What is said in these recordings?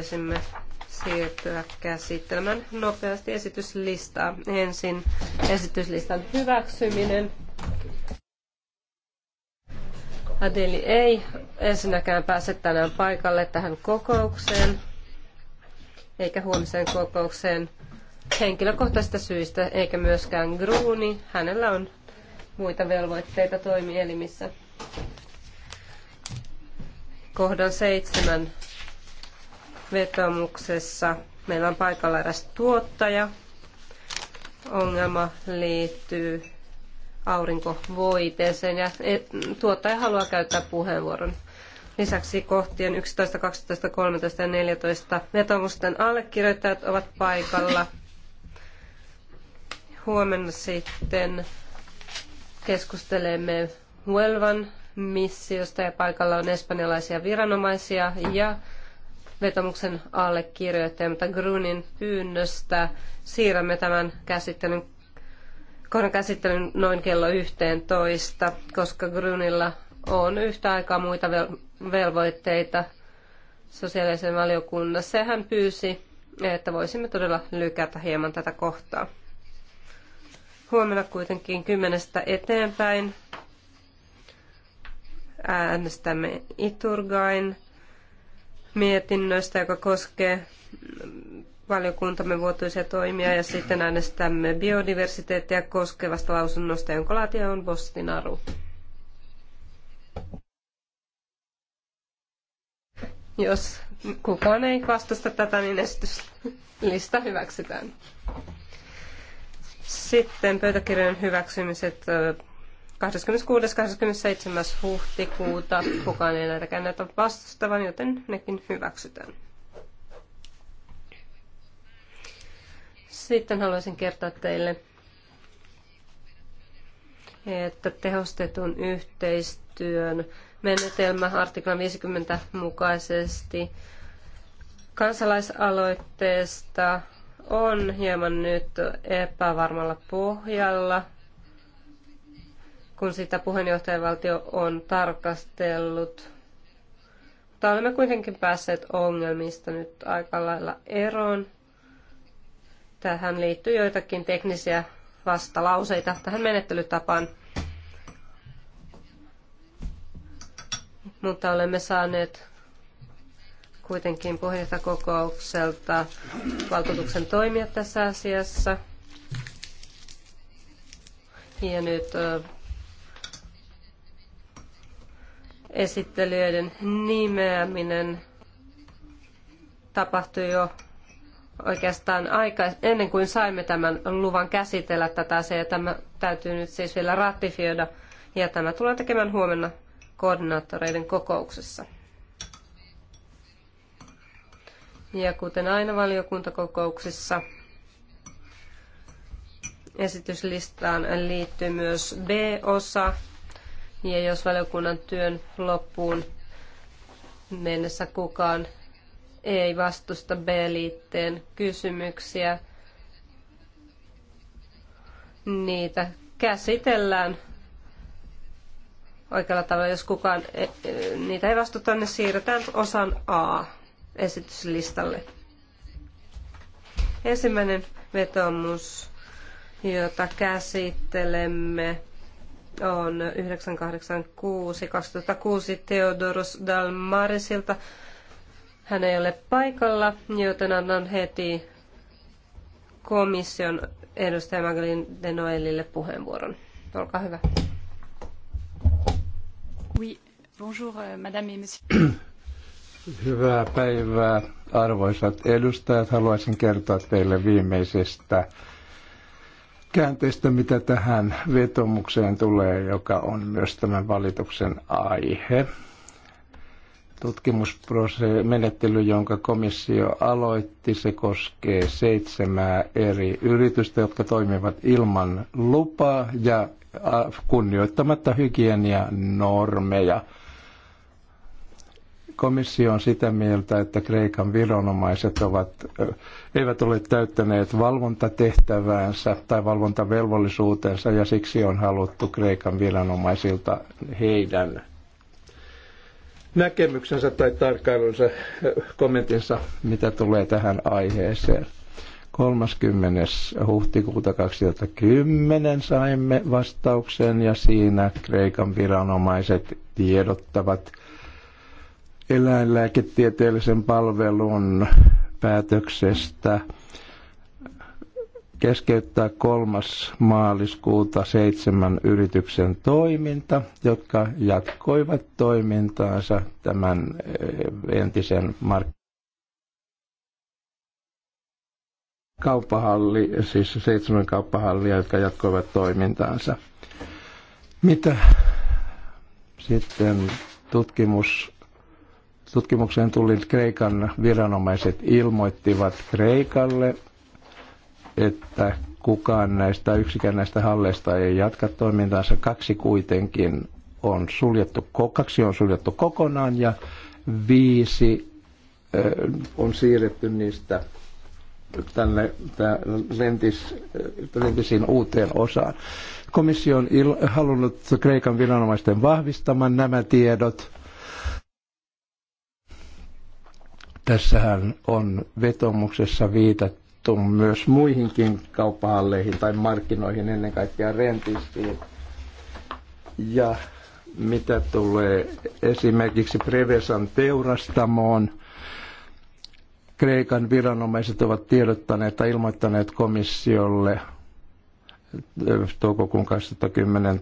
voisimme siirtyä käsittelemään nopeasti esityslistaa. Ensin esityslistan hyväksyminen. Adeli ei ensinnäkään pääse tänään paikalle tähän kokoukseen, eikä huomiseen kokoukseen henkilökohtaisista syistä, eikä myöskään Gruuni. Hänellä on muita velvoitteita toimielimissä. Kohdan seitsemän vetomuksessa meillä on paikalla eräs tuottaja. Ongelma liittyy aurinkovoiteeseen ja tuottaja haluaa käyttää puheenvuoron. Lisäksi kohtien 11, 12, 13 ja 14 vetomusten allekirjoittajat ovat paikalla. Huomenna sitten keskustelemme Huelvan missiosta ja paikalla on espanjalaisia viranomaisia ja vetomuksen allekirjoittaja, mutta Grunin pyynnöstä siirrämme tämän käsittelyn, kohdan käsittelyn noin kello 11, koska Grunilla on yhtä aikaa muita velvoitteita sosiaalisen valiokunnassa ja hän pyysi, että voisimme todella lykätä hieman tätä kohtaa. Huomenna kuitenkin kymmenestä eteenpäin äänestämme Iturgain mietinnöstä, joka koskee valiokuntamme vuotuisia toimia ja sitten äänestämme biodiversiteettiä koskevasta lausunnosta, jonka laatija on Bostinaru. Jos kukaan ei vastusta tätä, niin esityslista hyväksytään. Sitten pöytäkirjojen hyväksymiset 26.–27. huhtikuuta. Kukaan ei näitäkään näitä vastustavan, joten nekin hyväksytään. Sitten haluaisin kertoa teille, että tehostetun yhteistyön menetelmä artiklan 50 mukaisesti kansalaisaloitteesta on hieman nyt epävarmalla pohjalla kun sitä puheenjohtajavaltio on tarkastellut. Mutta olemme kuitenkin päässeet ongelmista nyt aika lailla eroon. Tähän liittyy joitakin teknisiä vastalauseita tähän menettelytapaan. Mutta olemme saaneet kuitenkin kokoukselta valtuutuksen toimia tässä asiassa. Ja nyt esittelijöiden nimeäminen tapahtui jo oikeastaan aika ennen kuin saimme tämän luvan käsitellä tätä asiaa. Tämä täytyy nyt siis vielä ratifioida ja tämä tulee tekemään huomenna koordinaattoreiden kokouksessa. Ja kuten aina valiokuntakokouksissa, esityslistaan liittyy myös B-osa, ja jos valiokunnan työn loppuun mennessä kukaan ei vastusta B-liitteen kysymyksiä, niitä käsitellään oikealla tavalla. Jos kukaan e- e- niitä ei vastuta, niin siirretään osan A esityslistalle. Ensimmäinen vetomus, jota käsittelemme, on 986-2006 Theodoros Dalmarisilta. Hän ei ole paikalla, joten annan heti komission edustaja Magdalene de Noelille puheenvuoron. Olkaa hyvä. Oui, bonjour, euh, madame et monsieur. Hyvää päivää, arvoisat edustajat. Haluaisin kertoa teille viimeisestä käänteistä, mitä tähän vetomukseen tulee, joka on myös tämän valituksen aihe. Tutkimusmenettely, jonka komissio aloitti, se koskee seitsemää eri yritystä, jotka toimivat ilman lupaa ja äh, kunnioittamatta hygienia normeja. Komissio on sitä mieltä, että Kreikan viranomaiset ovat, eh, eivät ole täyttäneet valvontatehtäväänsä tai valvontavelvollisuutensa ja siksi on haluttu Kreikan viranomaisilta heidän näkemyksensä tai tarkkailunsa, eh, kommentinsa, mitä tulee tähän aiheeseen. 30. huhtikuuta 2010 saimme vastauksen ja siinä Kreikan viranomaiset tiedottavat – eläinlääketieteellisen palvelun päätöksestä keskeyttää kolmas maaliskuuta seitsemän yrityksen toiminta, jotka jatkoivat toimintaansa tämän eh, entisen mark- kauppahalli, siis seitsemän kauppahallia, jotka jatkoivat toimintaansa. Mitä sitten tutkimus tutkimukseen tuli, Kreikan viranomaiset ilmoittivat Kreikalle, että kukaan näistä, yksikään näistä halleista ei jatka toimintaansa. Kaksi kuitenkin on suljettu, kaksi on suljettu kokonaan ja viisi on siirretty niistä tänne lentis, lentisiin uuteen osaan. Komissio on il, halunnut Kreikan viranomaisten vahvistamaan nämä tiedot Tässähän on vetomuksessa viitattu myös muihinkin kauppahalleihin tai markkinoihin, ennen kaikkea rentistiin. Ja mitä tulee esimerkiksi Prevesan teurastamoon, Kreikan viranomaiset ovat tiedottaneet tai ilmoittaneet komissiolle toukokuun 2010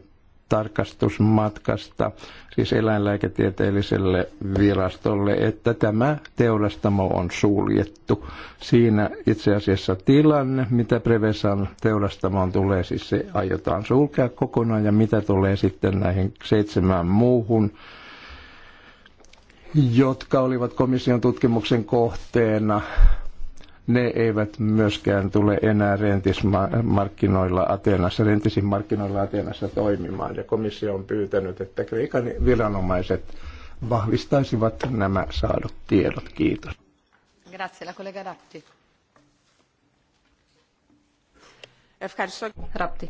tarkastusmatkasta, siis eläinlääketieteelliselle virastolle, että tämä teurastamo on suljettu. Siinä itse asiassa tilanne, mitä Prevesan teurastamoon tulee, siis se aiotaan sulkea kokonaan, ja mitä tulee sitten näihin seitsemään muuhun, jotka olivat komission tutkimuksen kohteena ne eivät myöskään tule enää rentismarkkinoilla Atenassa, rentisin markkinoilla Atenassa toimimaan. Ja komissio on pyytänyt, että Kreikan viranomaiset vahvistaisivat nämä saadut tiedot. Kiitos. Grazie, la collega Ratti. Ευχαριστώ. Ράπτη.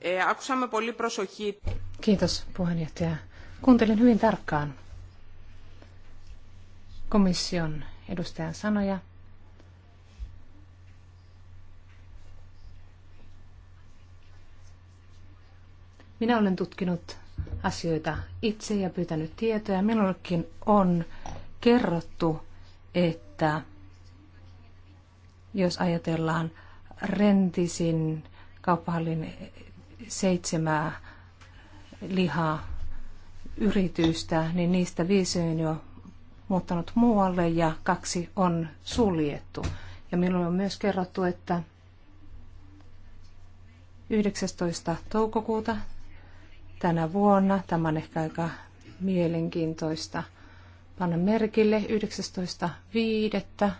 Ε, άκουσα πολύ προσοχή. Kiitos puheenjohtaja. Kuuntelin hyvin tarkkaan komission edustajan sanoja Minä olen tutkinut asioita itse ja pyytänyt tietoja. Minullekin on kerrottu, että jos ajatellaan rentisin kauppahallin seitsemää lihaa yritystä, niin niistä viisi on jo muuttanut muualle ja kaksi on suljettu. Ja minulle on myös kerrottu, että 19. toukokuuta tänä vuonna. Tämä on ehkä aika mielenkiintoista panna merkille 19.5.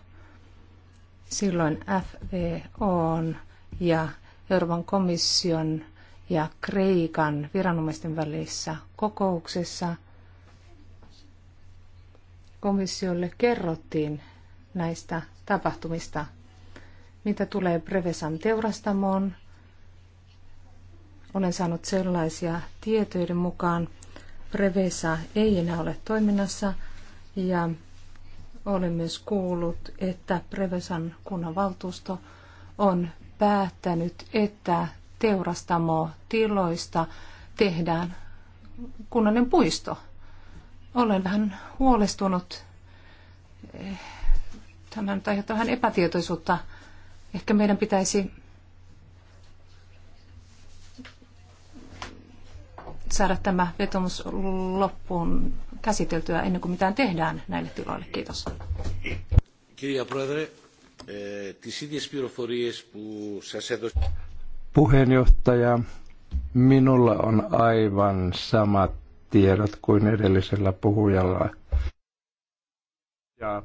Silloin FVO ja Euroopan komission ja Kreikan viranomaisten välissä kokouksessa komissiolle kerrottiin näistä tapahtumista, mitä tulee Prevesan teurastamoon, olen saanut sellaisia tietoja mukaan Prevesa ei enää ole toiminnassa ja olen myös kuullut, että Prevesan kunnanvaltuusto on päättänyt, että teurastamo tiloista tehdään kunnallinen puisto. Olen vähän huolestunut. Eh, Tämä nyt aiheuttaa vähän epätietoisuutta. Ehkä meidän pitäisi saada tämä vetomus loppuun käsiteltyä ennen kuin mitään tehdään näille tiloille. Kiitos. Kirja Prodre, eh, Puheenjohtaja, minulla on aivan samat tiedot kuin edellisellä puhujalla. Ja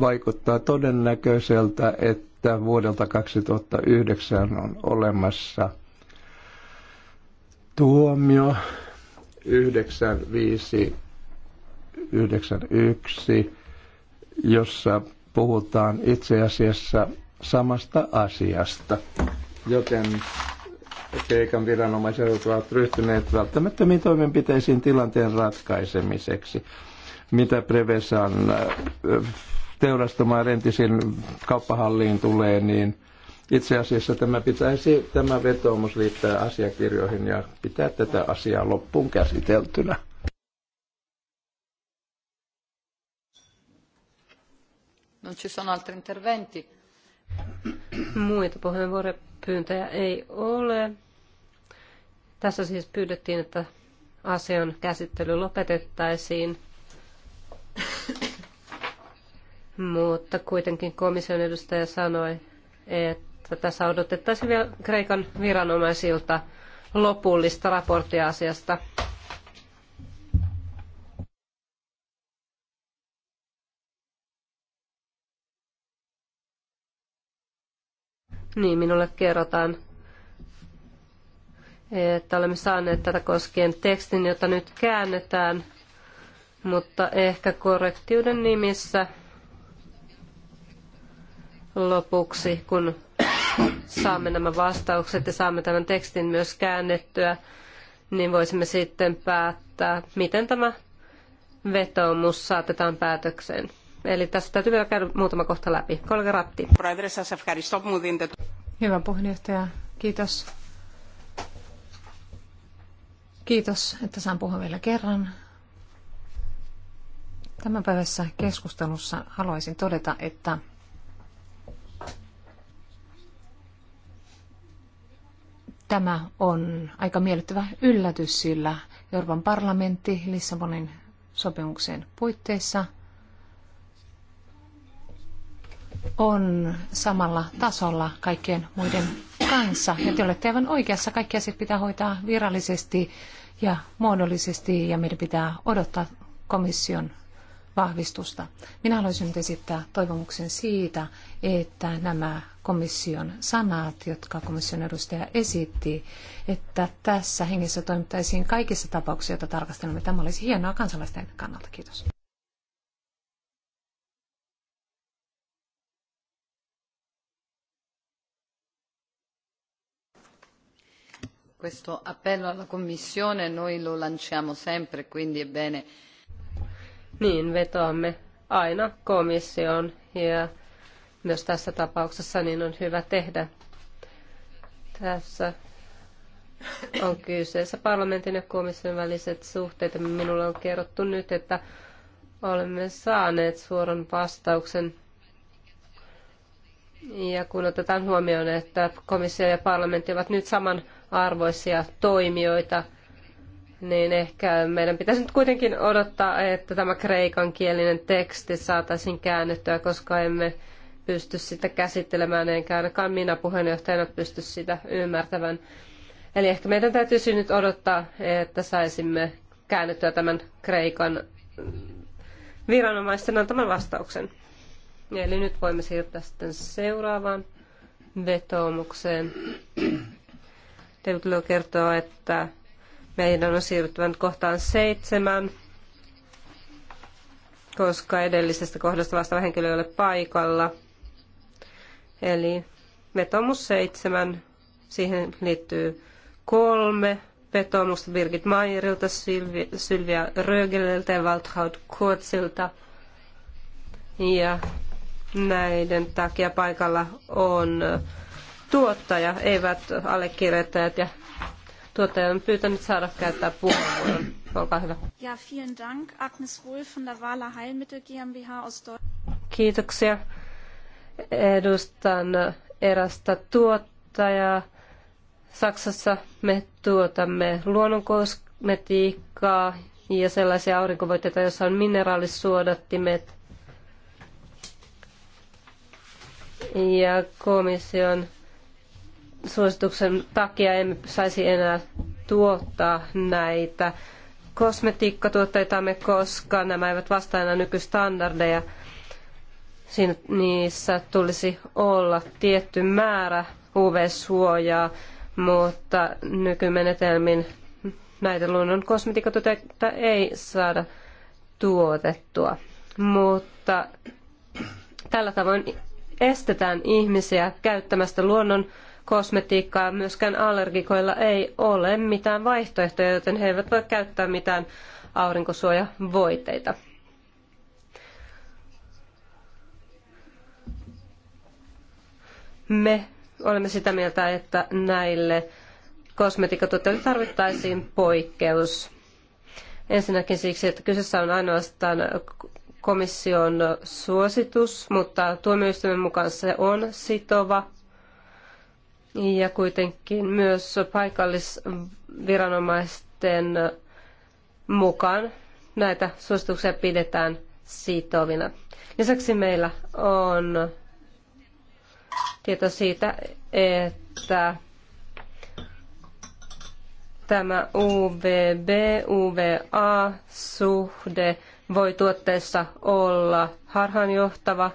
vaikuttaa todennäköiseltä, että vuodelta 2009 on olemassa – tuomio 9591, jossa puhutaan itse asiassa samasta asiasta, joten keikan viranomaiset ovat ryhtyneet välttämättömiin toimenpiteisiin tilanteen ratkaisemiseksi. Mitä Prevesan teurastamaan entisin kauppahalliin tulee, niin itse asiassa tämä pitäisi tämä vetoomus liittää asiakirjoihin ja pitää tätä asiaa loppuun käsiteltynä. Non ci sono altri interventi. Muita puheenvuoropyyntöjä ei ole. Tässä siis pyydettiin, että asian käsittely lopetettaisiin. Mutta kuitenkin komission edustaja sanoi, että että tässä odotettaisiin vielä Kreikan viranomaisilta lopullista raporttia asiasta. Niin, minulle kerrotaan, että olemme saaneet tätä koskien tekstin, jota nyt käännetään, mutta ehkä korrektiuden nimissä lopuksi, kun saamme nämä vastaukset ja saamme tämän tekstin myös käännettyä, niin voisimme sitten päättää, miten tämä vetoomus saatetaan päätökseen. Eli tässä täytyy vielä käydä muutama kohta läpi. Kollega Ratti. Hyvä puheenjohtaja, kiitos. Kiitos, että saan puhua vielä kerran. Tämän päivässä keskustelussa haluaisin todeta, että Tämä on aika miellyttävä yllätys, sillä Euroopan parlamentti Lissabonin sopimuksen puitteissa on samalla tasolla kaikkien muiden kanssa. Ja te olette aivan oikeassa, kaikki asiat pitää hoitaa virallisesti ja muodollisesti ja meidän pitää odottaa komission vahvistusta. Minä haluaisin nyt esittää toivomuksen siitä, että nämä komission sanat, jotka komission edustaja esitti, että tässä hengessä toimittaisiin kaikissa tapauksissa, joita tarkastelemme. Tämä olisi hienoa kansalaisten kannalta. Kiitos. Questo appello alla Commissione noi lo lanciamo sempre, quindi è bene niin vetoamme aina komissioon ja myös tässä tapauksessa niin on hyvä tehdä. Tässä on kyseessä parlamentin ja komission väliset suhteet. Minulle on kerrottu nyt, että olemme saaneet suoran vastauksen. Ja kun otetaan huomioon, että komissio ja parlamentti ovat nyt samanarvoisia toimijoita – niin ehkä meidän pitäisi nyt kuitenkin odottaa, että tämä kreikan kielinen teksti saataisiin käännettyä, koska emme pysty sitä käsittelemään, enkä ainakaan minä puheenjohtajana pysty sitä ymmärtämään. Eli ehkä meidän täytyisi nyt odottaa, että saisimme käännettyä tämän Kreikan viranomaisten antaman vastauksen. Eli nyt voimme siirtää sitten seuraavaan vetoomukseen. David kertoo, että meidän on siirryttävä nyt kohtaan seitsemän, koska edellisestä kohdasta vastaava henkilö ei ole paikalla. Eli vetomus seitsemän, siihen liittyy kolme vetomusta Birgit Mayerilta, Sylvia Rögeliltä ja Waltraud Kurtzilta. Ja näiden takia paikalla on tuottaja, eivät allekirjoittajat ja Tuottaja on pyytänyt saada käyttää puheenvuoron. Olkaa hyvä. Ja, vielen dank. Agnes Wolf von der Wala Heilmittel GmbH aus Kiitoksia. Edustan erästä tuottajaa. Saksassa me tuotamme luonnonkosmetiikkaa ja sellaisia aurinkovoiteita, joissa on mineraalisuodattimet. Ja komission suosituksen takia emme saisi enää tuottaa näitä kosmetiikkatuotteitamme, koska nämä eivät vastaa enää nykystandardeja. Siinä, niissä tulisi olla tietty määrä UV-suojaa, mutta nykymenetelmin näitä luonnon kosmetiikkatuotteita ei saada tuotettua. Mutta tällä tavoin estetään ihmisiä käyttämästä luonnon kosmetiikkaa. Myöskään allergikoilla ei ole mitään vaihtoehtoja, joten he eivät voi käyttää mitään aurinkosuojavoiteita. Me olemme sitä mieltä, että näille kosmetiikkatuotteille tarvittaisiin poikkeus. Ensinnäkin siksi, että kyseessä on ainoastaan komission suositus, mutta tuomioistuimen mukaan se on sitova ja kuitenkin myös paikallisviranomaisten mukaan näitä suosituksia pidetään sitovina. Lisäksi meillä on tieto siitä, että tämä UVB-UVA-suhde voi tuotteessa olla harhaanjohtava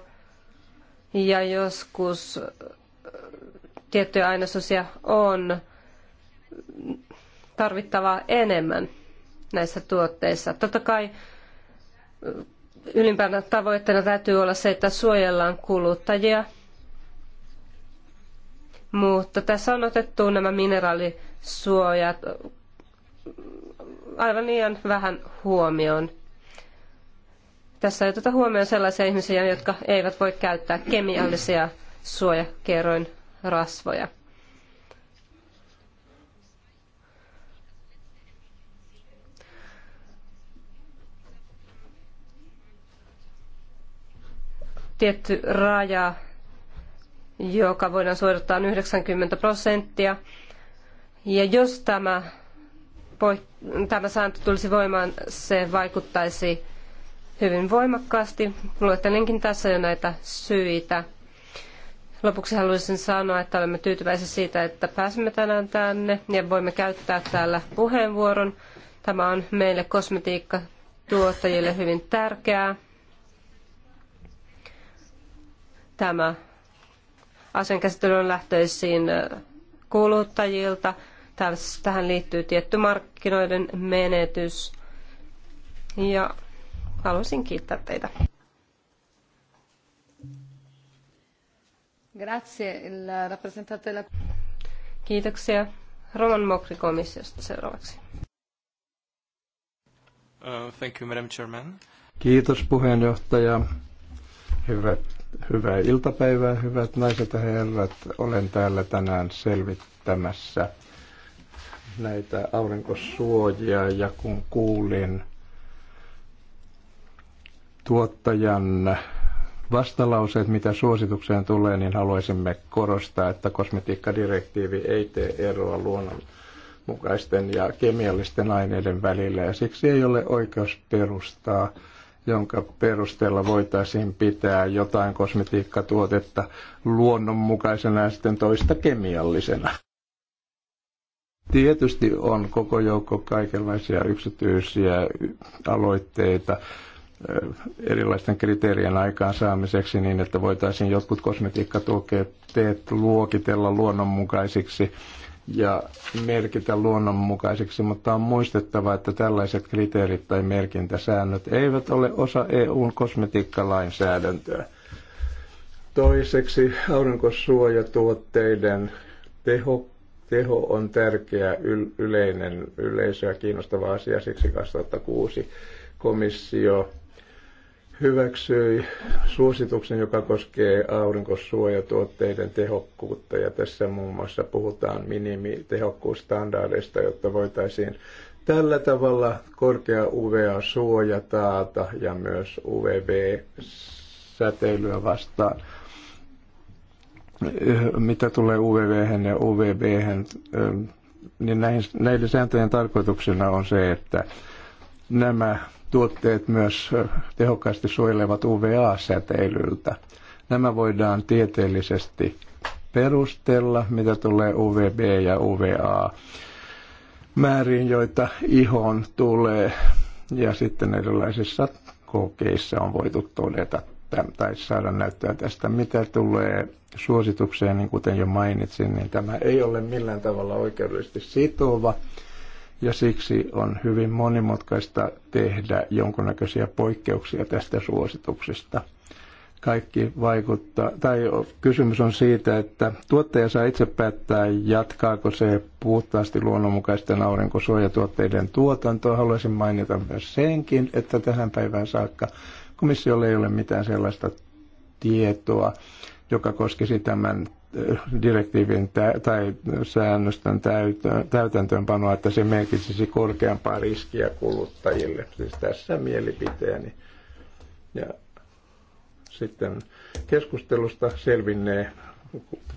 ja joskus tiettyjä ainesosia on tarvittavaa enemmän näissä tuotteissa. Totta kai ylimpänä tavoitteena täytyy olla se, että suojellaan kuluttajia, mutta tässä on otettu nämä mineraalisuojat aivan liian vähän huomioon. Tässä ei oteta huomioon sellaisia ihmisiä, jotka eivät voi käyttää kemiallisia suojakerroin rasvoja. Tietty raja, joka voidaan suorittaa 90 prosenttia. Ja jos tämä, tämä sääntö tulisi voimaan, se vaikuttaisi hyvin voimakkaasti. Luettelenkin tässä jo näitä syitä. Lopuksi haluaisin sanoa, että olemme tyytyväisiä siitä, että pääsemme tänään tänne ja voimme käyttää täällä puheenvuoron. Tämä on meille kosmetiikkatuottajille hyvin tärkeää. Tämä asian käsittely on lähtöisin äh, kuluttajilta. Tähän liittyy tietty markkinoiden menetys. Ja haluaisin kiittää teitä. Kiitoksia. Roman Mokri komissiosta seuraavaksi. Uh, thank you, Madam Chairman. Kiitos puheenjohtaja. Hyvät, hyvää iltapäivää, hyvät naiset ja herrat. Olen täällä tänään selvittämässä näitä aurinkosuojia ja kun kuulin tuottajan vastalauseet, mitä suositukseen tulee, niin haluaisimme korostaa, että kosmetiikkadirektiivi ei tee eroa luonnonmukaisten ja kemiallisten aineiden välillä, ja siksi ei ole oikeus perustaa jonka perusteella voitaisiin pitää jotain kosmetiikkatuotetta luonnonmukaisena ja sitten toista kemiallisena. Tietysti on koko joukko kaikenlaisia yksityisiä aloitteita, erilaisten kriteerien aikaansaamiseksi niin, että voitaisiin jotkut kosmetiikkatuotteet luokitella luonnonmukaisiksi ja merkitä luonnonmukaisiksi, mutta on muistettava, että tällaiset kriteerit tai merkintäsäännöt eivät ole osa EUn kosmetiikkalainsäädäntöä. Toiseksi aurinkosuojatuotteiden teho, teho on tärkeä yleinen yleisöä kiinnostava asia, siksi 2006 komissio hyväksyi suosituksen, joka koskee aurinkosuojatuotteiden tehokkuutta. Ja tässä muun muassa puhutaan minimitehokkuusstandardeista, jotta voitaisiin tällä tavalla korkea UVA suoja taata ja myös UVB-säteilyä vastaan. Mitä tulee UVV ja UVB, niin näiden sääntöjen tarkoituksena on se, että nämä tuotteet myös tehokkaasti suojelevat UVA-säteilyltä. Nämä voidaan tieteellisesti perustella, mitä tulee UVB ja UVA määriin, joita ihon tulee. Ja sitten erilaisissa kokeissa on voitu todeta tai saada näyttöä tästä. Mitä tulee suositukseen, niin kuten jo mainitsin, niin tämä ei ole millään tavalla oikeudellisesti sitova ja siksi on hyvin monimutkaista tehdä jonkunnäköisiä poikkeuksia tästä suosituksesta. Kaikki vaikuttaa, tai kysymys on siitä, että tuottaja saa itse päättää, jatkaako se puhtaasti luonnonmukaisten aurinkosuojatuotteiden tuotantoa. Haluaisin mainita myös senkin, että tähän päivään saakka komissiolle ei ole mitään sellaista tietoa, joka koskisi tämän direktiivin tai säännösten täytäntöönpanoa, että se merkitsisi korkeampaa riskiä kuluttajille. Siis tässä mielipiteeni. Ja sitten keskustelusta selvinnee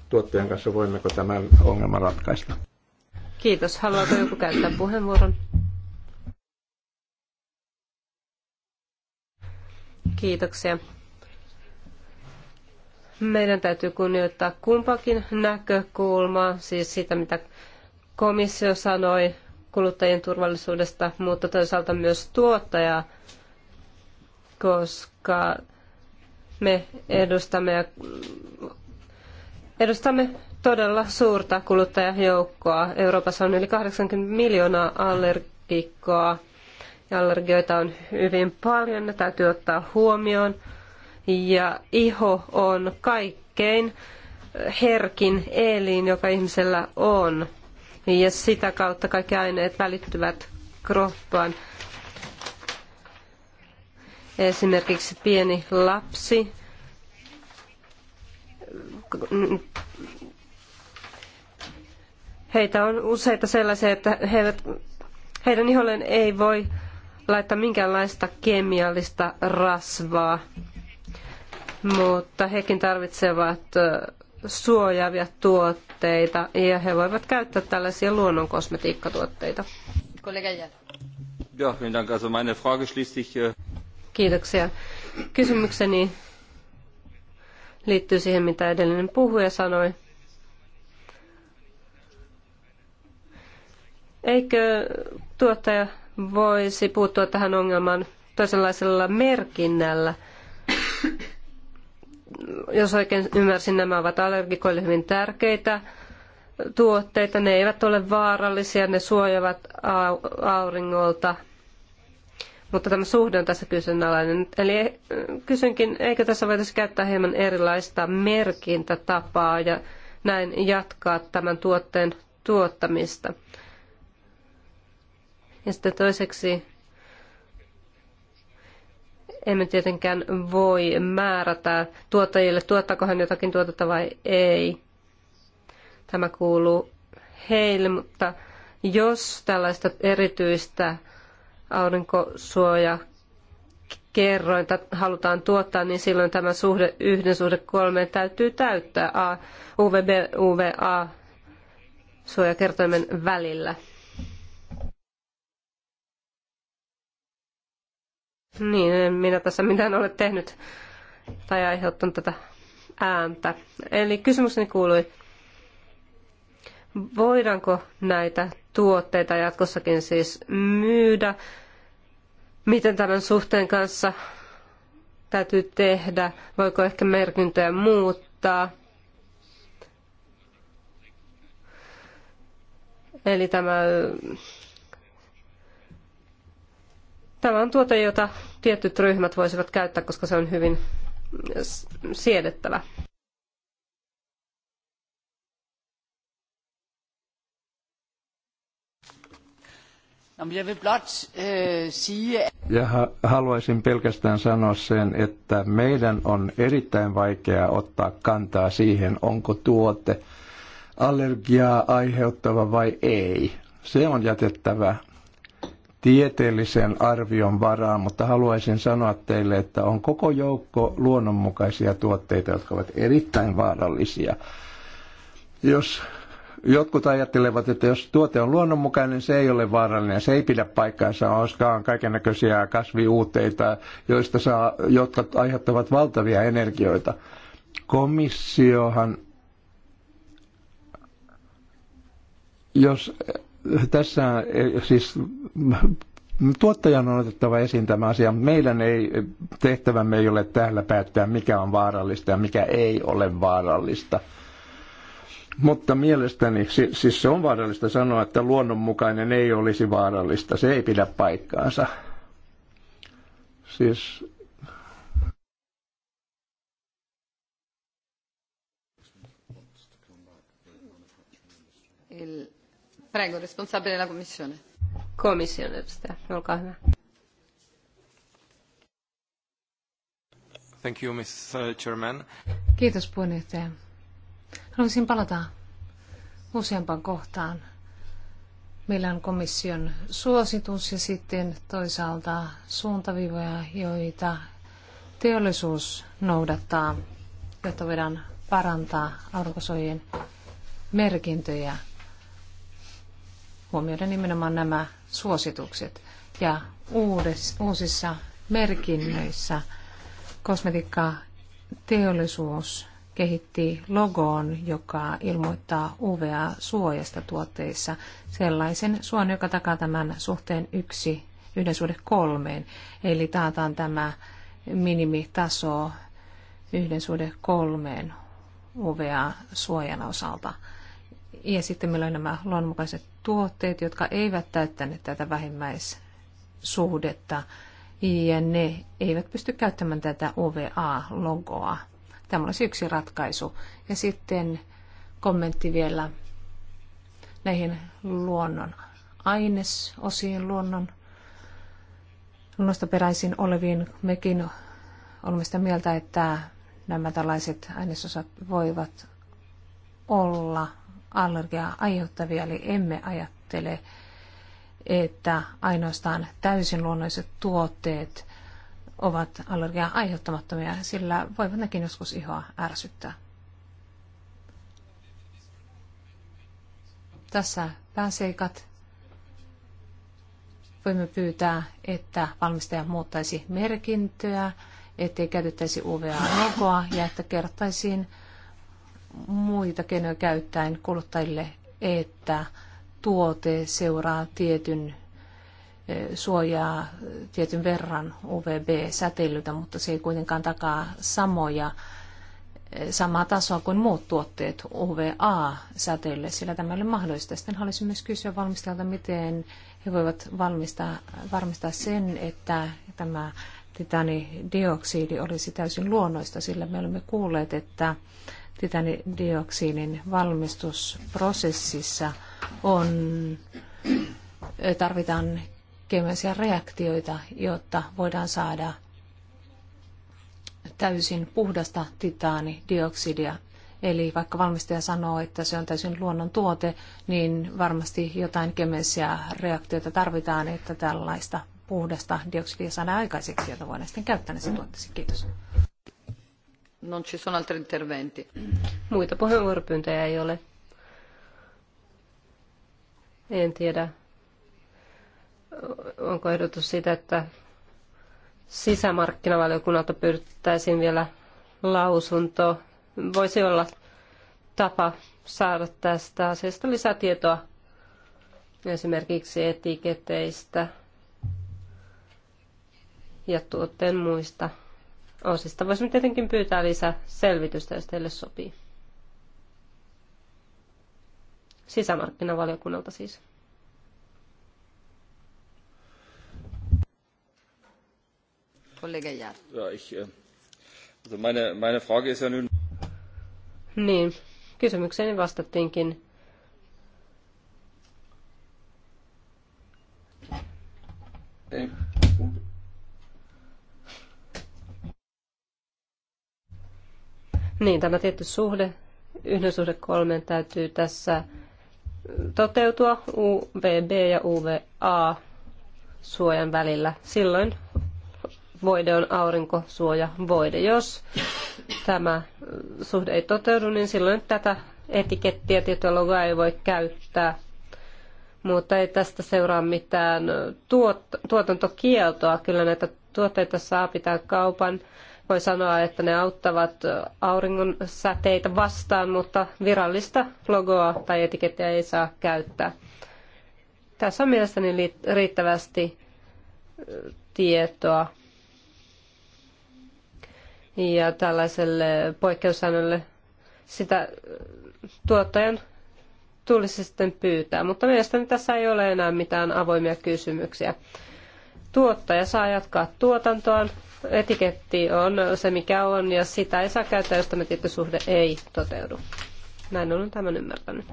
tuottajan kanssa, voimmeko tämän ongelman ratkaista. Kiitos. Haluaako joku käyttää puheenvuoron? Kiitoksia. Meidän täytyy kunnioittaa kumpakin näkökulmaa, siis sitä mitä komissio sanoi kuluttajien turvallisuudesta, mutta toisaalta myös tuottajaa, koska me edustamme, ja edustamme todella suurta kuluttajajoukkoa. Euroopassa on yli 80 miljoonaa allergikkoa ja allergioita on hyvin paljon. Ne täytyy ottaa huomioon ja iho on kaikkein herkin elin, joka ihmisellä on. Ja sitä kautta kaikki aineet välittyvät kroppaan. Esimerkiksi pieni lapsi heitä on useita sellaisia, että he eivät, heidän iholleen ei voi laittaa minkäänlaista kemiallista rasvaa mutta hekin tarvitsevat suojaavia tuotteita ja he voivat käyttää tällaisia luonnon kosmetiikkatuotteita. Ja, äh, Kiitoksia. Kysymykseni liittyy siihen, mitä edellinen puhuja sanoi. Eikö tuottaja voisi puuttua tähän ongelmaan toisenlaisella merkinnällä? jos oikein ymmärsin, nämä ovat allergikoille hyvin tärkeitä tuotteita. Ne eivät ole vaarallisia, ne suojavat auringolta. Mutta tämä suhde on tässä kyseenalainen. Eli eh, kysynkin, eikö tässä voitaisi käyttää hieman erilaista merkintätapaa ja näin jatkaa tämän tuotteen tuottamista. Ja sitten toiseksi emme tietenkään voi määrätä tuottajille, tuottaako hän jotakin tuotetta vai ei. Tämä kuuluu heille, mutta jos tällaista erityistä aurinkosuoja kerrointa halutaan tuottaa, niin silloin tämä suhde yhden suhde kolmeen täytyy täyttää A, UVB, UVA suojakertoimen välillä. Niin, en minä tässä mitään ole tehnyt tai aiheuttanut tätä ääntä. Eli kysymykseni kuului, voidaanko näitä tuotteita jatkossakin siis myydä? Miten tämän suhteen kanssa täytyy tehdä? Voiko ehkä merkintöjä muuttaa? Eli tämä Tämä on tuote, jota tietyt ryhmät voisivat käyttää, koska se on hyvin siedettävä. Øh, ja haluaisin pelkästään sanoa sen, että meidän on erittäin vaikeaa ottaa kantaa siihen, onko tuote allergiaa aiheuttava vai ei. Se on jätettävä tieteellisen arvion varaan, mutta haluaisin sanoa teille, että on koko joukko luonnonmukaisia tuotteita, jotka ovat erittäin vaarallisia. Jos jotkut ajattelevat, että jos tuote on luonnonmukainen, se ei ole vaarallinen, se ei pidä paikkaansa, koska on kaikennäköisiä kasviuuteita, joista saa, jotka aiheuttavat valtavia energioita. Komissiohan, jos tässä eh, siis mm, tuottajan on otettava esiin tämä asia. Meidän ei, tehtävämme ei ole täällä päättää, mikä on vaarallista ja mikä ei ole vaarallista. Mutta mielestäni, siis se on vaarallista sanoa, että luonnonmukainen ei olisi vaarallista. Se ei pidä paikkaansa. Siis Prego, responsabile commissione. olkaa hyvä. Thank you, uh, Chairman. Kiitos puheenjohtaja. Haluaisin palata useampaan kohtaan. Meillä on komission suositus ja sitten toisaalta suuntaviivoja, joita teollisuus noudattaa, jotta voidaan parantaa aurinkosojen merkintöjä huomioida nimenomaan nämä suositukset. Ja uudes, uusissa merkinnöissä kosmetiikkateollisuus teollisuus kehitti logoon, joka ilmoittaa UVA-suojasta tuotteissa sellaisen suon, joka takaa tämän suhteen yksi, yhden suhde kolmeen. Eli taataan tämä minimitaso yhden suhde kolmeen UVA-suojan osalta. Ja sitten meillä on nämä luonnonmukaiset tuotteet, jotka eivät täyttäneet tätä vähimmäissuhdetta ja ne eivät pysty käyttämään tätä OVA-logoa. Tämä olisi yksi ratkaisu. Ja sitten kommentti vielä näihin luonnon ainesosiin, luonnon luonnosta peräisin oleviin. Mekin olemme sitä mieltä, että nämä tällaiset ainesosat voivat olla allergiaa aiheuttavia, eli emme ajattele, että ainoastaan täysin luonnolliset tuotteet ovat allergiaa aiheuttamattomia, sillä voivat nekin joskus ihoa ärsyttää. Tässä pääseikat. Voimme pyytää, että valmistaja muuttaisi merkintöjä, ettei käytettäisi UVA-logoa ja että kertaisiin muita keinoja käyttäen kuluttajille, että tuote seuraa tietyn e, suojaa tietyn verran uvb säteilytä mutta se ei kuitenkaan takaa samoja, e, samaa tasoa kuin muut tuotteet UVA-säteilylle, sillä tämä ei ole mahdollista. Sitten haluaisin myös kysyä valmistajalta, miten he voivat valmistaa, varmistaa sen, että tämä titanidioksidi olisi täysin luonnoista, sillä me olemme kuulleet, että titanidioksidin valmistusprosessissa on, tarvitaan kemiallisia reaktioita, jotta voidaan saada täysin puhdasta titaanidioksidia. Eli vaikka valmistaja sanoo, että se on täysin luonnon tuote, niin varmasti jotain kemiallisia reaktioita tarvitaan, että tällaista puhdasta dioksidia saadaan aikaiseksi, jota voidaan sitten käyttää näissä tuotteissa. Kiitos. Non ci sono altri interventi. Muita puheenvuoropyyntöjä ei ole. En tiedä, onko ehdotus siitä, että sisämarkkinavaliokunnalta pyydettäisiin vielä lausunto. Voisi olla tapa saada tästä asiasta lisätietoa esimerkiksi etiketeistä ja tuotteen muista osista. Voisimme tietenkin pyytää lisää selvitystä, jos teille sopii. Sisämarkkinavaliokunnalta siis. Kollega Jär. Ja, ich, äh, also meine, meine Frage ist ja nun... Niin, kysymykseeni vastattiinkin. Ei. Äh, Niin, tämä tietty suhde, yhden suhde kolmen täytyy tässä toteutua UVB ja UVA suojan välillä. Silloin voide on aurinkosuoja voide. Jos tämä suhde ei toteudu, niin silloin tätä etikettiä tiettyä ei voi käyttää. Mutta ei tästä seuraa mitään tuot- tuotantokieltoa. Kyllä näitä tuotteita saa pitää kaupan voi sanoa, että ne auttavat auringon säteitä vastaan, mutta virallista logoa tai etikettiä ei saa käyttää. Tässä on mielestäni riittävästi tietoa. Ja tällaiselle poikkeussäännölle sitä tuottajan tulisi sitten pyytää. Mutta mielestäni tässä ei ole enää mitään avoimia kysymyksiä. Tuottaja saa jatkaa tuotantoaan, etiketti on se mikä on ja sitä ei saa käyttää, jos tämä tietty suhde ei toteudu. Näin olen tämän ymmärtänyt.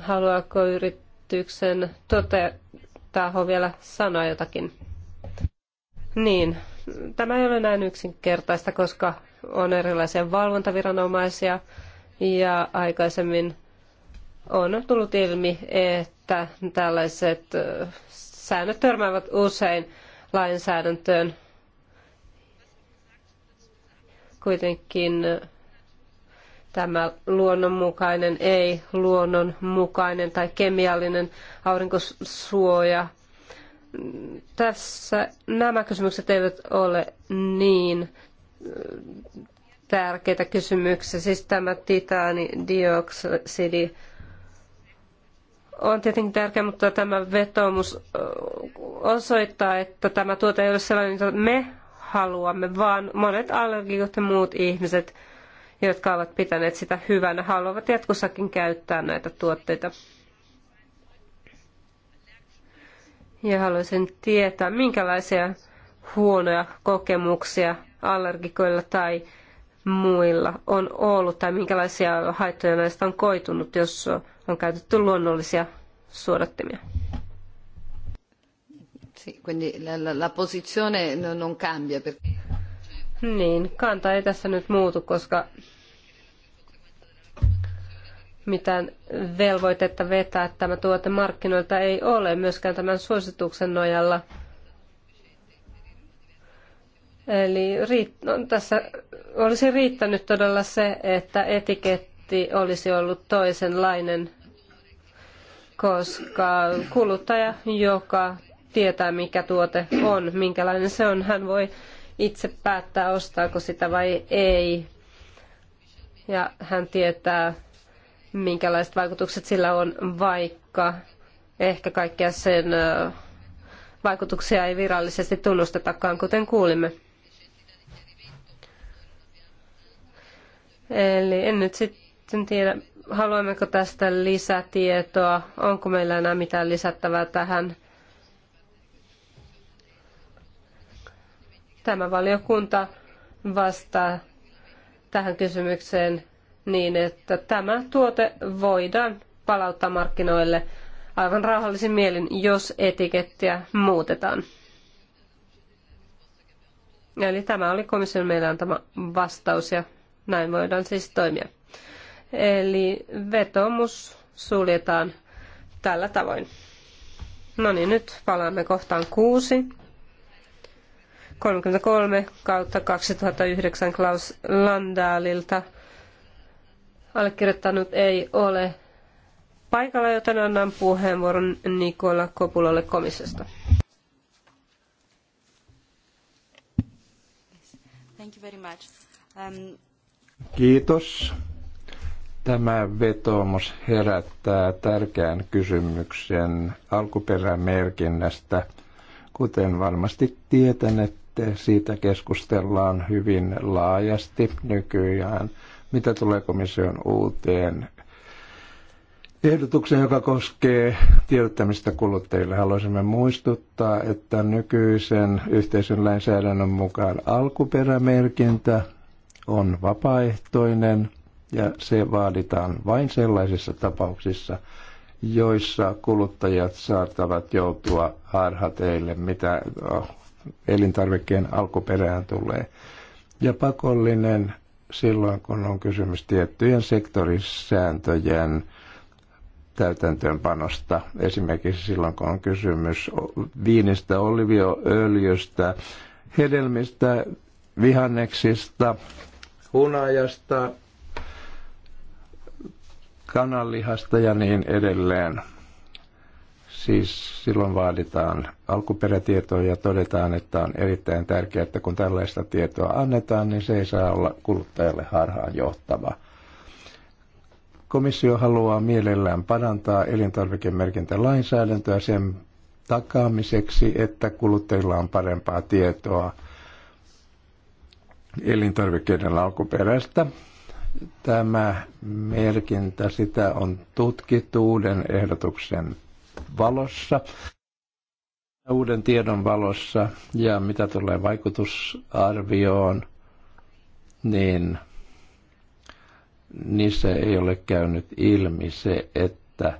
Haluaako yrityksen Taho vielä sanoa jotakin? Niin, tämä ei ole näin yksinkertaista, koska on erilaisia valvontaviranomaisia ja aikaisemmin on tullut ilmi, että tällaiset säännöt törmäävät usein lainsäädäntöön. Kuitenkin tämä luonnonmukainen, ei luonnonmukainen tai kemiallinen aurinkosuoja. Tässä nämä kysymykset eivät ole niin tärkeitä kysymyksiä. Siis tämä titaanidioksidi on tietenkin tärkeä, mutta tämä vetomus osoittaa, että tämä tuote ei ole sellainen, mitä me haluamme, vaan monet allergikot ja muut ihmiset, jotka ovat pitäneet sitä hyvänä, haluavat jatkossakin käyttää näitä tuotteita. Ja haluaisin tietää, minkälaisia huonoja kokemuksia allergikoilla tai muilla on ollut tai minkälaisia haittoja näistä on koitunut, jos on käytetty luonnollisia suodattimia. Quindi la, posizione no, non cambia. Niin, kanta ei tässä nyt muutu, koska mitään velvoitetta vetää tämä tuote markkinoilta ei ole myöskään tämän suosituksen nojalla – Eli no, tässä olisi riittänyt todella se, että etiketti olisi ollut toisenlainen, koska kuluttaja, joka tietää mikä tuote on, minkälainen se on, hän voi itse päättää ostaako sitä vai ei. Ja hän tietää, minkälaiset vaikutukset sillä on, vaikka ehkä kaikkia sen vaikutuksia ei virallisesti tunnustetakaan, kuten kuulimme. Eli en nyt sitten tiedä, haluammeko tästä lisätietoa, onko meillä enää mitään lisättävää tähän. Tämä valiokunta vastaa tähän kysymykseen niin, että tämä tuote voidaan palauttaa markkinoille aivan rauhallisin mielin, jos etikettiä muutetaan. Eli tämä oli komission meidän antama vastaus ja näin voidaan siis toimia. Eli vetomus suljetaan tällä tavoin. No niin, nyt palaamme kohtaan kuusi. 33 kautta 2009 Klaus Landaalilta. Allekirjoittanut ei ole paikalla, joten annan puheenvuoron Nikola Kopulalle komissiosta. Thank you very much. Um, Kiitos. Tämä vetoomus herättää tärkeän kysymyksen alkuperämerkinnästä. Kuten varmasti tietänette, siitä keskustellaan hyvin laajasti nykyään. Mitä tulee komission uuteen ehdotukseen, joka koskee tiedottamista kuluttajille, haluaisimme muistuttaa, että nykyisen yhteisön lainsäädännön mukaan alkuperämerkintä on vapaaehtoinen ja se vaaditaan vain sellaisissa tapauksissa, joissa kuluttajat saattavat joutua harhateille, mitä oh, elintarvikkeen alkuperään tulee. Ja pakollinen silloin, kun on kysymys tiettyjen sektorisääntöjen täytäntöönpanosta. Esimerkiksi silloin, kun on kysymys viinistä, olivioöljystä, hedelmistä, vihanneksista, hunajasta, kananlihasta ja niin edelleen. Siis silloin vaaditaan alkuperätietoa ja todetaan, että on erittäin tärkeää, että kun tällaista tietoa annetaan, niin se ei saa olla kuluttajalle harhaan johtava. Komissio haluaa mielellään parantaa elintarvikemerkintälainsäädäntöä sen takaamiseksi, että kuluttajilla on parempaa tietoa – elintarvikkeiden alkuperästä. Tämä merkintä, sitä on tutkittu uuden ehdotuksen valossa, uuden tiedon valossa ja mitä tulee vaikutusarvioon, niin niissä ei ole käynyt ilmi se, että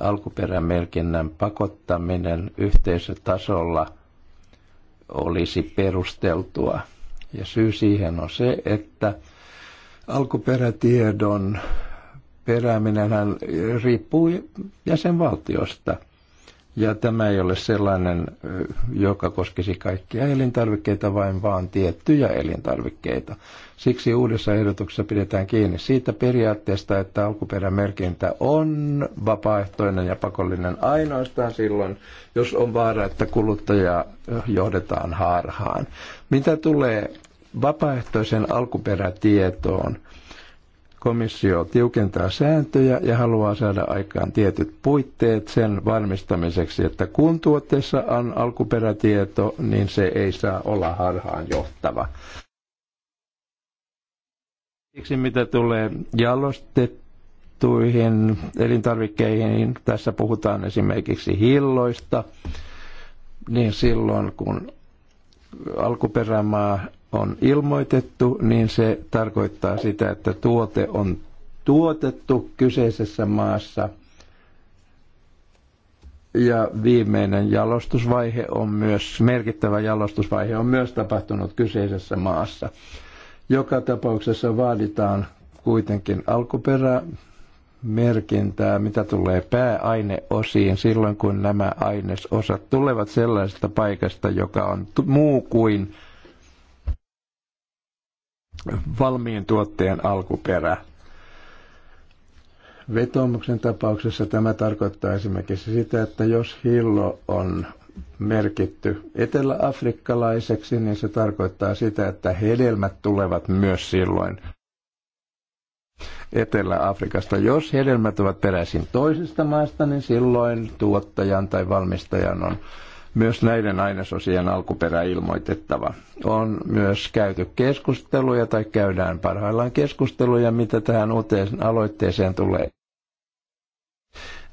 alkuperämerkinnän pakottaminen yhteisötasolla olisi perusteltua – ja syy siihen on se, että alkuperätiedon perääminen riippuu jäsenvaltiosta. Ja tämä ei ole sellainen, joka koskisi kaikkia elintarvikkeita, vain vaan tiettyjä elintarvikkeita. Siksi uudessa ehdotuksessa pidetään kiinni siitä periaatteesta, että alkuperämerkintä on vapaaehtoinen ja pakollinen ainoastaan silloin, jos on vaara, että kuluttaja johdetaan harhaan. Mitä tulee vapaaehtoisen alkuperätietoon, komissio tiukentaa sääntöjä ja haluaa saada aikaan tietyt puitteet sen varmistamiseksi, että kun tuotteessa on alkuperätieto, niin se ei saa olla harhaan johtava. Siksi mitä tulee jalostettuihin elintarvikkeihin, niin tässä puhutaan esimerkiksi hilloista, niin silloin kun alkuperämaa on ilmoitettu, niin se tarkoittaa sitä, että tuote on tuotettu kyseisessä maassa. Ja viimeinen jalostusvaihe on myös, merkittävä jalostusvaihe on myös tapahtunut kyseisessä maassa. Joka tapauksessa vaaditaan kuitenkin alkuperä merkintää, mitä tulee pääaineosiin silloin, kun nämä ainesosat tulevat sellaisesta paikasta, joka on muu kuin valmiin tuotteen alkuperä. Vetomuksen tapauksessa tämä tarkoittaa esimerkiksi sitä, että jos hillo on merkitty eteläafrikkalaiseksi, niin se tarkoittaa sitä, että hedelmät tulevat myös silloin Etelä-Afrikasta. Jos hedelmät ovat peräisin toisesta maasta, niin silloin tuottajan tai valmistajan on myös näiden ainesosien alkuperä ilmoitettava. On myös käyty keskusteluja tai käydään parhaillaan keskusteluja, mitä tähän uuteen aloitteeseen tulee.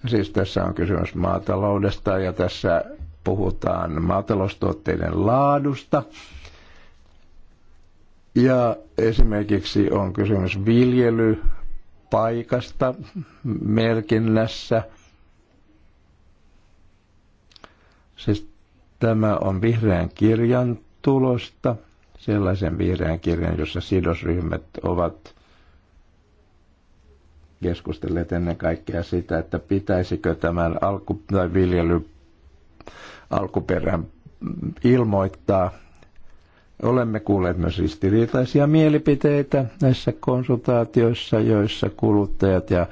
Siis tässä on kysymys maataloudesta ja tässä puhutaan maataloustuotteiden laadusta ja esimerkiksi on kysymys viljelypaikasta merkinnässä. Siis tämä on vihreän kirjan tulosta, sellaisen vihreän kirjan, jossa sidosryhmät ovat keskustelleet ennen kaikkea sitä, että pitäisikö tämän alku, tai viljely alkuperän ilmoittaa Olemme kuulleet myös ristiriitaisia mielipiteitä näissä konsultaatioissa, joissa kuluttajat ja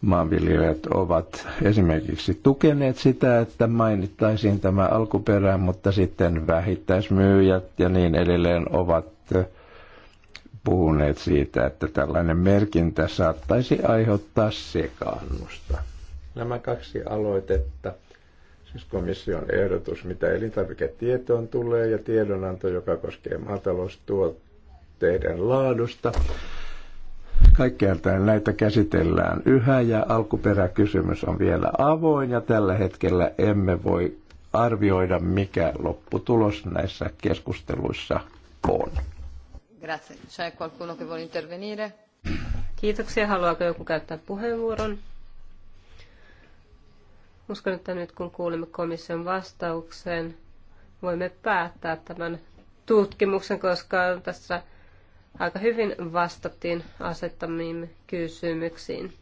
maanviljelijät ovat esimerkiksi tukeneet sitä, että mainittaisiin tämä alkuperä, mutta sitten vähittäismyyjät ja niin edelleen ovat puhuneet siitä, että tällainen merkintä saattaisi aiheuttaa sekaannusta. Nämä kaksi aloitetta – komission ehdotus, mitä elintarviketietoon tulee ja tiedonanto, joka koskee maataloustuotteiden laadusta. Kaikkea näitä käsitellään yhä ja alkuperäkysymys on vielä avoin ja tällä hetkellä emme voi arvioida, mikä lopputulos näissä keskusteluissa on. Grazie. C'è qualcuno che vuole intervenire? Kiitoksia. Haluaako joku käyttää puheenvuoron? Uskon, että nyt kun kuulimme komission vastauksen, voimme päättää tämän tutkimuksen, koska tässä aika hyvin vastattiin asettamiin kysymyksiin.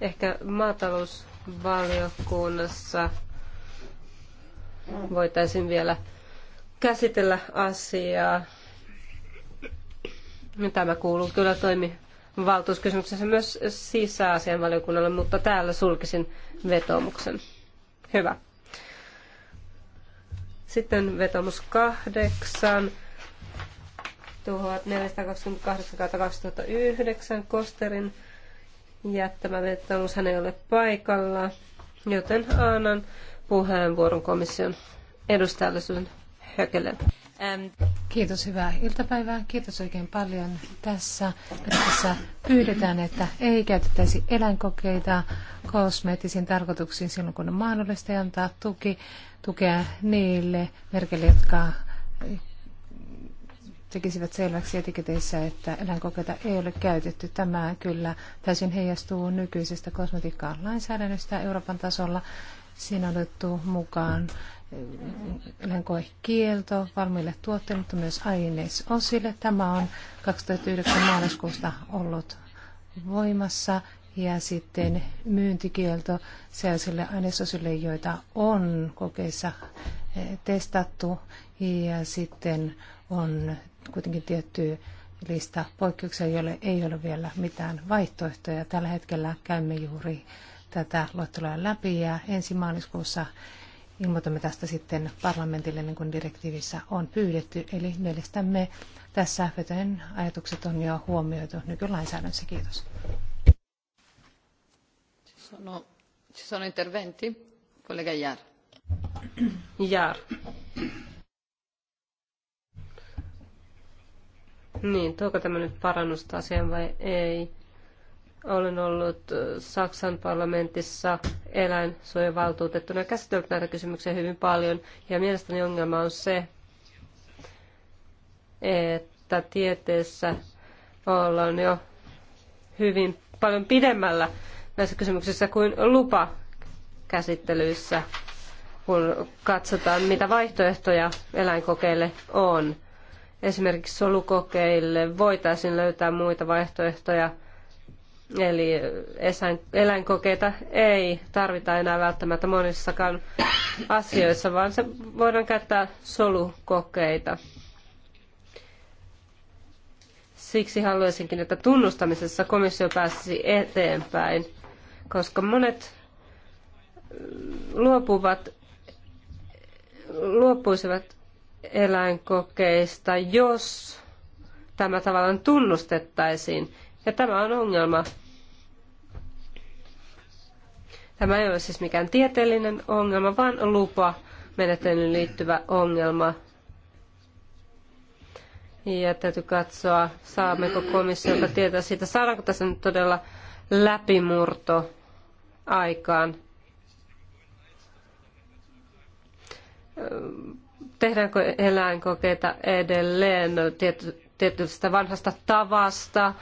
Ehkä maatalousvaliokunnassa voitaisiin vielä käsitellä asiaa. Tämä kuuluu kyllä toimi valtuuskysymyksessä myös sisäasianvaliokunnalle, mutta täällä sulkisin vetomuksen. Hyvä. Sitten vetomus kahdeksan. 1428-2009 Kosterin jättämä vetomus hän ei ole paikalla, joten annan puheenvuoron komission edustajalle Susan Hökelle. Ähm, Kiitos, hyvää iltapäivää. Kiitos oikein paljon tässä. Tässä pyydetään, että ei käytettäisi eläinkokeita kosmeettisiin tarkoituksiin silloin, kun on mahdollista ja antaa tuki, tukea niille merkille, jotka tekisivät selväksi etiketeissä, että eläinkokeita ei ole käytetty. Tämä kyllä täysin heijastuu nykyisestä kosmetiikkaan lainsäädännöstä Euroopan tasolla. Siinä on otettu mukaan lenkokielto valmiille tuotteille, mutta myös aineisosille. Tämä on 2009 maaliskuusta ollut voimassa ja sitten myyntikielto sellaisille ainesosille, joita on kokeissa eh, testattu ja sitten on kuitenkin tietty lista poikkeuksia, joille ei ole vielä mitään vaihtoehtoja. Tällä hetkellä käymme juuri tätä luettelua läpi ja ensi maaliskuussa ilmoitamme tästä sitten parlamentille, niin kuin direktiivissä on pyydetty. Eli mielestämme tässä vetojen ajatukset on jo huomioitu nykylainsäädännössä. Kiitos. No, ci sono interventi? Collega Iar. Iar. Niin, tuoko tämä nyt parannusta asiaan vai ei? Olen ollut Saksan parlamentissa eläinsuojavaltuutettuna ja käsitellyt näitä kysymyksiä hyvin paljon. Ja mielestäni ongelma on se, että tieteessä ollaan jo hyvin paljon pidemmällä näissä kysymyksissä kuin lupakäsittelyissä, kun katsotaan, mitä vaihtoehtoja eläinkokeille on. Esimerkiksi solukokeille voitaisiin löytää muita vaihtoehtoja – Eli eläinkokeita ei tarvita enää välttämättä monissakaan asioissa, vaan se voidaan käyttää solukokeita. Siksi haluaisinkin, että tunnustamisessa komissio pääsisi eteenpäin, koska monet luopuvat, luopuisivat eläinkokeista, jos tämä tavallaan tunnustettaisiin. Ja tämä on ongelma Tämä ei ole siis mikään tieteellinen ongelma, vaan lupa menettelyyn liittyvä ongelma. Ja täytyy katsoa, saammeko komissiolta tietää siitä, saadaanko tässä nyt todella läpimurto aikaan. Tehdäänkö eläinkokeita edelleen tietystä vanhasta tavasta?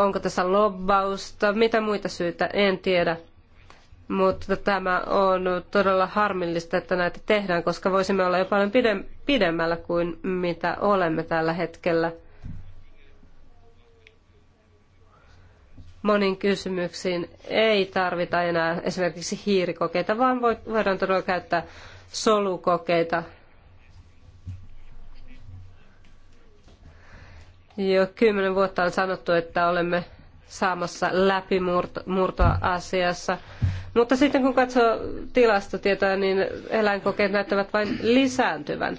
Onko tässä lobbausta? Mitä muita syitä? En tiedä. Mutta tämä on todella harmillista, että näitä tehdään, koska voisimme olla jo paljon pidemmällä kuin mitä olemme tällä hetkellä. Moniin kysymyksiin ei tarvita enää esimerkiksi hiirikokeita, vaan voidaan todella käyttää solukokeita jo kymmenen vuotta on sanottu, että olemme saamassa läpimurtoa asiassa. Mutta sitten kun katsoo tilastotietoja, niin eläinkokeet näyttävät vain lisääntyvän.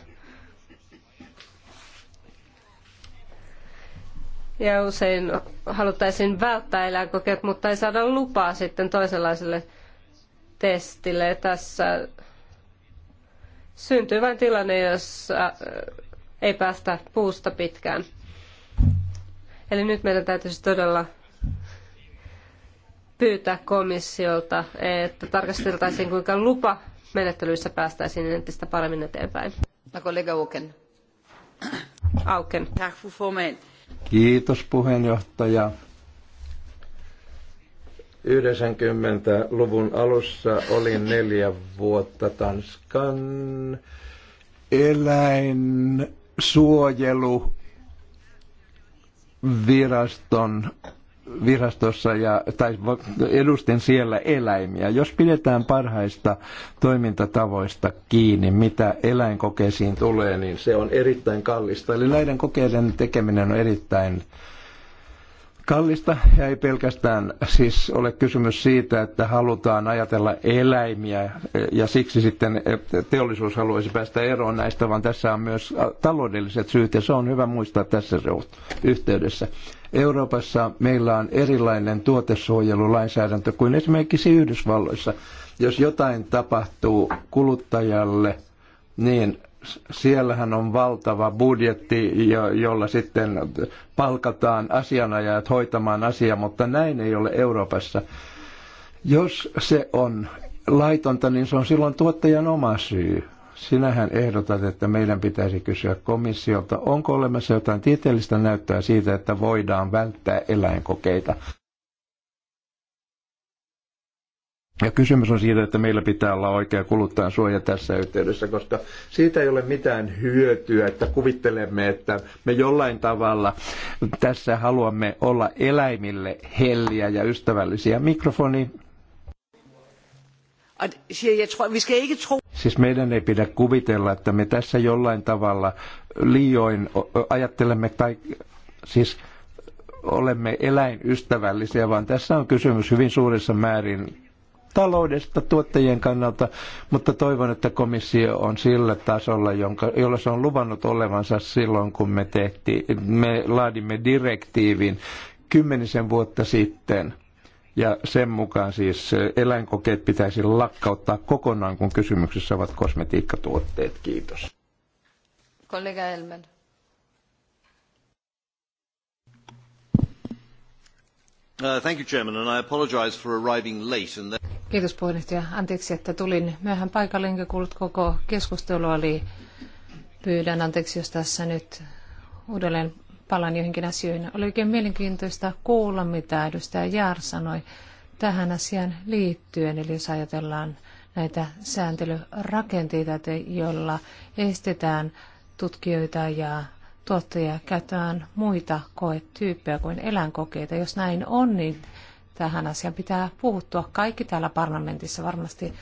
Ja usein haluttaisiin välttää eläinkokeet, mutta ei saada lupaa sitten toisenlaiselle testille. Tässä syntyy vain tilanne, jos äh, ei päästä puusta pitkään. Eli nyt meidän täytyisi todella pyytää komissiolta, että tarkasteltaisiin kuinka lupa menettelyissä päästäisiin entistä paremmin eteenpäin. Kollega Auken. Auken. Kiitos puheenjohtaja. 90-luvun alussa olin neljä vuotta Tanskan eläinsuojeluviraston virastossa ja, tai edustin siellä eläimiä. Jos pidetään parhaista toimintatavoista kiinni, mitä eläinkokeisiin tulee, niin se on erittäin kallista. Eli näiden kokeiden tekeminen on erittäin kallista ja ei pelkästään siis ole kysymys siitä, että halutaan ajatella eläimiä ja siksi sitten teollisuus haluaisi päästä eroon näistä, vaan tässä on myös taloudelliset syyt ja se on hyvä muistaa tässä yhteydessä. Euroopassa meillä on erilainen tuotesuojelulainsäädäntö kuin esimerkiksi Yhdysvalloissa. Jos jotain tapahtuu kuluttajalle, niin siellähän on valtava budjetti, jolla sitten palkataan asianajajat hoitamaan asiaa, mutta näin ei ole Euroopassa. Jos se on laitonta, niin se on silloin tuottajan oma syy. Sinähän ehdotat, että meidän pitäisi kysyä komissiolta, onko olemassa jotain tieteellistä näyttöä siitä, että voidaan välttää eläinkokeita. Ja kysymys on siitä, että meillä pitää olla oikea kuluttajan suoja tässä yhteydessä, koska siitä ei ole mitään hyötyä, että kuvittelemme, että me jollain tavalla tässä haluamme olla eläimille helliä ja ystävällisiä. Mikrofoni Siis meidän ei pidä kuvitella, että me tässä jollain tavalla liioin ajattelemme tai siis olemme eläinystävällisiä, vaan tässä on kysymys hyvin suuressa määrin taloudesta tuottajien kannalta, mutta toivon, että komissio on sillä tasolla, jonka, jolla se on luvannut olevansa silloin, kun me, tehtiin, me laadimme direktiivin kymmenisen vuotta sitten – ja sen mukaan siis eläinkokeet pitäisi lakkauttaa kokonaan, kun kysymyksessä ovat kosmetiikkatuotteet. Kiitos. Kollega Elmen. Uh, Kiitos puheenjohtaja. Anteeksi, että tulin myöhään paikalle, enkä kuullut koko keskustelua, eli pyydän anteeksi, jos tässä nyt uudelleen palaan johonkin asioihin. Oli oikein mielenkiintoista kuulla, mitä edustaja Jaar sanoi tähän asiaan liittyen. Eli jos ajatellaan näitä sääntelyrakenteita, joilla estetään tutkijoita ja tuottajia käytetään muita koetyyppejä kuin eläinkokeita. Jos näin on, niin tähän asiaan pitää puuttua. Kaikki täällä parlamentissa varmasti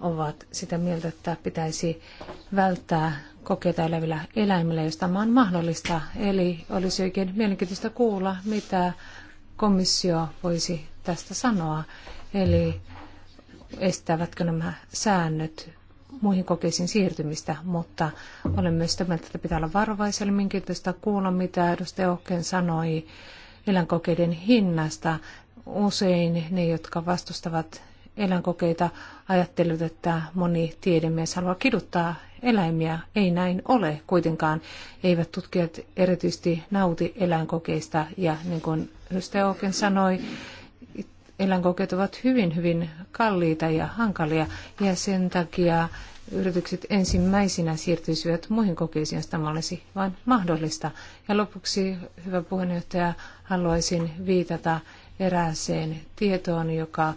ovat sitä mieltä, että pitäisi välttää kokeita elävillä eläimillä, jos tämä on mahdollista. Eli olisi oikein mielenkiintoista kuulla, mitä komissio voisi tästä sanoa. Eli estävätkö nämä säännöt muihin kokeisiin siirtymistä, mutta olen myös sitä mieltä, että pitää olla varovaisia. Eli mielenkiintoista kuulla, mitä edustaja Okken sanoi eläinkokeiden hinnasta. Usein ne, jotka vastustavat eläinkokeita ajattelut, että moni tiedemies haluaa kiduttaa eläimiä. Ei näin ole kuitenkaan. Eivät tutkijat erityisesti nauti eläinkokeista ja niin kuin edustaja Oken sanoi, eläinkokeet ovat hyvin, hyvin kalliita ja hankalia ja sen takia yritykset ensimmäisinä siirtyisivät muihin kokeisiin, jos tämä olisi vain mahdollista. Ja lopuksi, hyvä puheenjohtaja, haluaisin viitata erääseen tietoon, joka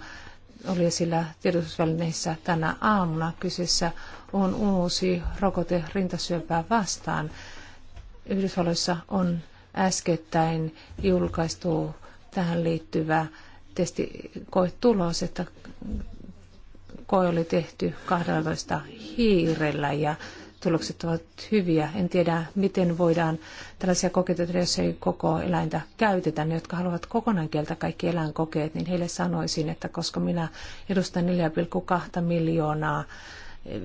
oli sillä tiedotusvälineissä tänä aamuna. Kyseessä on uusi rokote rintasyöpää vastaan. Yhdysvalloissa on äskettäin julkaistu tähän liittyvä testikoetulos, että koe oli tehty 12 hiirellä ja tulokset ovat hyviä. En tiedä, miten voidaan tällaisia kokeita tehdä, jos ei koko eläintä käytetä. Ne, jotka haluavat kokonaan kieltä kaikki eläinkokeet, niin heille sanoisin, että koska minä edustan 4,2 miljoonaa eh,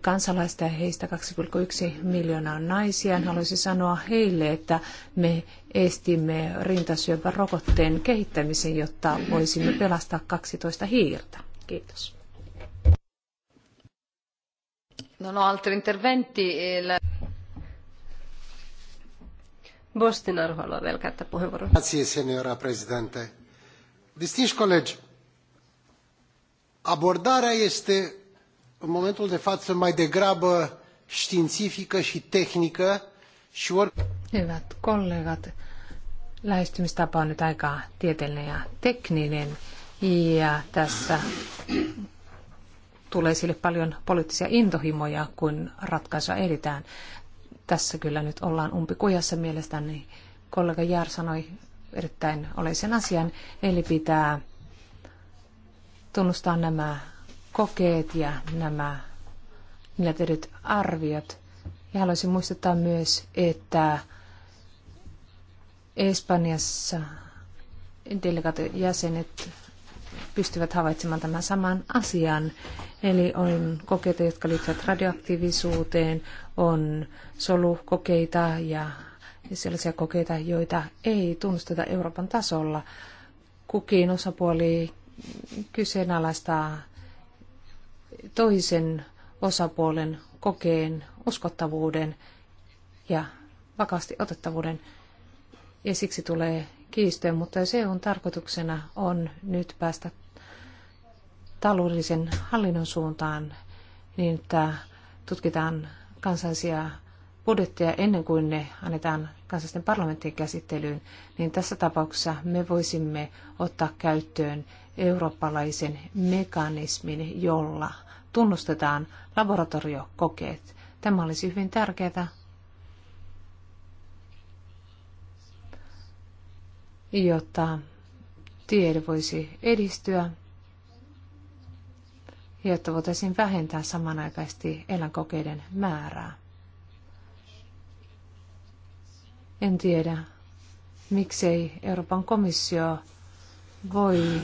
kansalaista ja heistä 2,1 miljoonaa on naisia. Niin haluaisin sanoa heille, että me estimme rintasyöpärokotteen kehittämisen, jotta voisimme pelastaa 12 hiirtä. Kiitos. Non ho altri interventi. E la... haluaa vielä käyttää puheenvuoron. Grazie, signora presidente. Distinși colegi, abordarea este în momentul de față mai degrabă științifică și tehnică și ori... Hyvät kollegat, lähestymistapa on nyt aika tieteellinen ja tekninen ja tässä tulee sille paljon poliittisia intohimoja, kun ratkaisua editään. Tässä kyllä nyt ollaan umpikujassa mielestäni. Kollega Jaar sanoi erittäin oleisen asian, eli pitää tunnustaa nämä kokeet ja nämä niillä tehdyt arviot. Ja haluaisin muistuttaa myös, että Espanjassa delegaatiojäsenet pystyvät havaitsemaan tämän saman asian. Eli on kokeita, jotka liittyvät radioaktiivisuuteen, on solukokeita ja sellaisia kokeita, joita ei tunnusteta Euroopan tasolla. Kukin osapuoli kyseenalaistaa toisen osapuolen kokeen uskottavuuden ja vakaasti otettavuuden ja siksi tulee kiistöön, mutta se on tarkoituksena on nyt päästä taloudellisen hallinnon suuntaan niin, että tutkitaan kansallisia budjetteja ennen kuin ne annetaan kansallisten parlamenttien käsittelyyn, niin tässä tapauksessa me voisimme ottaa käyttöön eurooppalaisen mekanismin, jolla tunnustetaan laboratoriokokeet. Tämä olisi hyvin tärkeää, jotta tiede voisi edistyä jotta voitaisiin vähentää samanaikaisesti eläinkokeiden määrää. En tiedä, miksei Euroopan komissio voi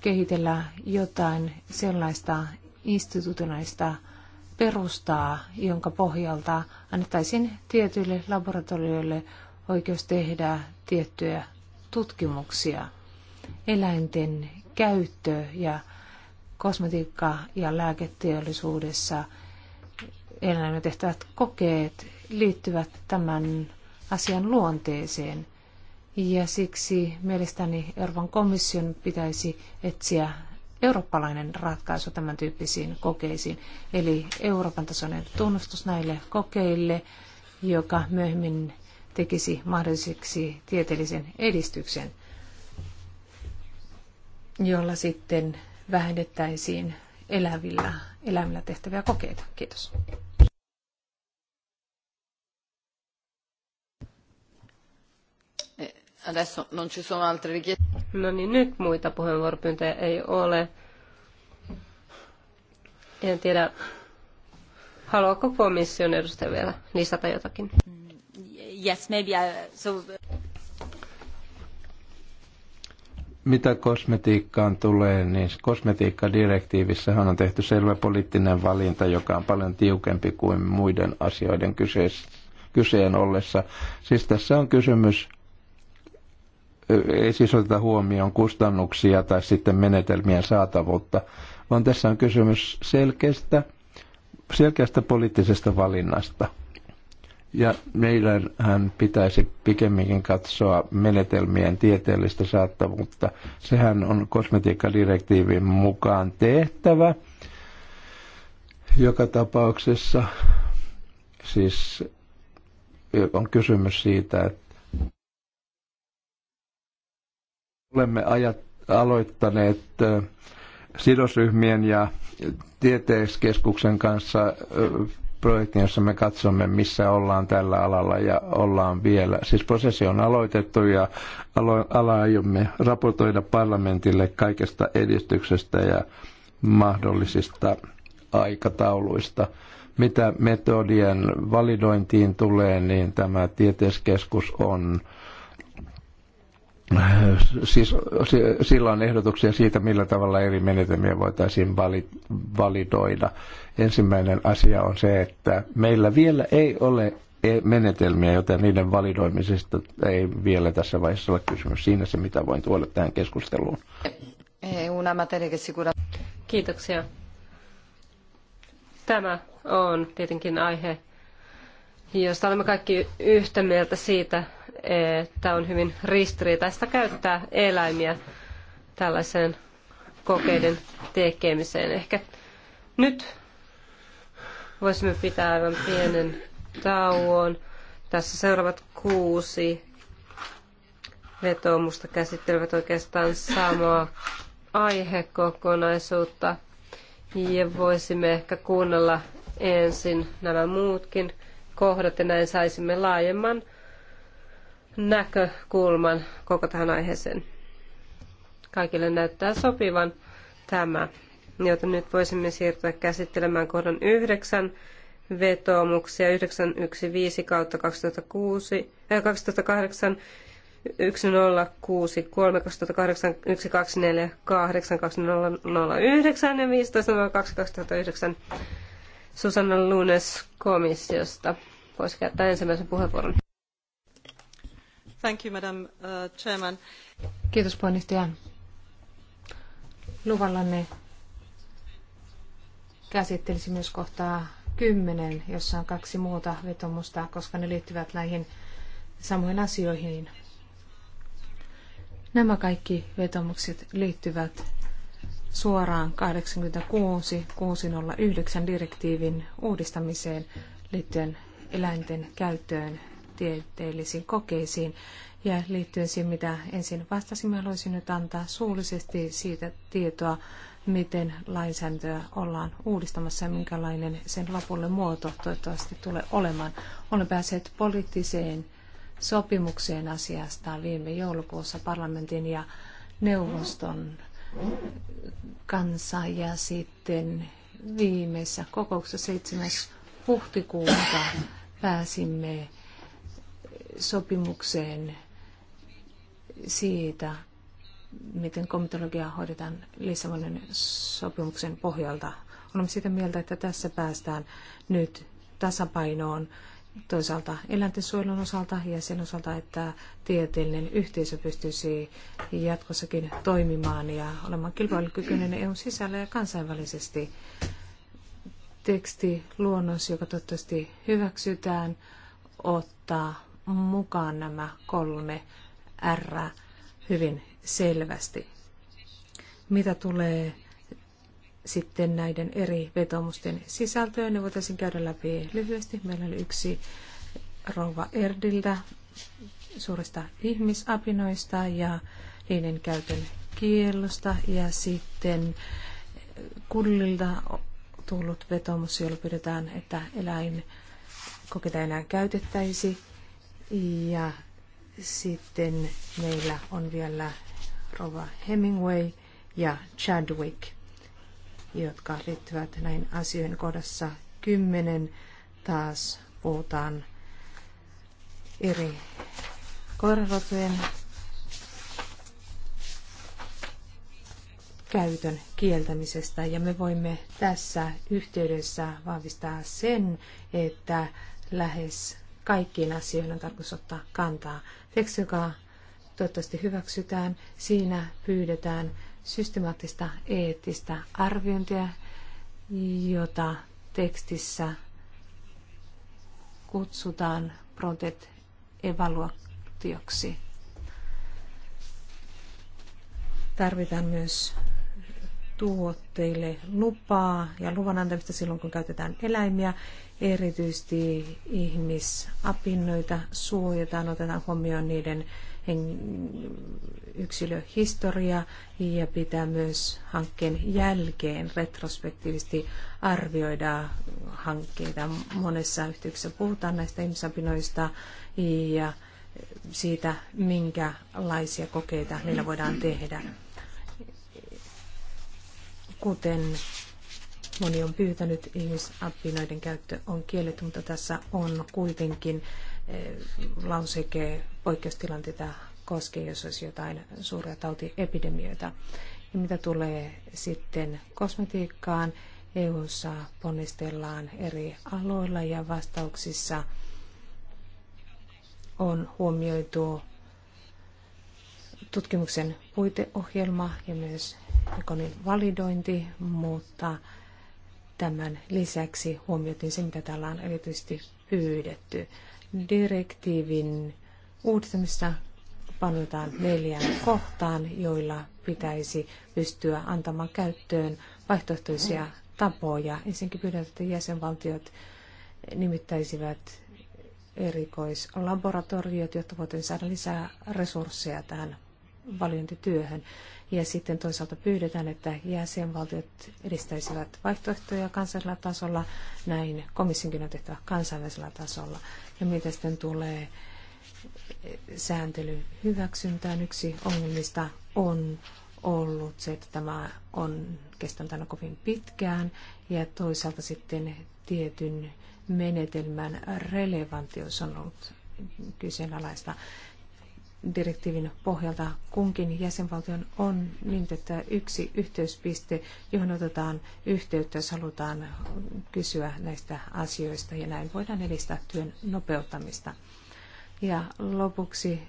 kehitellä jotain sellaista institutionaalista perustaa, jonka pohjalta annettaisiin tietyille laboratorioille oikeus tehdä tiettyjä tutkimuksia eläinten käyttö ja kosmetiikka- ja lääketeollisuudessa eläimet tehtävät kokeet liittyvät tämän asian luonteeseen. Ja siksi mielestäni Euroopan komission pitäisi etsiä eurooppalainen ratkaisu tämän tyyppisiin kokeisiin. Eli Euroopan tasoinen tunnustus näille kokeille, joka myöhemmin tekisi mahdolliseksi tieteellisen edistyksen jolla sitten vähennettäisiin elävillä, eläimillä tehtäviä kokeita. Kiitos. Eh, adesso non ci sono altre richieste. No niin, nyt muita puheenvuoropyyntöjä ei ole. En tiedä, haluaako komission edustaja vielä lisätä jotakin? Mm, yes, maybe I, uh, so... Uh, mitä kosmetiikkaan tulee, niin kosmetiikkadirektiivissähän on tehty selvä poliittinen valinta, joka on paljon tiukempi kuin muiden asioiden kyseessä, kyseen ollessa. Siis tässä on kysymys, ei siis oteta huomioon kustannuksia tai sitten menetelmien saatavuutta, vaan tässä on kysymys selkeästä, selkeästä poliittisesta valinnasta – ja hän pitäisi pikemminkin katsoa menetelmien tieteellistä saattavuutta. Sehän on kosmetiikkadirektiivin mukaan tehtävä. Joka tapauksessa siis on kysymys siitä, että olemme ajat, aloittaneet sidosryhmien ja tieteiskeskuksen kanssa projektin, jossa me katsomme, missä ollaan tällä alalla ja ollaan vielä. Siis prosessi on aloitettu ja alo- ala aiomme raportoida parlamentille kaikesta edistyksestä ja mahdollisista aikatauluista. Mitä metodien validointiin tulee, niin tämä tieteiskeskus on Äh, siis, sillä on ehdotuksia siitä, millä tavalla eri menetelmiä voitaisiin validoida. Ensimmäinen asia on se, että meillä vielä ei ole e-, menetelmiä, joten niiden validoimisesta ei vielä tässä vaiheessa ole kysymys. Siinä se, mitä voin tuoda tähän keskusteluun. Eh, Kiitoksia. Tämä on tietenkin aihe, josta olemme kaikki yhtä mieltä siitä, että on hyvin ristiriitaista käyttää eläimiä tällaiseen kokeiden tekemiseen. Ehkä nyt voisimme pitää aivan pienen tauon. Tässä seuraavat kuusi vetoomusta käsittelevät oikeastaan samaa aihekokonaisuutta. Ja voisimme ehkä kuunnella ensin nämä muutkin kohdat ja näin saisimme laajemman näkökulman koko tähän aiheeseen. Kaikille näyttää sopivan tämä, joten nyt voisimme siirtyä käsittelemään kohdan 9 vetoomuksia 915 kautta 2008 1063 2008 1248 2009 ja 15 2009 Susanna Lunes komissiosta. Voisi käyttää ensimmäisen puheenvuoron. Uh, Kiitos puheenjohtaja. Luvallanne käsittelisi myös kohtaa 10, jossa on kaksi muuta vetomusta, koska ne liittyvät näihin samoihin asioihin. Nämä kaikki vetomukset liittyvät suoraan 86-609 direktiivin uudistamiseen liittyen eläinten käyttöön lääketieteellisiin kokeisiin. Ja liittyen siihen, mitä ensin vastasimme, haluaisin nyt antaa suullisesti siitä tietoa, miten lainsäädäntöä ollaan uudistamassa ja minkälainen sen lopullinen muoto toivottavasti tulee olemaan. Olemme päässeet poliittiseen sopimukseen asiasta viime joulukuussa parlamentin ja neuvoston kanssa ja sitten viimeisessä kokouksessa 7. huhtikuuta pääsimme sopimukseen siitä, miten komitologiaa hoidetaan Lissabonin sopimuksen pohjalta. Olemme sitä mieltä, että tässä päästään nyt tasapainoon toisaalta eläintensuojelun osalta ja sen osalta, että tieteellinen yhteisö pystyisi jatkossakin toimimaan ja olemaan kilpailukykyinen EUn sisällä ja kansainvälisesti. Teksti, luonnos, joka toivottavasti hyväksytään, ottaa mukaan nämä kolme R hyvin selvästi. Mitä tulee sitten näiden eri vetomusten sisältöön, ne voitaisiin käydä läpi lyhyesti. Meillä oli yksi rouva Erdiltä suurista ihmisapinoista ja niiden käytön kiellosta ja sitten kullilta tullut vetomus, jolla pyydetään, että eläin koketa enää käytettäisi ja sitten meillä on vielä Rova Hemingway ja Chadwick, jotka liittyvät näin asioihin kohdassa kymmenen Taas puhutaan eri koiraratojen käytön kieltämisestä. Ja me voimme tässä yhteydessä vahvistaa sen, että lähes kaikkiin asioihin on tarkoitus ottaa kantaa. Teksti, joka toivottavasti hyväksytään, siinä pyydetään systemaattista eettistä arviointia, jota tekstissä kutsutaan protet evaluaatioksi. Tarvitaan myös tuotteille lupaa ja luvan antamista silloin, kun käytetään eläimiä erityisesti ihmisapinnoita suojataan, otetaan huomioon niiden yksilöhistoria ja pitää myös hankkeen jälkeen retrospektiivisesti arvioida hankkeita. Monessa yhteyksessä puhutaan näistä ihmisapinoista ja siitä, minkälaisia kokeita niillä voidaan tehdä. Kuten Moni on pyytänyt ihmisappinoiden käyttö on kielletty, mutta tässä on kuitenkin eh, lauseke poikkeustilanteita koskee, jos olisi jotain suuria tautiepidemioita. Ja mitä tulee sitten kosmetiikkaan, EU:ssa ponnistellaan eri aloilla ja vastauksissa on huomioitu tutkimuksen puiteohjelma ja myös ekonin validointi, mutta Tämän lisäksi huomioitiin se, mitä täällä on erityisesti pyydetty. Direktiivin uudistamista panotaan neljään kohtaan, joilla pitäisi pystyä antamaan käyttöön vaihtoehtoisia tapoja. Ensinnäkin pyydän, että jäsenvaltiot nimittäisivät erikoislaboratoriot, jotta voitaisiin saada lisää resursseja tähän valiointityöhön. Ja sitten toisaalta pyydetään, että jäsenvaltiot edistäisivät vaihtoehtoja kansallisella tasolla, näin komissionkin on tehtävä kansainvälisellä tasolla. Ja mitä sitten tulee sääntelyn hyväksyntään, yksi ongelmista on ollut se, että tämä on kestänyt aina kovin pitkään ja toisaalta sitten tietyn menetelmän relevanttius on ollut kyseenalaista direktiivin pohjalta kunkin jäsenvaltion on niin, että yksi yhteyspiste, johon otetaan yhteyttä, jos halutaan kysyä näistä asioista ja näin voidaan edistää työn nopeuttamista. Ja lopuksi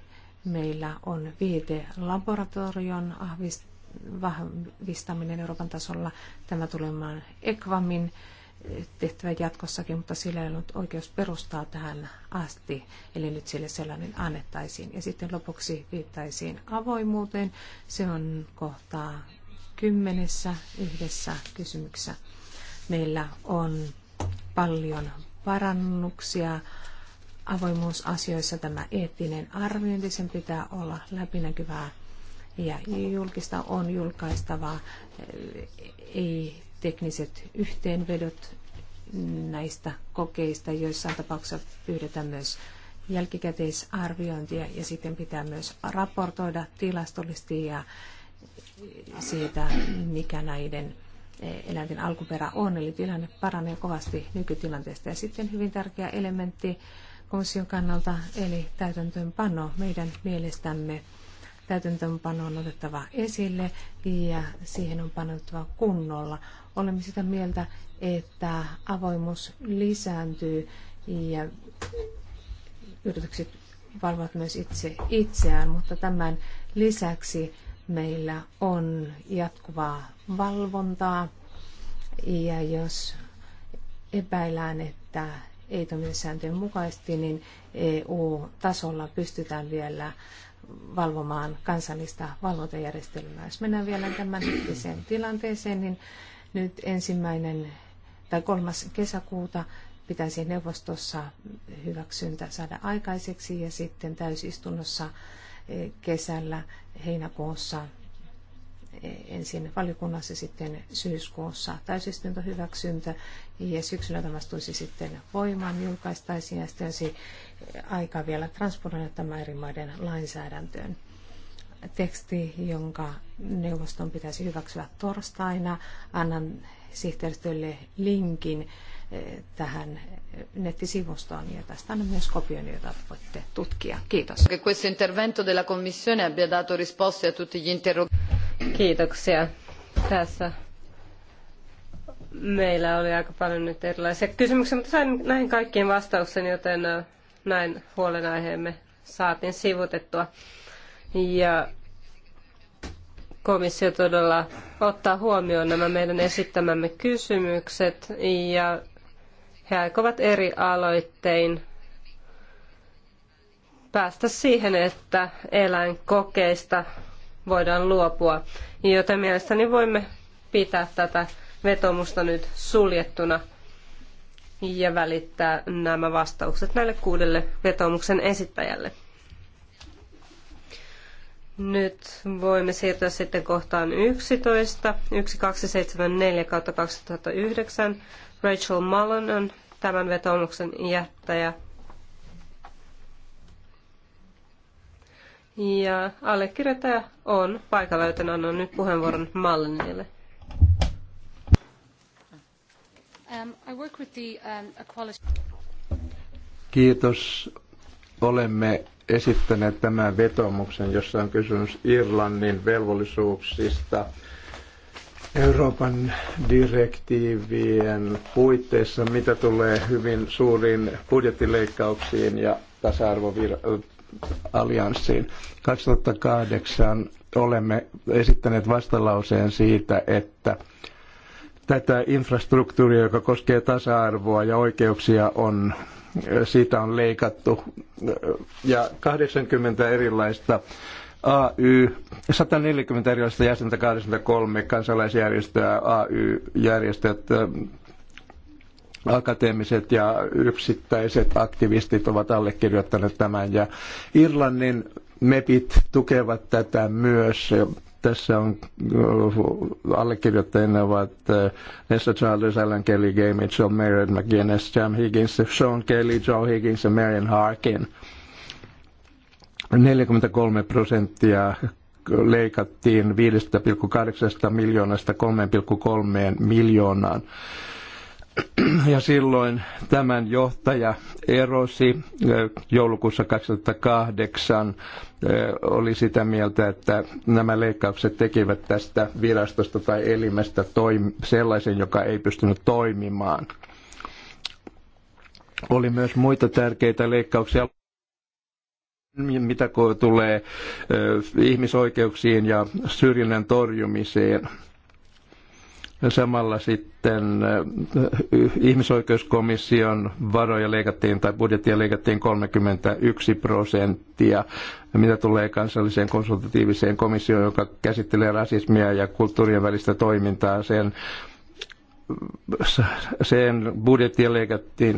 meillä on viite laboratorion vahvistaminen Euroopan tasolla. Tämä tulemaan ECVAMin tehtävä jatkossakin, mutta sillä ei ollut oikeus perustaa tähän asti, eli nyt sille sellainen annettaisiin. Ja sitten lopuksi viittaisiin avoimuuteen. Se on kohtaa kymmenessä yhdessä kysymyksessä. Meillä on paljon parannuksia avoimuusasioissa. Tämä eettinen arviointi, sen pitää olla läpinäkyvää ja julkista on julkaistavaa. Ei tekniset yhteenvedot näistä kokeista. Joissain tapauksessa pyydetään myös jälkikäteisarviointia ja sitten pitää myös raportoida tilastollisesti ja siitä, mikä näiden eh, eläinten alkuperä on. Eli tilanne paranee kovasti nykytilanteesta. Ja sitten hyvin tärkeä elementti komission kannalta, eli täytäntöönpano meidän mielestämme täytäntöönpano on otettava esille ja siihen on paneuduttava kunnolla. Olemme sitä mieltä, että avoimuus lisääntyy ja yritykset valvovat myös itse itseään, mutta tämän lisäksi meillä on jatkuvaa valvontaa ja jos epäillään, että ei toimita sääntöjen mukaisesti, niin EU-tasolla pystytään vielä valvomaan kansallista valvontajärjestelmää. Jos mennään vielä tämän hetkiseen tilanteeseen, niin nyt ensimmäinen tai kolmas kesäkuuta pitäisi neuvostossa hyväksyntä saada aikaiseksi ja sitten täysistunnossa eh, kesällä heinäkuussa ensin valiokunnassa sitten syyskuussa täysistunto hyväksyntä ja syksyllä tämä tulisi sitten voimaan, niin julkaistaisiin ja sitten olisi aika vielä transponoida tämä eri maiden lainsäädäntöön. Teksti, jonka neuvoston pitäisi hyväksyä torstaina, annan sihteeristölle linkin tähän nettisivustoon ja tästä on myös kopion, jota voitte tutkia. Kiitos. Questo intervento della Commissione abbia dato risposte a tutti gli Kiitoksia. Tässä meillä oli aika paljon nyt erilaisia kysymyksiä, mutta sain näihin kaikkiin vastauksen, joten äh, näin huolenaiheemme saatiin sivutettua. Ja komissio todella ottaa huomioon nämä meidän esittämämme kysymykset ja he aikovat eri aloittein päästä siihen, että eläinkokeista voidaan luopua. Joten mielestäni voimme pitää tätä vetomusta nyt suljettuna ja välittää nämä vastaukset näille kuudelle vetomuksen esittäjälle. Nyt voimme siirtyä sitten kohtaan 11, 1274 2009 Rachel Mullen on tämän vetomuksen jättäjä. Ja allekirjoittaja on paikalla, joten annan nyt puheenvuoron Mallinille. Um, um, Kiitos. Olemme esittäneet tämän vetomuksen, jossa on kysymys Irlannin velvollisuuksista Euroopan direktiivien puitteissa, mitä tulee hyvin suuriin budjettileikkauksiin ja tasa-arvoallianssiin. 2008 olemme esittäneet vastalauseen siitä, että tätä infrastruktuuria, joka koskee tasa-arvoa ja oikeuksia, on, siitä on leikattu. Ja 80 erilaista AY, 140 erilaista jäsentä, 83 kansalaisjärjestöä, AY-järjestöt, akateemiset ja yksittäiset aktivistit ovat allekirjoittaneet tämän ja Irlannin MEPit tukevat tätä myös. Tässä on allekirjoittajina ovat Nessa Childers, Alan Kelly, Gay Mitchell, Meredith McGuinness, Jam Higgins, Sean Kelly, Joe Higgins ja Marian Harkin. 43 prosenttia leikattiin 5,8 miljoonasta 3,3 miljoonaan. Ja silloin tämän johtaja erosi joulukuussa 2008, oli sitä mieltä, että nämä leikkaukset tekivät tästä virastosta tai elimestä sellaisen, joka ei pystynyt toimimaan. Oli myös muita tärkeitä leikkauksia mitä tulee ihmisoikeuksiin ja syrjinnän torjumiseen. Samalla sitten ihmisoikeuskomission varoja leikattiin tai budjettia leikattiin 31 prosenttia, mitä tulee kansalliseen konsultatiiviseen komissioon, joka käsittelee rasismia ja kulttuurien välistä toimintaa. Sen, sen budjettia leikattiin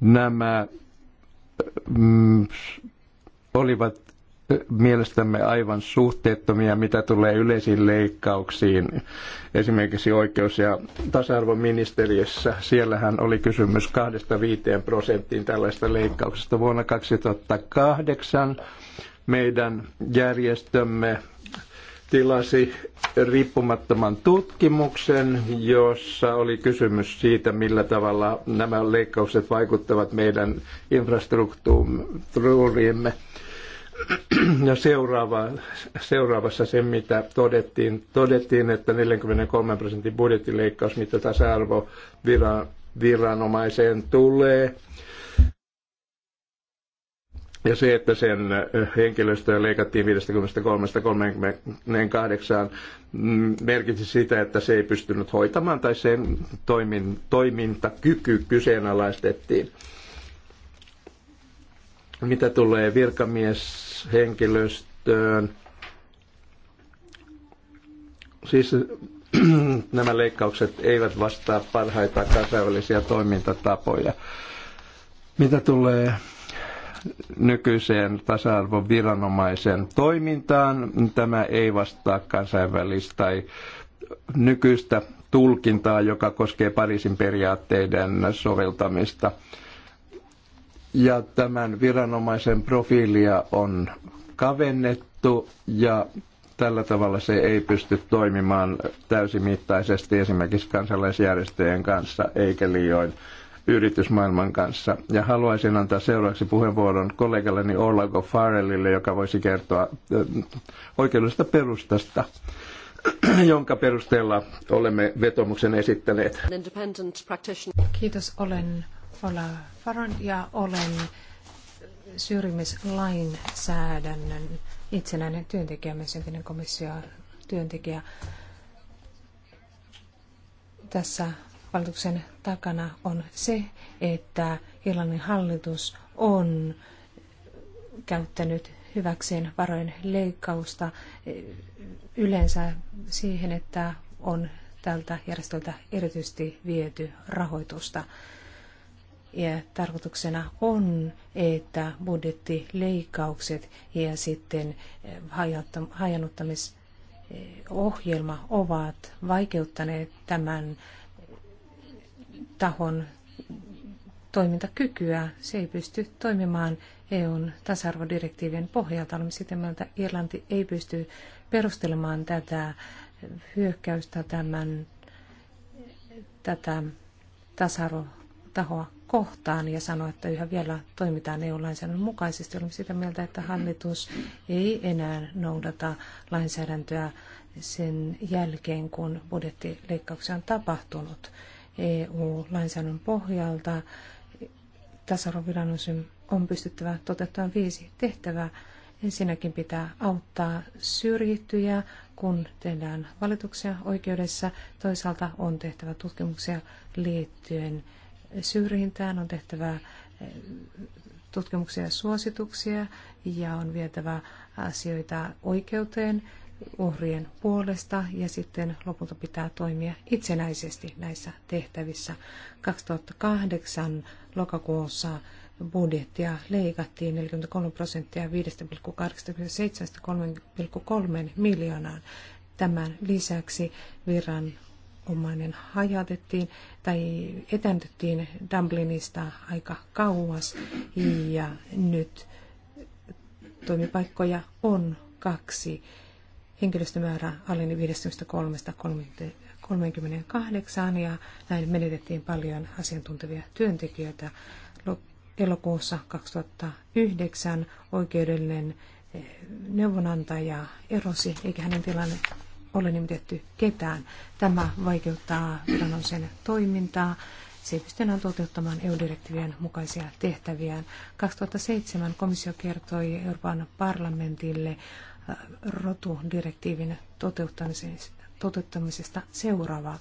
Nämä mm, olivat mielestämme aivan suhteettomia, mitä tulee yleisiin leikkauksiin. Esimerkiksi oikeus- ja tasa-arvoministeriössä, siellähän oli kysymys 2-5 prosenttiin tällaista leikkauksesta. Vuonna 2008 meidän järjestömme tilasi riippumattoman tutkimuksen, jossa oli kysymys siitä, millä tavalla nämä leikkaukset vaikuttavat meidän infrastruktuuriimme. Ja seuraava, seuraavassa se, mitä todettiin, todettiin, että 43 prosentin budjettileikkaus, mitä tasa viranomaiseen tulee, ja se, että sen henkilöstöä leikattiin 53-38, mm, merkitsi sitä, että se ei pystynyt hoitamaan tai sen toimin, toimintakyky kyseenalaistettiin. Mitä tulee virkamieshenkilöstöön, siis nämä leikkaukset eivät vastaa parhaita kansainvälisiä toimintatapoja. Mitä tulee nykyiseen tasa-arvon viranomaisen toimintaan. Tämä ei vastaa kansainvälistä tai nykyistä tulkintaa, joka koskee Pariisin periaatteiden soveltamista. Ja tämän viranomaisen profiilia on kavennettu ja tällä tavalla se ei pysty toimimaan täysimittaisesti esimerkiksi kansalaisjärjestöjen kanssa eikä liioin yritysmaailman kanssa. Ja haluaisin antaa seuraavaksi puheenvuoron kollegalleni Orlago Farrellille, joka voisi kertoa äh, oikeudellisesta perustasta jonka perusteella olemme vetomuksen esittäneet. Kiitos, olen Ola Faron ja olen syrjimislainsäädännön itsenäinen työntekijä, myös entinen komissio työntekijä. Tässä valituksen takana on se, että Irlannin hallitus on käyttänyt hyväkseen varojen leikkausta e, yleensä siihen, että on tältä järjestöltä erityisesti viety rahoitusta. Ja tarkoituksena on, että budjettileikkaukset ja sitten e, hajannuttamisohjelma ovat vaikeuttaneet tämän tahon toimintakykyä. Se ei pysty toimimaan EUn tasa-arvodirektiivien pohjalta. Olemme sitä mieltä, että Irlanti ei pysty perustelemaan tätä hyökkäystä tämän, tätä tasa-arvotahoa kohtaan ja sanoa, että yhä vielä toimitaan EU-lainsäädännön mukaisesti. Olemme sitä mieltä, että hallitus ei enää noudata lainsäädäntöä sen jälkeen, kun budjettileikkauksia on tapahtunut. EU-lainsäädännön pohjalta. Tasa-arvoviranomaisen on pystyttävä toteuttamaan viisi tehtävää. Ensinnäkin pitää auttaa syrjittyjä, kun tehdään valituksia oikeudessa. Toisaalta on tehtävä tutkimuksia liittyen syrjintään, on tehtävä eh, tutkimuksia ja suosituksia ja on vietävä asioita oikeuteen uhrien puolesta ja sitten lopulta pitää toimia itsenäisesti näissä tehtävissä. 2008 lokakuussa budjettia leikattiin 43 prosenttia 5,87-3,3 miljoonaan. Tämän lisäksi viranomainen hajatettiin tai etäntettiin Dublinista aika kauas ja nyt toimipaikkoja on kaksi henkilöstömäärä alleni 53-38 ja näin menetettiin paljon asiantuntevia työntekijöitä. Elokuussa 2009 oikeudellinen eh, neuvonantaja erosi, eikä hänen tilanne ole nimitetty ketään. Tämä vaikeuttaa viranomaisen toimintaa. Se ei pystytään toteuttamaan EU-direktiivien mukaisia tehtäviään. 2007 komissio kertoi Euroopan parlamentille rotudirektiivin toteuttamisesta seuraavaa.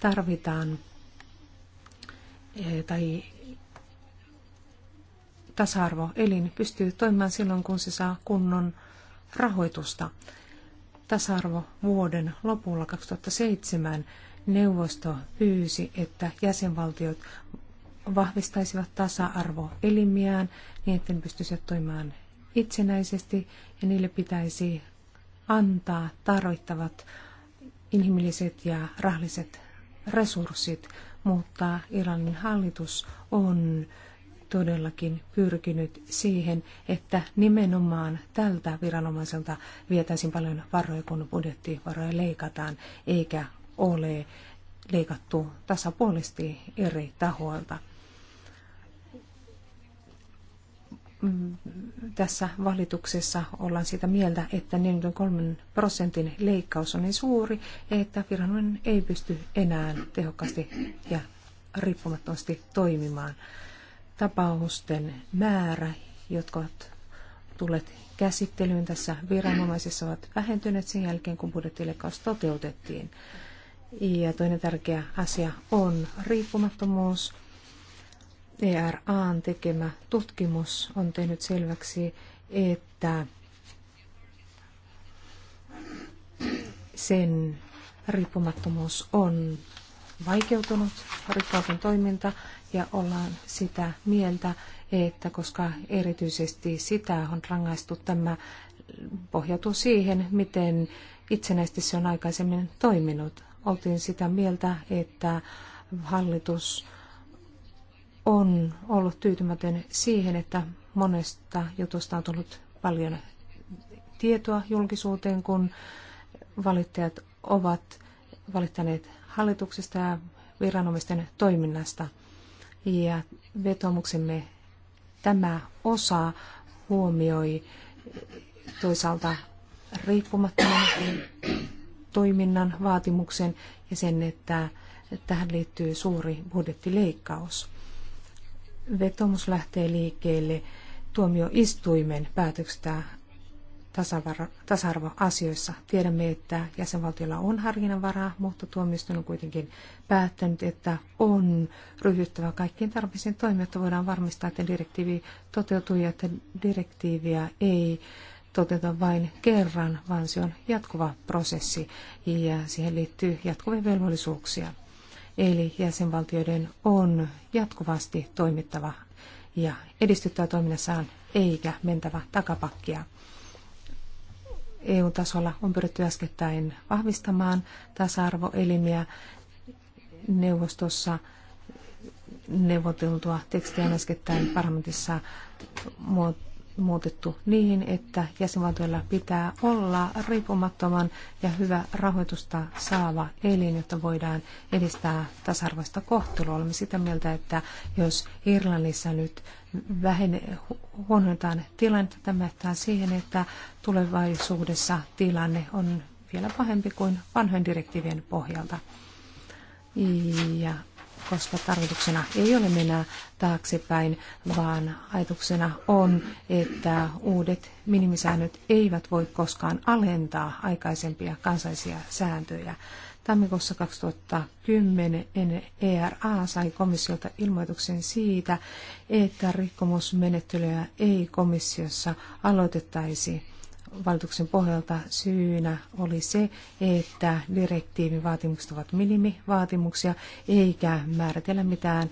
Tarvitaan eh, tai tasa-arvo elin pystyy toimimaan silloin, kun se saa kunnon rahoitusta. Tasa-arvo vuoden lopulla 2007 neuvosto pyysi, että jäsenvaltiot vahvistaisivat tasa-arvoelimiään niin, että ne pystyisivät toimimaan itsenäisesti ja niille pitäisi antaa tarvittavat inhimilliset ja rahalliset resurssit, mutta Iranin hallitus on todellakin pyrkinyt siihen, että nimenomaan tältä viranomaiselta vietäisiin paljon varoja, kun budjettivaroja leikataan, eikä ole leikattu tasapuolisesti eri tahoilta. tässä valituksessa ollaan sitä mieltä, että 43 prosentin leikkaus on niin suuri, että viranomainen ei pysty enää tehokkaasti ja riippumattomasti toimimaan. Tapausten määrä, jotka ovat tulleet käsittelyyn tässä viranomaisessa, ovat vähentyneet sen jälkeen, kun budjettileikkaus toteutettiin. Ja toinen tärkeä asia on riippumattomuus ERAn tekemä tutkimus on tehnyt selväksi, että sen riippumattomuus on vaikeutunut, rikkauton toiminta, ja ollaan sitä mieltä, että koska erityisesti sitä on rangaistu, tämä pohjautuu siihen, miten itsenäisesti se on aikaisemmin toiminut. Oltiin sitä mieltä, että hallitus on ollut tyytymätön siihen, että monesta jutusta on tullut paljon tietoa julkisuuteen, kun valittajat ovat valittaneet hallituksesta ja viranomaisten toiminnasta. Ja vetomuksemme tämä osa huomioi toisaalta riippumattoman toiminnan vaatimuksen ja sen, että tähän liittyy suuri budjettileikkaus vetomus lähtee liikkeelle tuomioistuimen päätöksestä tasa-arvoasioissa. Tiedämme, että jäsenvaltiolla on harkinnanvaraa, mutta tuomioistuin on kuitenkin päättänyt, että on ryhdyttävä kaikkiin tarpeisiin toimia, että voidaan varmistaa, että direktiivi toteutuu ja että direktiiviä ei toteuteta vain kerran, vaan se on jatkuva prosessi ja siihen liittyy jatkuvia velvollisuuksia. Eli jäsenvaltioiden on jatkuvasti toimittava ja edistyttävä toiminnassaan eikä mentävä takapakkia. EU-tasolla on pyritty äskettäin vahvistamaan tasa-arvoelimiä neuvostossa neuvoteltua tekstiä äskettäin parlamentissa muutettu niin, että jäsenvaltioilla pitää olla riippumattoman ja hyvä rahoitusta saava elin, jotta voidaan edistää tasa-arvoista kohtelua. Olemme sitä mieltä, että jos Irlannissa nyt vähene, huonotaan tilannetta, tämä johtaa siihen, että tulevaisuudessa tilanne on vielä pahempi kuin vanhojen direktiivien pohjalta. Ja koska tarkoituksena ei ole mennä taaksepäin, vaan ajatuksena on, että uudet minimisäännöt eivät voi koskaan alentaa aikaisempia kansallisia sääntöjä. Tammikuussa 2010 ERA sai komissiolta ilmoituksen siitä, että rikkomusmenettelyä ei komissiossa aloitettaisi valituksen pohjalta syynä oli se, että direktiivin vaatimukset ovat minimivaatimuksia, eikä määritellä mitään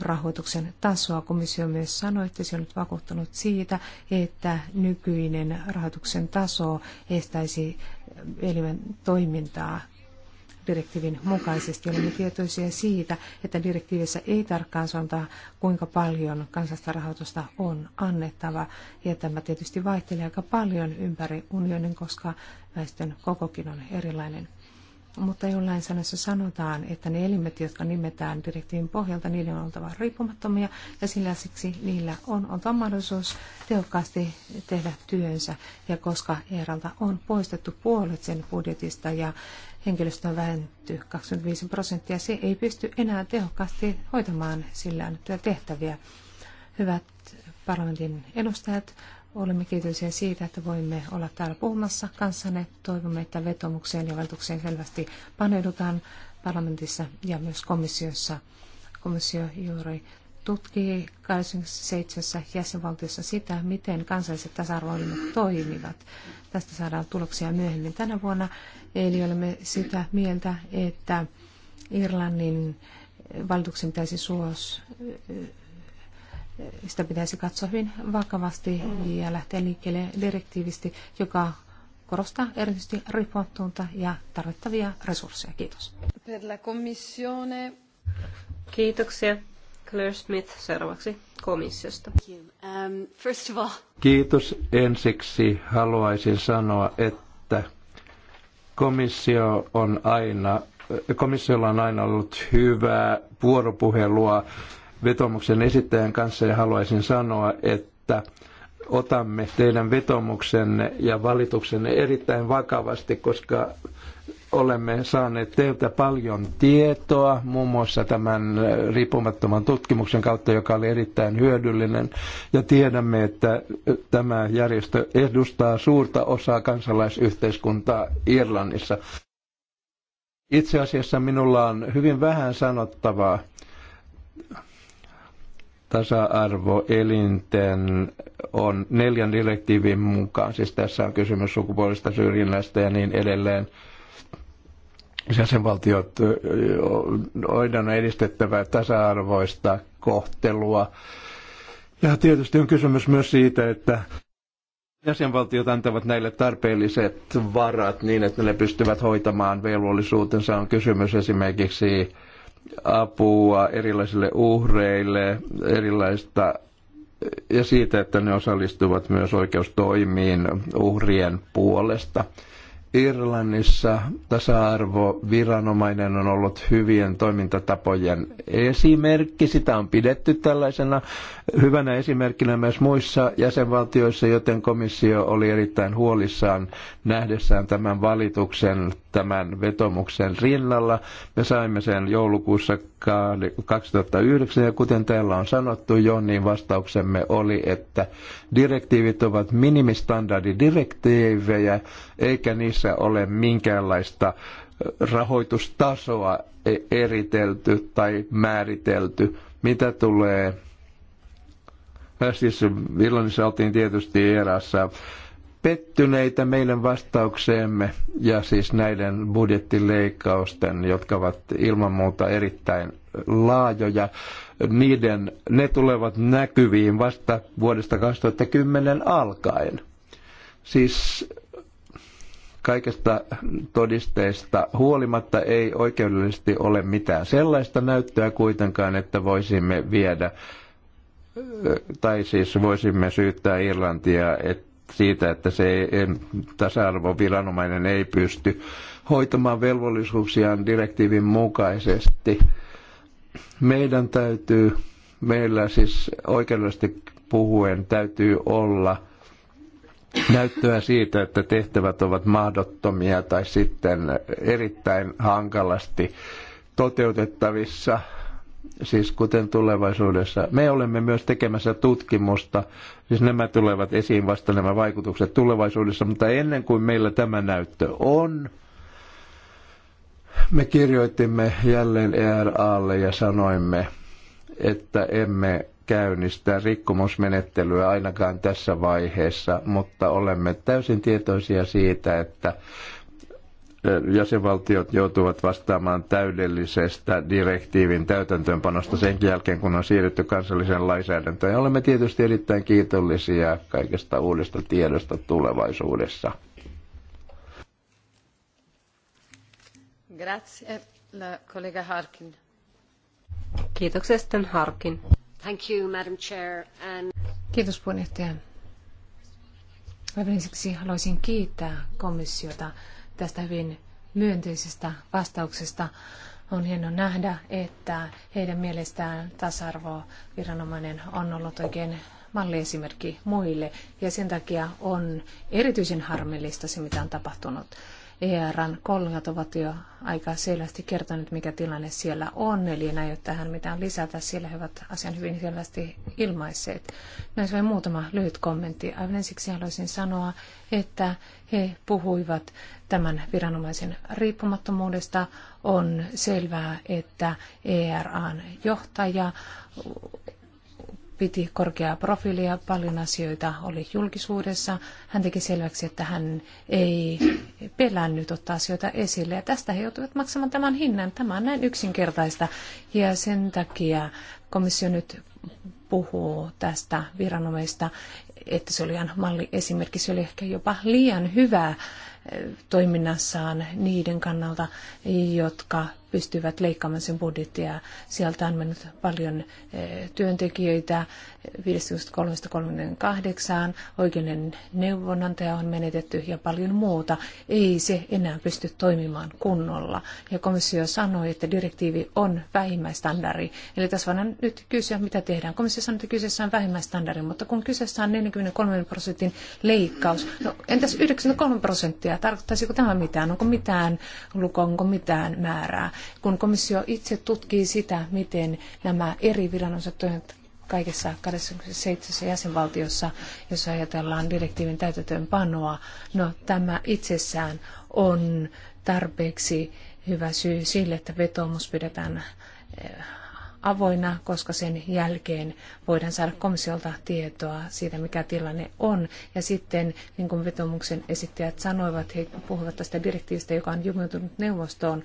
rahoituksen tasoa. Komissio myös sanoi, että se on nyt vakuuttunut siitä, että nykyinen rahoituksen taso estäisi elimen toimintaa direktiivin mukaisesti. Olemme tietoisia siitä, että direktiivissä ei tarkkaan sanota, kuinka paljon kansallista rahoitusta on annettava. Ja tämä tietysti vaihtelee aika paljon ympäri unionin, koska väestön kokokin on erilainen. Mutta jollain sanassa sanotaan, että ne elimet, jotka nimetään direktiivin pohjalta, niiden on oltava riippumattomia ja sillä siksi niillä on oltava mahdollisuus tehokkaasti tehdä työnsä. Ja koska ERAlta on poistettu puolet sen budjetista ja henkilöstö on vähentynyt 25 prosenttia. Se ei pysty enää tehokkaasti hoitamaan sillä annettuja tehtäviä. Hyvät parlamentin edustajat, olemme kiitollisia siitä, että voimme olla täällä puhumassa kanssanne. Toivomme, että vetomukseen ja valitukseen selvästi paneudutaan parlamentissa ja myös komissiossa. Komissio juuri tutkii 27 jäsenvaltiossa sitä, miten kansalliset tasa-arvoelimet toimivat. Tästä saadaan tuloksia myöhemmin tänä vuonna Eli olemme sitä mieltä, että Irlannin valituksen pitäisi suos, sitä pitäisi katsoa hyvin vakavasti ja lähteä liikkeelle direktiivisti, joka korostaa erityisesti riippumattomuutta ja tarvittavia resursseja. Kiitos. Per la commissione. Kiitoksia. Claire Smith seuraavaksi komissiosta. Um, Kiitos. Ensiksi haluaisin sanoa, että Komissio on aina, komissiolla on aina ollut hyvää vuoropuhelua vetomuksen esittäjän kanssa ja haluaisin sanoa, että otamme teidän vetomuksenne ja valituksenne erittäin vakavasti, koska olemme saaneet teiltä paljon tietoa, muun muassa tämän riippumattoman tutkimuksen kautta, joka oli erittäin hyödyllinen. Ja tiedämme, että tämä järjestö edustaa suurta osaa kansalaisyhteiskuntaa Irlannissa. Itse asiassa minulla on hyvin vähän sanottavaa tasa-arvoelinten on neljän direktiivin mukaan, siis tässä on kysymys sukupuolista syrjinnästä ja niin edelleen – jäsenvaltiot on edistettävä tasa-arvoista kohtelua. Ja tietysti on kysymys myös siitä, että jäsenvaltiot antavat näille tarpeelliset varat niin, että ne pystyvät hoitamaan velvollisuutensa. On kysymys esimerkiksi apua erilaisille uhreille, erilaista ja siitä, että ne osallistuvat myös oikeustoimiin uhrien puolesta. Irlannissa tasa-arvoviranomainen on ollut hyvien toimintatapojen esimerkki. Sitä on pidetty tällaisena hyvänä esimerkkinä myös muissa jäsenvaltioissa, joten komissio oli erittäin huolissaan nähdessään tämän valituksen, tämän vetomuksen rinnalla. Me saimme sen joulukuussa 2009 ja kuten täällä on sanottu jo, niin vastauksemme oli, että direktiivit ovat minimistandardidirektiivejä, eikä niissä ole minkäänlaista rahoitustasoa e-, eritelty tai määritelty. Mitä tulee, äh, siis Villanissa oltiin tietysti erässä pettyneitä meidän vastaukseemme ja siis näiden budjettileikkausten, jotka ovat ilman muuta erittäin laajoja, niiden, ne tulevat näkyviin vasta vuodesta 2010 alkaen. Siis Kaikesta todisteista huolimatta ei oikeudellisesti ole mitään sellaista näyttöä kuitenkaan, että voisimme viedä tai siis voisimme syyttää Irlantia siitä, että se tasa-arvoviranomainen ei pysty hoitamaan velvollisuuksiaan direktiivin mukaisesti. Meidän täytyy, meillä siis oikeudellisesti puhuen täytyy olla – näyttöä siitä, että tehtävät ovat mahdottomia tai sitten erittäin hankalasti toteutettavissa, siis kuten tulevaisuudessa. Me olemme myös tekemässä tutkimusta, siis nämä tulevat esiin vasta nämä vaikutukset tulevaisuudessa, mutta ennen kuin meillä tämä näyttö on, me kirjoitimme jälleen ERAlle ja sanoimme, että emme käynnistää rikkomusmenettelyä ainakaan tässä vaiheessa, mutta olemme täysin tietoisia siitä, että jäsenvaltiot joutuvat vastaamaan täydellisestä direktiivin täytäntöönpanosta sen jälkeen, kun on siirrytty kansalliseen lainsäädäntöön. Ja olemme tietysti erittäin kiitollisia kaikesta uudesta tiedosta tulevaisuudessa. Grazie, la collega Harkin. Kiitoksia sitten Harkin. Madam Kiitos puheenjohtaja. Aivan ensiksi haluaisin kiittää komissiota tästä hyvin myönteisestä vastauksesta. On hienoa nähdä, että heidän mielestään tasa-arvoviranomainen on ollut oikein malliesimerkki muille ja sen takia on erityisen harmillista se, mitä on tapahtunut. ERN kollegat ovat jo aika selvästi kertoneet, mikä tilanne siellä on, eli en aio tähän mitään lisätä, sillä he ovat asian hyvin selvästi ilmaisseet. Näissä vain muutama lyhyt kommentti. Aivan ensiksi haluaisin sanoa, että he puhuivat tämän viranomaisen riippumattomuudesta. On selvää, että ERAn johtaja piti korkeaa profiilia, paljon asioita oli julkisuudessa. Hän teki selväksi, että hän ei pelännyt ottaa asioita esille. Ja tästä he joutuivat maksamaan tämän hinnan. Tämä on näin yksinkertaista. Ja sen takia komissio nyt puhuu tästä viranomaista, että se oli ihan malliesimerkki. Se oli ehkä jopa liian hyvä eh, toiminnassaan niiden kannalta, jotka pystyvät leikkaamaan sen budjettia. Sieltä on mennyt paljon eh, työntekijöitä, 53 oikeuden neuvonantaja on menetetty ja paljon muuta. Ei se enää pysty toimimaan kunnolla. Ja komissio sanoi, että direktiivi on vähimmäistandardi. Eli tässä voidaan nyt kysyä, mitä tehdään. Komissio sanoi, että kyseessä on vähimmäistandardi, mutta kun kyseessä on 43 prosentin leikkaus, no entäs 93 prosenttia? Tarkoittaisiko tämä mitään? Onko mitään lukua, onko mitään määrää? Kun komissio itse tutkii sitä, miten nämä eri viranomaiset toimivat kaikissa 27 jäsenvaltiossa, jos ajatellaan direktiivin täytäntöönpanoa. No tämä itsessään on tarpeeksi hyvä syy sille, että vetoomus pidetään eh, avoinna, koska sen jälkeen voidaan saada komissiolta tietoa siitä, mikä tilanne on. Ja sitten, niin kuin vetomuksen esittäjät sanoivat, he puhuvat tästä direktiivistä, joka on jumiutunut neuvostoon.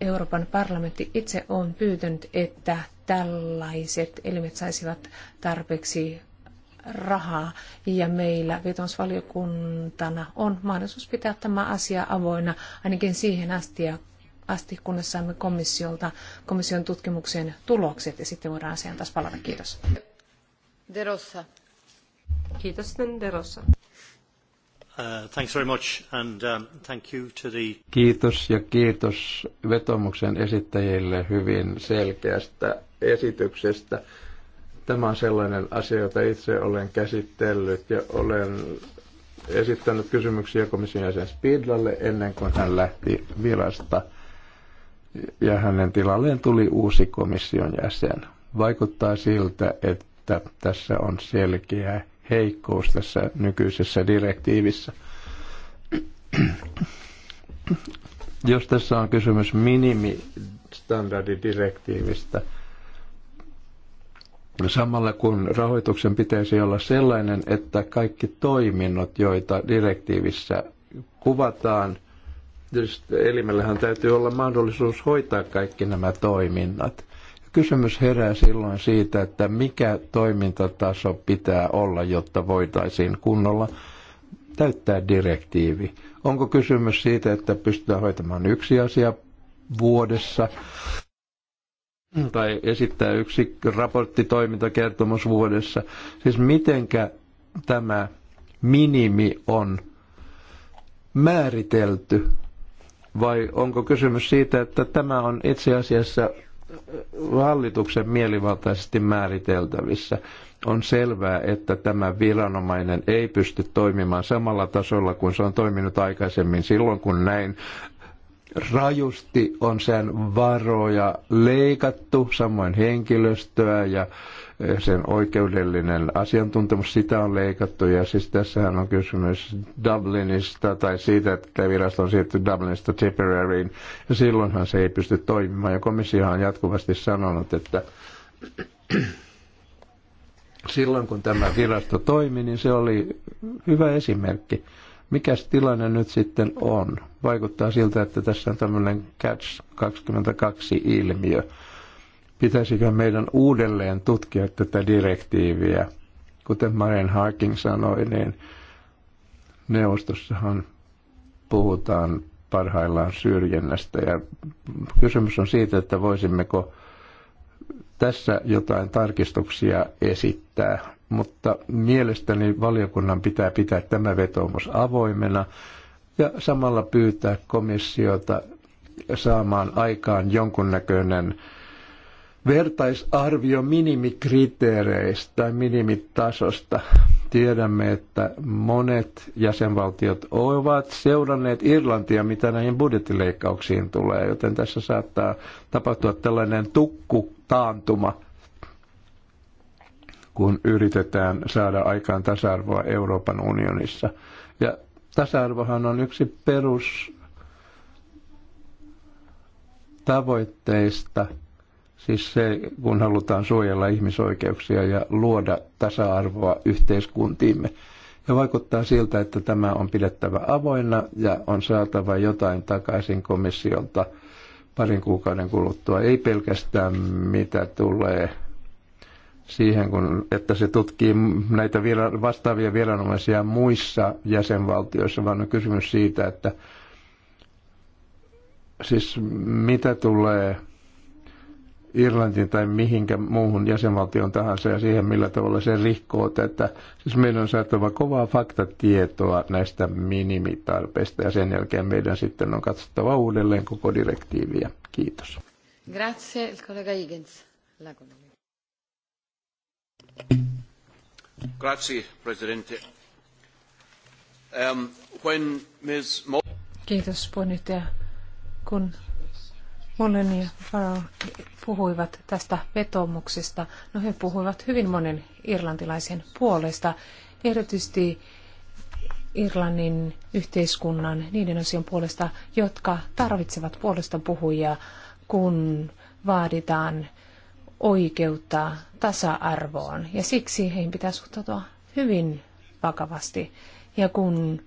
Euroopan parlamentti itse on pyytänyt, että tällaiset elimet saisivat tarpeeksi rahaa ja meillä vetonsvaliokuntana on mahdollisuus pitää tämä asia avoinna ainakin siihen asti, ja asti kunnes saamme komissiolta komission tutkimuksen tulokset ja sitten voidaan asiaan taas palata. Kiitos. Derossa. Kiitos, Derossa. Uh, thanks very much and um, thank you to the... Kiitos ja kiitos vetomuksen esittäjille hyvin selkeästä esityksestä. Tämä on sellainen asia, jota itse olen käsitellyt ja olen esittänyt kysymyksiä komission jäsen Spidlalle ennen kuin hän lähti virasta ja hänen tilalleen tuli uusi komission jäsen. Vaikuttaa siltä, että tässä on selkeä heikkous tässä nykyisessä direktiivissä. Jos tässä on kysymys minimistandardidirektiivistä, samalla kun rahoituksen pitäisi olla sellainen, että kaikki toiminnot, joita direktiivissä kuvataan, elimellähän täytyy olla mahdollisuus hoitaa kaikki nämä toiminnat – kysymys herää silloin siitä, että mikä toimintataso pitää olla, jotta voitaisiin kunnolla täyttää direktiivi. Onko kysymys siitä, että pystytään hoitamaan yksi asia vuodessa tai esittää yksi raportti vuodessa? Siis mitenkä tämä minimi on määritelty vai onko kysymys siitä, että tämä on itse asiassa hallituksen mielivaltaisesti määriteltävissä. On selvää, että tämä viranomainen ei pysty toimimaan samalla tasolla kuin se on toiminut aikaisemmin silloin, kun näin rajusti on sen varoja leikattu, samoin henkilöstöä ja sen oikeudellinen asiantuntemus, sitä on leikattu ja siis tässähän on kysymys Dublinista tai siitä, että virasto on siirtynyt Dublinista Tipperaryin ja silloinhan se ei pysty toimimaan ja komissio on jatkuvasti sanonut, että silloin kun tämä virasto toimi, niin se oli hyvä esimerkki. Mikä tilanne nyt sitten on? Vaikuttaa siltä, että tässä on tämmöinen catch 22 ilmiö pitäisikö meidän uudelleen tutkia tätä direktiiviä. Kuten Maren Harkin sanoi, niin neuvostossahan puhutaan parhaillaan syrjinnästä ja kysymys on siitä, että voisimmeko tässä jotain tarkistuksia esittää, mutta mielestäni valiokunnan pitää pitää tämä vetoomus avoimena ja samalla pyytää komissiota saamaan aikaan jonkunnäköinen vertaisarvio minimikriteereistä tai minimitasosta. Tiedämme, että monet jäsenvaltiot ovat seuranneet Irlantia, mitä näihin budjettileikkauksiin tulee, joten tässä saattaa tapahtua tällainen tukkutaantuma, kun yritetään saada aikaan tasa-arvoa Euroopan unionissa. Ja tasa-arvohan on yksi perus tavoitteista – Siis se, kun halutaan suojella ihmisoikeuksia ja luoda tasa-arvoa yhteiskuntiimme. Ja vaikuttaa siltä, että tämä on pidettävä avoinna ja on saatava jotain takaisin komissiolta parin kuukauden kuluttua. Ei pelkästään mitä tulee siihen, kun, että se tutkii näitä vastaavia viranomaisia muissa jäsenvaltioissa, vaan on kysymys siitä, että siis mitä tulee Irlantiin tai mihinkä muuhun jäsenvaltioon tahansa ja siihen, millä tavalla se rikkoo tätä. Siis meidän on saatava kovaa faktatietoa näistä minimitarpeista ja sen jälkeen meidän sitten on katsottava uudelleen koko direktiiviä. Kiitos. Grazie, il collega Higgins. Grazie, Presidente. Um, when Ms. Mo- Kiitos, puheenjohtaja. Kun Mullen ja Farrell puhuivat tästä vetomuksesta. No he puhuivat hyvin monen irlantilaisen puolesta, erityisesti Irlannin yhteiskunnan niiden osien puolesta, jotka tarvitsevat puolesta puhujia, kun vaaditaan oikeutta tasa-arvoon. Ja siksi heihin pitää suhtautua hyvin vakavasti. Ja kun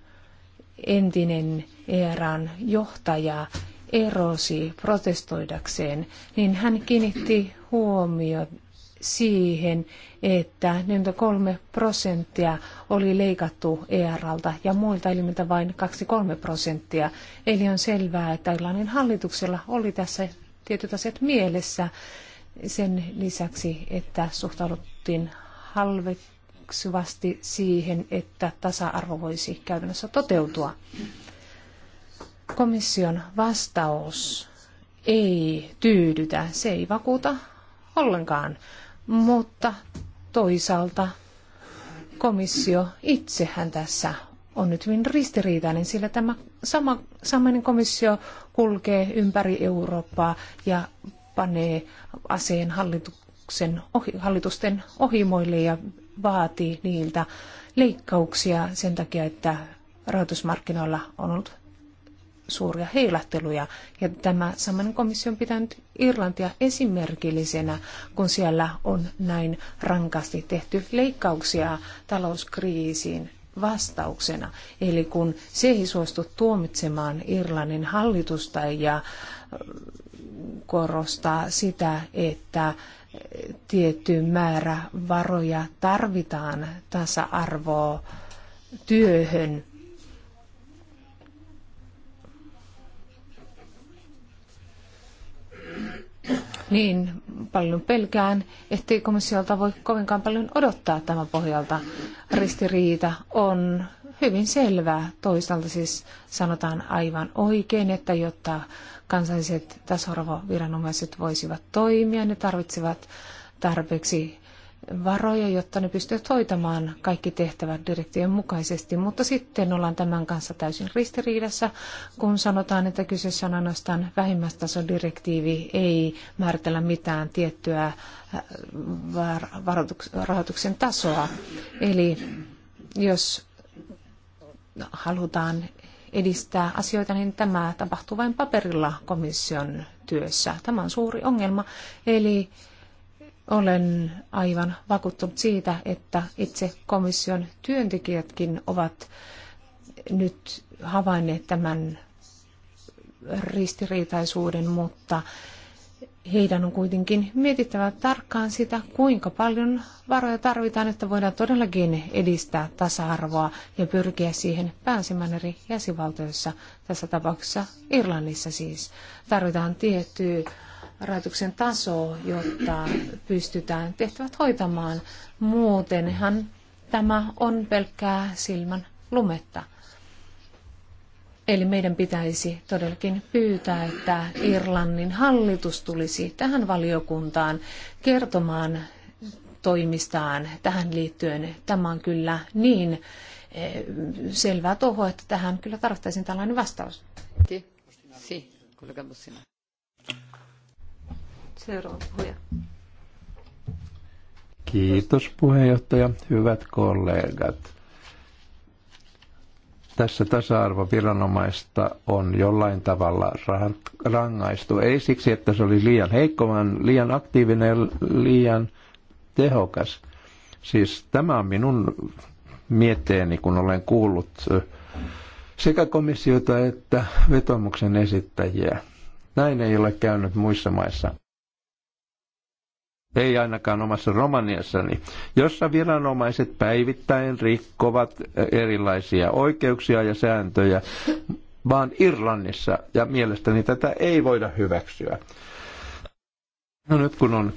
entinen ERAn johtaja erosi protestoidakseen, niin hän kiinnitti huomiota siihen, että 43 prosenttia oli leikattu ERalta ja muilta elimiltä vain kaksi kolme prosenttia. Eli on selvää, että Irlannin hallituksella oli tässä tietyt asiat mielessä sen lisäksi, että suhtauduttiin halveksuvasti siihen, että tasa-arvo voisi käytännössä toteutua komission vastaus ei tyydytä, se ei vakuuta ollenkaan, mutta toisaalta komissio itsehän tässä on nyt hyvin ristiriitainen, sillä tämä sama, samainen komissio kulkee ympäri Eurooppaa ja panee aseen hallituksen ohi, hallitusten ohimoille ja vaatii niiltä leikkauksia sen takia, että rahoitusmarkkinoilla on ollut suuria heilahteluja. Ja tämä samainen komissio on pitänyt Irlantia esimerkillisenä, kun siellä on näin rankasti tehty leikkauksia talouskriisiin vastauksena. Eli kun se ei suostu tuomitsemaan Irlannin hallitusta ja äh, korostaa sitä, että tietty määrä varoja tarvitaan tasa-arvoa työhön, niin paljon pelkään, ettei komissiolta voi kovinkaan paljon odottaa tämän pohjalta. Ristiriita on hyvin selvää. Toisaalta siis sanotaan aivan oikein, että jotta kansalliset tasa-arvoviranomaiset voisivat toimia, ne tarvitsevat tarpeeksi varoja, jotta ne pystyvät hoitamaan kaikki tehtävät direktiivien mukaisesti. Mutta sitten ollaan tämän kanssa täysin ristiriidassa, kun sanotaan, että kyseessä on ainoastaan direktiivi ei määritellä mitään tiettyä äh, rahoituksen tasoa. Eli jos halutaan edistää asioita, niin tämä tapahtuu vain paperilla komission työssä. Tämä on suuri ongelma. Eli olen aivan vakuuttunut siitä, että itse komission työntekijätkin ovat nyt havainneet tämän ristiriitaisuuden, mutta heidän on kuitenkin mietittävä tarkkaan sitä, kuinka paljon varoja tarvitaan, että voidaan todellakin edistää tasa-arvoa ja pyrkiä siihen pääsemään eri jäsenvaltioissa, tässä tapauksessa Irlannissa siis. Tarvitaan tiettyä rahoituksen taso, jotta pystytään tehtävät hoitamaan. Muutenhan tämä on pelkkää silmän lumetta. Eli meidän pitäisi todellakin pyytää, että Irlannin hallitus tulisi tähän valiokuntaan kertomaan toimistaan tähän liittyen. Tämä on kyllä niin eh, selvää tohoa, että tähän kyllä tarvittaisiin tällainen vastaus. Si, Seuraava puhuja. Kiitos puheenjohtaja, hyvät kollegat. Tässä tasa-arvoviranomaista on jollain tavalla rangaistu. Ei siksi, että se oli liian heikko, vaan liian aktiivinen ja liian tehokas. Siis tämä on minun mietteeni, kun olen kuullut sekä komissiota että vetomuksen esittäjiä. Näin ei ole käynyt muissa maissa ei ainakaan omassa Romaniassani, jossa viranomaiset päivittäin rikkovat erilaisia oikeuksia ja sääntöjä, vaan Irlannissa, ja mielestäni tätä ei voida hyväksyä. No nyt kun on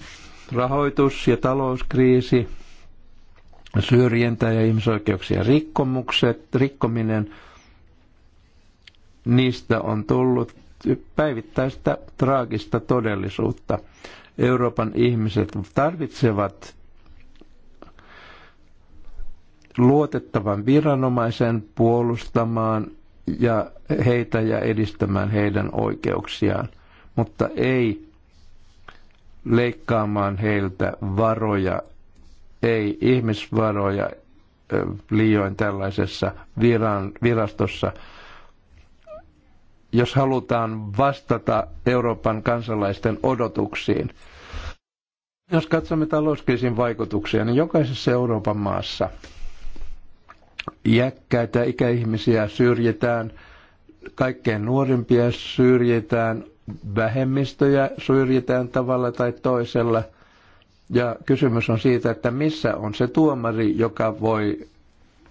rahoitus- ja talouskriisi, syrjintä ja ihmisoikeuksien rikkomukset, rikkominen, niistä on tullut päivittäistä traagista todellisuutta. Euroopan ihmiset tarvitsevat luotettavan viranomaisen puolustamaan ja heitä ja edistämään heidän oikeuksiaan, mutta ei leikkaamaan heiltä varoja, ei ihmisvaroja liioin tällaisessa viran, virastossa, jos halutaan vastata Euroopan kansalaisten odotuksiin. Jos katsomme talouskriisin vaikutuksia, niin jokaisessa Euroopan maassa jäkkäitä ikäihmisiä syrjitään, kaikkein nuorimpia syrjitään, vähemmistöjä syrjitään tavalla tai toisella. Ja kysymys on siitä, että missä on se tuomari, joka voi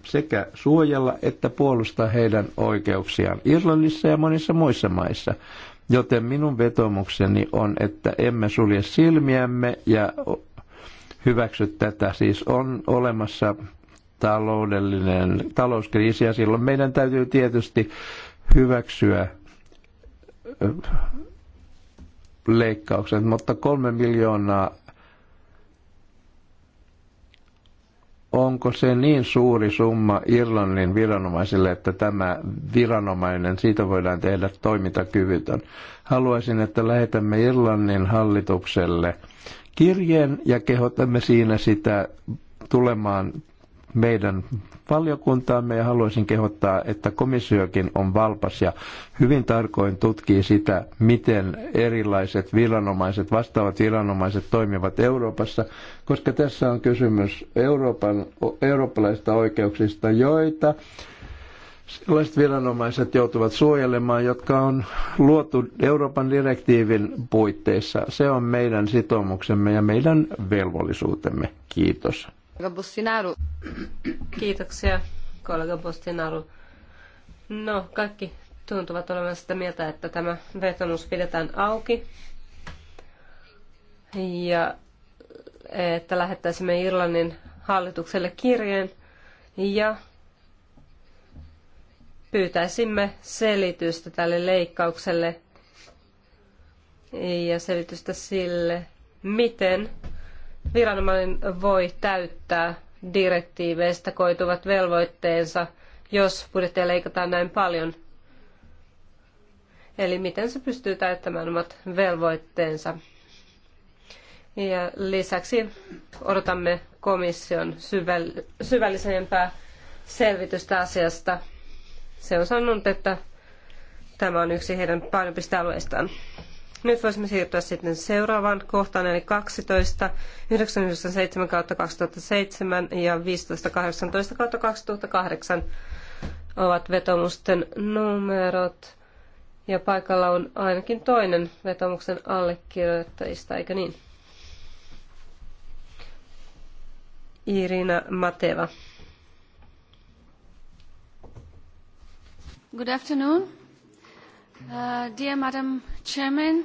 sekä suojella että puolustaa heidän oikeuksiaan Irlannissa ja monissa muissa maissa. Joten minun vetomukseni on, että emme sulje silmiämme ja hyväksy tätä. Siis on olemassa taloudellinen talouskriisi ja silloin meidän täytyy tietysti hyväksyä leikkaukset, mutta kolme miljoonaa onko se niin suuri summa Irlannin viranomaisille, että tämä viranomainen, siitä voidaan tehdä toimintakyvytön. Haluaisin, että lähetämme Irlannin hallitukselle kirjeen ja kehotamme siinä sitä tulemaan meidän valiokuntaamme ja haluaisin kehottaa, että komissiokin on valpas ja hyvin tarkoin tutkii sitä, miten erilaiset viranomaiset, vastaavat viranomaiset toimivat Euroopassa, koska tässä on kysymys Euroopan, eurooppalaisista oikeuksista, joita sellaiset viranomaiset joutuvat suojelemaan, jotka on luotu Euroopan direktiivin puitteissa. Se on meidän sitoumuksemme ja meidän velvollisuutemme. Kiitos. Bostinaru. Kiitoksia, kollega Bostinaru. No, kaikki tuntuvat olevan sitä mieltä, että tämä vetomus pidetään auki ja että lähettäisimme Irlannin hallitukselle kirjeen ja pyytäisimme selitystä tälle leikkaukselle ja selitystä sille, miten viranomainen voi täyttää direktiiveistä koituvat velvoitteensa, jos budjettia leikataan näin paljon. Eli miten se pystyy täyttämään omat velvoitteensa. Ja lisäksi odotamme komission syvällisempää selvitystä asiasta. Se on sanonut, että tämä on yksi heidän painopistealueistaan. Nyt voisimme siirtyä sitten seuraavaan kohtaan, eli 12, 997 kautta 2007 ja 1518 kautta 2008 ovat vetomusten numerot. Ja paikalla on ainakin toinen vetomuksen allekirjoittajista, eikö niin? Irina Mateva. Good afternoon. Uh, dear Madam Chairman,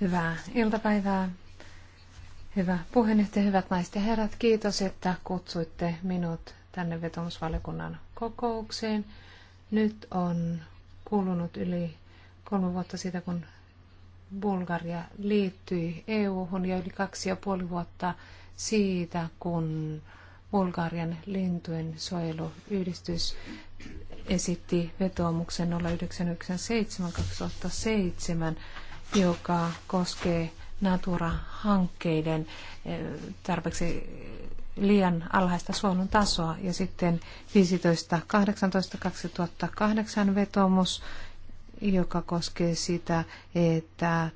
Hyvää iltapäivää. Hyvä puheenjohtaja, hyvät naiset ja herrat, kiitos, että kutsuitte minut tänne vetomusvaliokunnan kokoukseen. Nyt on kulunut yli kolme vuotta siitä, kun Bulgaria liittyi EU-hun ja yli kaksi ja puoli vuotta siitä, kun Bulgarian lintujen suojeluyhdistys esitti vetoomuksen 0997-2007, joka koskee Natura-hankkeiden eh, tarpeeksi liian alhaista suolun tasoa. Ja sitten 15.18.2008 vetomus, joka koskee sitä, että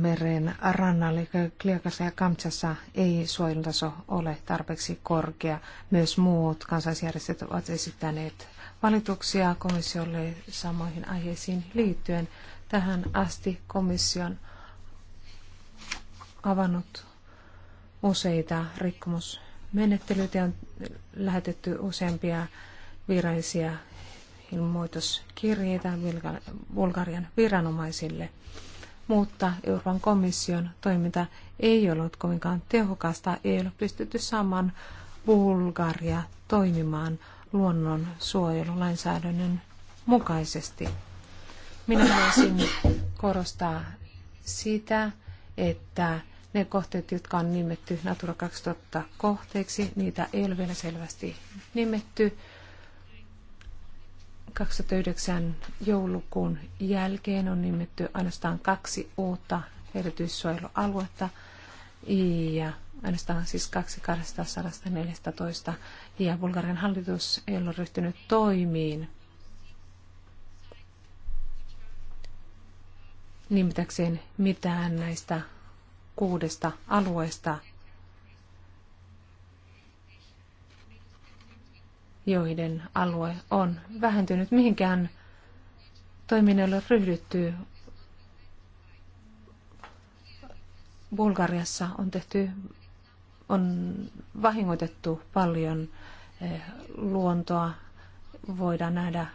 meren rannalle Kliakassa ja Kamtsassa ei suojelutaso ole tarpeeksi korkea. Myös muut kansalaisjärjestöt ovat esittäneet valituksia komissiolle samoihin aiheisiin liittyen. Tähän asti komission avannut useita rikkomusmenettelyitä ja on lähetetty useampia virallisia ilmoituskirjeitä Bulgarian viranomaisille – mutta Euroopan komission toiminta ei ollut kovinkaan tehokasta, ei ole pystytty saamaan Bulgaria toimimaan luonnonsuojelulainsäädännön mukaisesti. Minä haluaisin korostaa sitä, että ne kohteet, jotka on nimetty Natura 2000 kohteeksi, niitä ei ole vielä selvästi nimetty. 2009 joulukuun jälkeen on nimetty ainoastaan kaksi uutta erityissuojelualuetta ja ainoastaan siis kaksi 214 ja Bulgarian hallitus ei ole ryhtynyt toimiin nimetäkseen mitään näistä kuudesta alueesta – joiden alue on vähentynyt. Mihinkään toiminnoilla ryhdytty. Bulgariassa on tehty, on vahingoitettu paljon eh, luontoa. Voidaan nähdä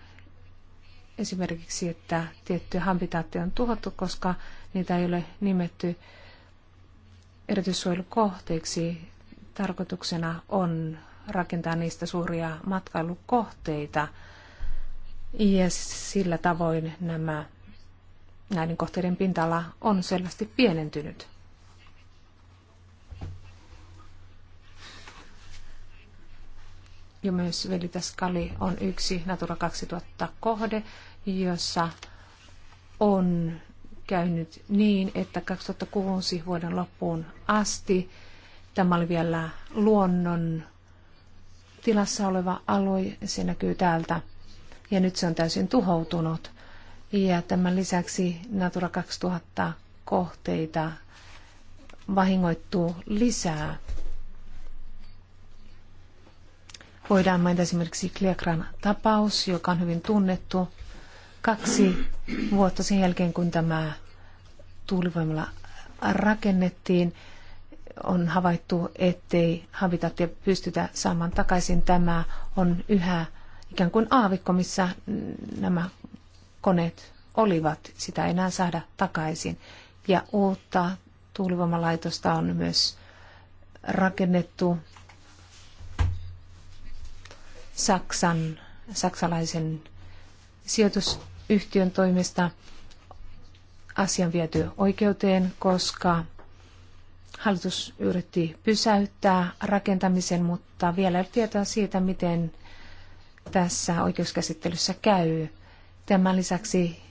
esimerkiksi, että tietty habitaatti on tuhottu, koska niitä ei ole nimetty erityissuojelukohteiksi. Tarkoituksena on rakentaa niistä suuria matkailukohteita. Ja sillä tavoin nämä, näiden kohteiden pinta-ala on selvästi pienentynyt. Ja myös Velitaskali on yksi Natura 2000 kohde, jossa on käynyt niin, että 2006 vuoden loppuun asti tämä oli vielä luonnon tilassa oleva alue, se näkyy täältä. Ja nyt se on täysin tuhoutunut. Ja tämän lisäksi Natura 2000 kohteita vahingoittuu lisää. Voidaan mainita esimerkiksi Kliakran tapaus, joka on hyvin tunnettu. Kaksi vuotta sen jälkeen, kun tämä tuulivoimalla rakennettiin, on havaittu, ettei habitatia pystytä saamaan takaisin. Tämä on yhä ikään kuin aavikko, missä nämä koneet olivat. Sitä ei enää saada takaisin. Ja uutta tuulivoimalaitosta on myös rakennettu Saksan, saksalaisen sijoitusyhtiön toimesta asian viety oikeuteen, koska Hallitus yritti pysäyttää rakentamisen, mutta vielä ei ole tietoa siitä, miten tässä oikeuskäsittelyssä käy. Tämän lisäksi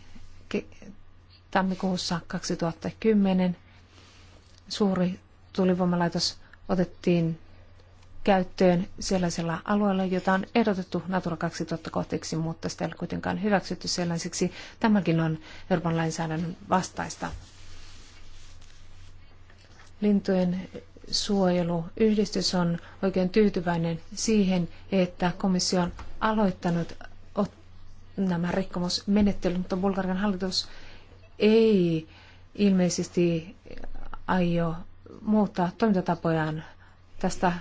tammikuussa 2010 suuri tulivoimalaitos otettiin käyttöön sellaisella alueella, jota on ehdotettu Natura 2000 kohteeksi, mutta sitä ei ole kuitenkaan hyväksytty sellaiseksi. Tämäkin on Euroopan lainsäädännön vastaista lintujen suojeluyhdistys on oikein tyytyväinen siihen, että komissio on aloittanut nämä rikkomusmenettelyt, mutta Bulgarian hallitus ei ilmeisesti aio muuttaa toimintatapojaan tästä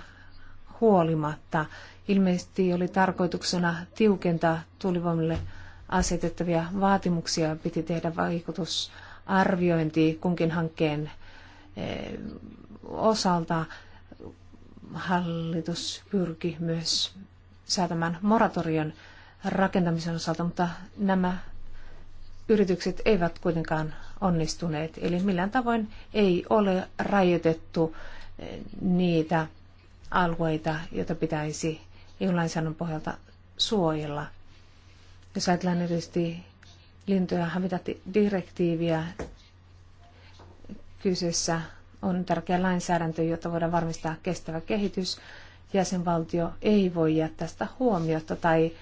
huolimatta. Ilmeisesti oli tarkoituksena tiukentaa tuulivoimalle asetettavia vaatimuksia. Piti tehdä vaikutusarviointi kunkin hankkeen Eh, osalta hallitus pyrki myös säätämään moratorion rakentamisen osalta, mutta nämä yritykset eivät kuitenkaan onnistuneet. Eli millään tavoin ei ole rajoitettu eh, niitä alueita, joita pitäisi EU-lainsäädännön pohjalta suojella. Jos ajatellaan erityisesti lintuja ja direktiiviä, Kyseessä on tärkeä lainsäädäntö, jotta voidaan varmistaa kestävä kehitys. Jäsenvaltio ei voi jättää sitä huomiota tai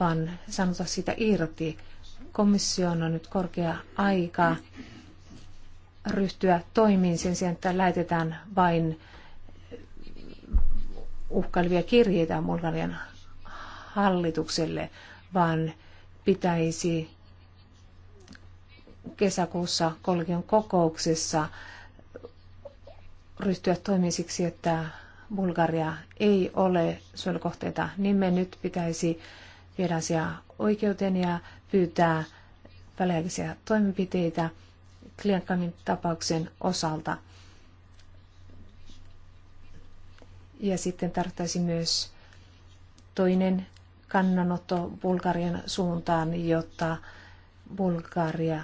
vaan sanota sitä irti. Komission on nyt korkea aika ryhtyä toimiin sen sijaan, että lähetetään vain uhkailevia kirjeitä Bulgarian hallitukselle, vaan pitäisi kesäkuussa kollegion kokouksessa ryhtyä toimiin siksi, että Bulgaria ei ole suojelukohteita, nimennyt. Niin pitäisi viedä asiaa oikeuteen ja pyytää väliaikaisia toimenpiteitä Kliankamin tapauksen osalta. Ja sitten tarvittaisi myös toinen kannanotto Bulgarian suuntaan, jotta Bulgaria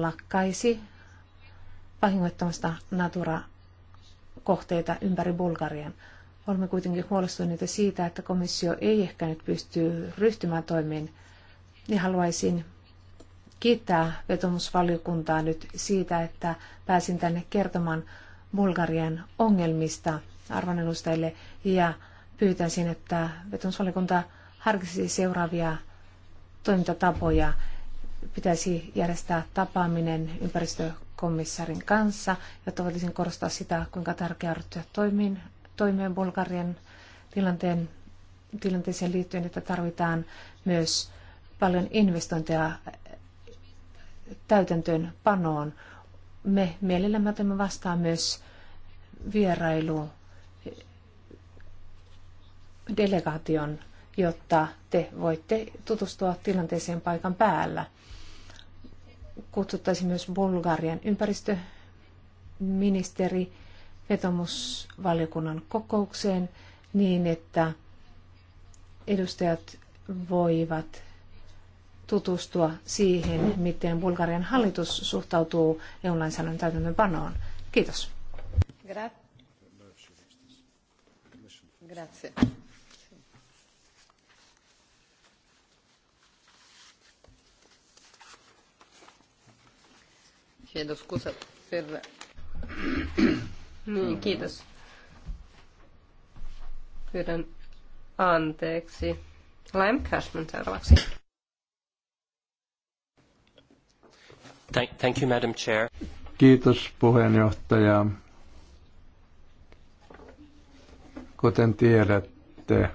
lakkaisi vahingoittamasta Natura-kohteita ympäri Bulgarian. Olemme kuitenkin huolestuneita siitä, että komissio ei ehkä nyt pysty ryhtymään toimiin, niin haluaisin kiittää vetomusvaliokuntaa nyt siitä, että pääsin tänne kertomaan Bulgarian ongelmista edustajille ja pyytäisin, että vetomusvaliokunta harkitsisi seuraavia toimintatapoja pitäisi järjestää tapaaminen ympäristökomissarin kanssa, jotta voitaisiin korostaa sitä, kuinka tärkeää ryhtyä toimiin, toimeen Bulgarian tilanteen, tilanteeseen liittyen, että tarvitaan myös paljon investointeja täytäntöön panoon. Me mielellämme otamme vastaan myös vierailu delegaation jotta te voitte tutustua tilanteeseen paikan päällä. Kutsuttaisiin myös Bulgarian ympäristöministeri vetomusvaliokunnan kokoukseen niin, että edustajat voivat tutustua siihen, miten Bulgarian hallitus suhtautuu EU-lainsäädännön täytäntöönpanoon. Kiitos. Grazie. Kiitos, Kusa. No, niin, no. kiitos. Pyydän anteeksi. Lime Cashman seuraavaksi. Thank, thank you, Madam Chair. Kiitos puheenjohtaja. Kuten tiedätte,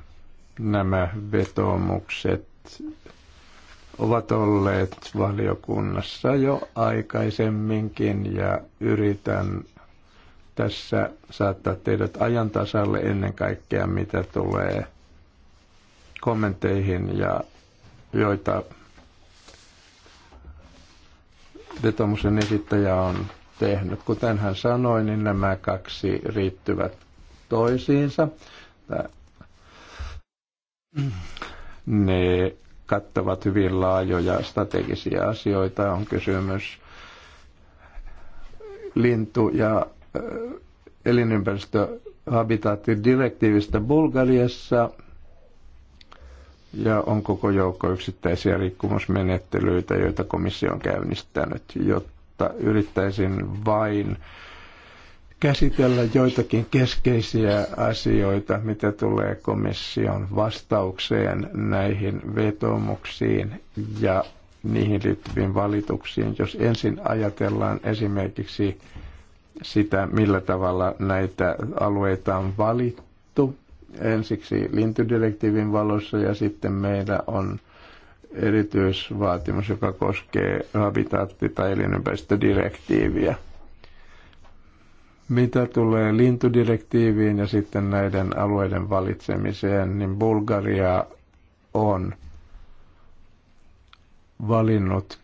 nämä vetoomukset ovat olleet valiokunnassa jo aikaisemminkin ja yritän tässä saattaa teidät ajan tasalle ennen kaikkea, mitä tulee kommentteihin ja joita vetomuksen esittäjä on tehnyt. Kuten hän sanoi, niin nämä kaksi riittyvät toisiinsa. Ne kattavat hyvin laajoja strategisia asioita. On kysymys lintu- ja elinympäristöhabitaattidirektiivistä Bulgariassa ja on koko joukko yksittäisiä rikkomusmenettelyitä, joita komissio on käynnistänyt, jotta yrittäisin vain käsitellä joitakin keskeisiä asioita, mitä tulee komission vastaukseen näihin vetomuksiin ja niihin liittyviin valituksiin. Jos ensin ajatellaan esimerkiksi sitä, millä tavalla näitä alueita on valittu, ensiksi lintudirektiivin valossa ja sitten meillä on erityisvaatimus, joka koskee habitaatti- tai elinympäristödirektiiviä – mitä tulee lintudirektiiviin ja sitten näiden alueiden valitsemiseen, niin Bulgaria on valinnut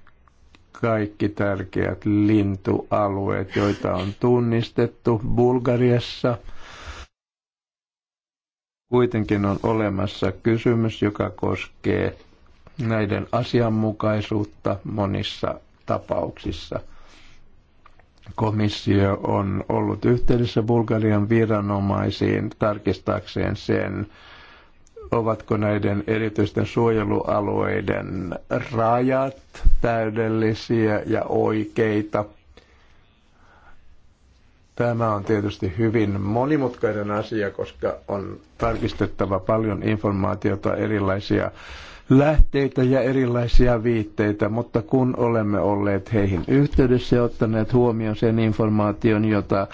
kaikki tärkeät lintualueet, joita on tunnistettu Bulgariassa. Kuitenkin on olemassa kysymys, joka koskee näiden asianmukaisuutta monissa tapauksissa – komissio on ollut yhteydessä Bulgarian viranomaisiin tarkistaakseen sen, ovatko näiden erityisten suojelualueiden rajat täydellisiä ja oikeita. Tämä on tietysti hyvin monimutkainen asia, koska on tarkistettava paljon informaatiota, erilaisia lähteitä ja erilaisia viitteitä, mutta kun olemme olleet heihin yhteydessä ja ottaneet huomioon sen informaation, jota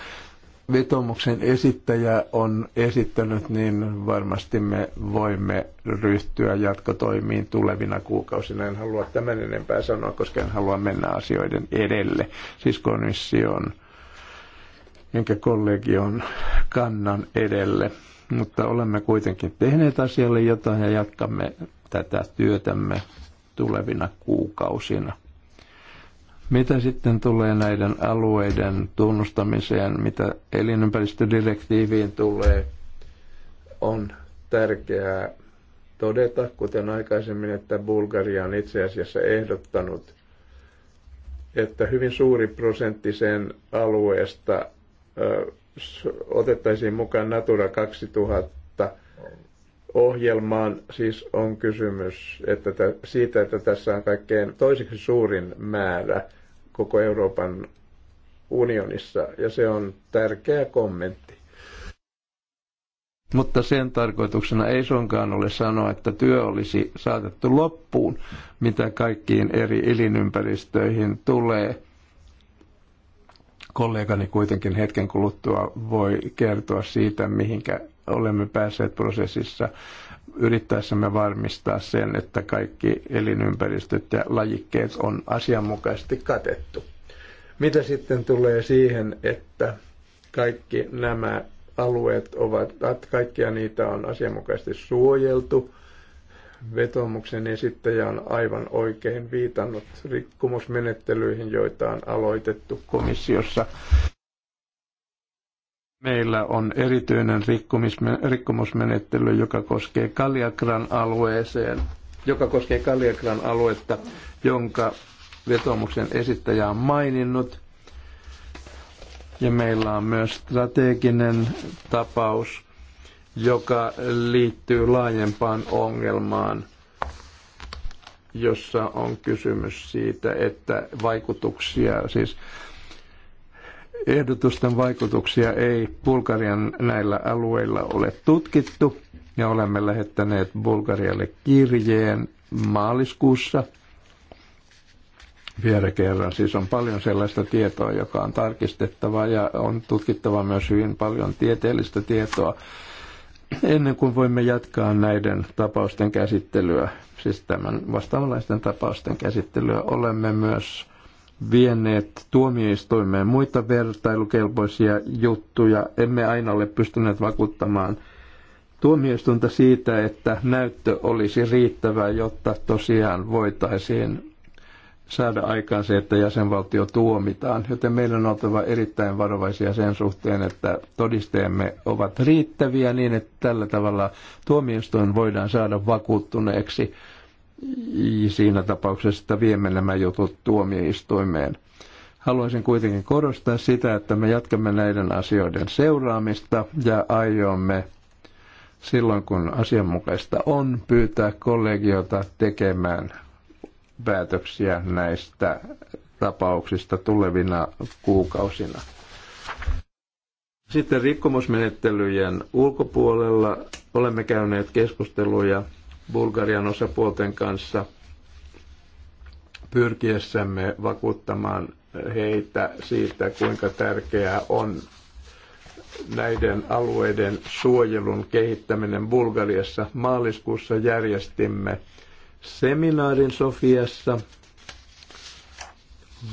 vetomuksen esittäjä on esittänyt, niin varmasti me voimme ryhtyä jatkotoimiin tulevina kuukausina. En halua tämän enempää sanoa, koska en halua mennä asioiden edelle, siis komission enkä kollegion kannan edelle. Mutta olemme kuitenkin tehneet asialle jotain ja jatkamme tätä työtämme tulevina kuukausina. Mitä sitten tulee näiden alueiden tunnustamiseen, mitä elinympäristödirektiiviin tulee, on tärkeää todeta, kuten aikaisemmin, että Bulgaria on itse asiassa ehdottanut, että hyvin suuri prosentti sen alueesta otettaisiin mukaan Natura 2000 ohjelmaan siis on kysymys että t- siitä, että tässä on kaikkein toiseksi suurin määrä koko Euroopan unionissa, ja se on tärkeä kommentti. Mutta sen tarkoituksena ei suinkaan ole sanoa, että työ olisi saatettu loppuun, mitä kaikkiin eri elinympäristöihin tulee. Kollegani kuitenkin hetken kuluttua voi kertoa siitä, mihinkä olemme päässeet prosessissa yrittäessämme varmistaa sen, että kaikki elinympäristöt ja lajikkeet on asianmukaisesti katettu. Mitä sitten tulee siihen, että kaikki nämä alueet ovat, että kaikkia niitä on asianmukaisesti suojeltu. Vetomuksen esittäjä on aivan oikein viitannut rikkomusmenettelyihin, joita on aloitettu komissiossa Meillä on erityinen rikkomusmenettely, joka koskee Kaliakran alueeseen, joka koskee Kaliakran aluetta, jonka vetomuksen esittäjä on maininnut. Ja meillä on myös strateginen tapaus, joka liittyy laajempaan ongelmaan, jossa on kysymys siitä, että vaikutuksia, siis ehdotusten vaikutuksia ei Bulgarian näillä alueilla ole tutkittu ja olemme lähettäneet Bulgarialle kirjeen maaliskuussa. Vielä kerran siis on paljon sellaista tietoa, joka on tarkistettava ja on tutkittava myös hyvin paljon tieteellistä tietoa ennen kuin voimme jatkaa näiden tapausten käsittelyä, siis tämän vastaavanlaisten tapausten käsittelyä, olemme myös vienneet tuomioistuimeen muita vertailukelpoisia juttuja, emme aina ole pystyneet vakuuttamaan tuomioistunta siitä, että näyttö olisi riittävää, jotta tosiaan voitaisiin saada aikaan se, että jäsenvaltio tuomitaan. Joten meidän on oltava erittäin varovaisia sen suhteen, että todisteemme ovat riittäviä niin, että tällä tavalla tuomioistuin voidaan saada vakuuttuneeksi siinä tapauksessa, että viemme nämä jutut tuomioistuimeen. Haluaisin kuitenkin korostaa sitä, että me jatkamme näiden asioiden seuraamista ja aiomme silloin, kun asianmukaista on, pyytää kollegiota tekemään päätöksiä näistä tapauksista tulevina kuukausina. Sitten rikkomusmenettelyjen ulkopuolella olemme käyneet keskusteluja Bulgarian osapuolten kanssa pyrkiessämme vakuuttamaan heitä siitä, kuinka tärkeää on näiden alueiden suojelun kehittäminen Bulgariassa. Maaliskuussa järjestimme seminaarin Sofiassa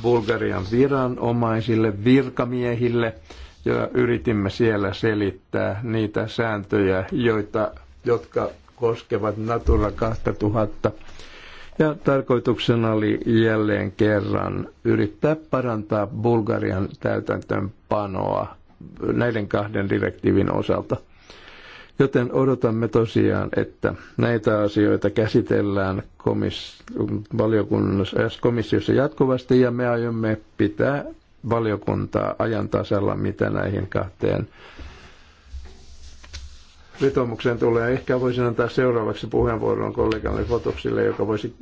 Bulgarian viranomaisille, virkamiehille, ja yritimme siellä selittää niitä sääntöjä, joita, jotka koskevat Natura 2000. Ja tarkoituksena oli jälleen kerran yrittää parantaa Bulgarian täytäntöönpanoa näiden kahden direktiivin osalta. Joten odotamme tosiaan, että näitä asioita käsitellään komis- valiokunnassa, äh, komissiossa jatkuvasti ja me aiomme pitää valiokuntaa ajan tasalla, mitä näihin kahteen vetomukseen tulee. Ehkä voisin antaa seuraavaksi puheenvuoron kollegalle Fotuksille, joka voisi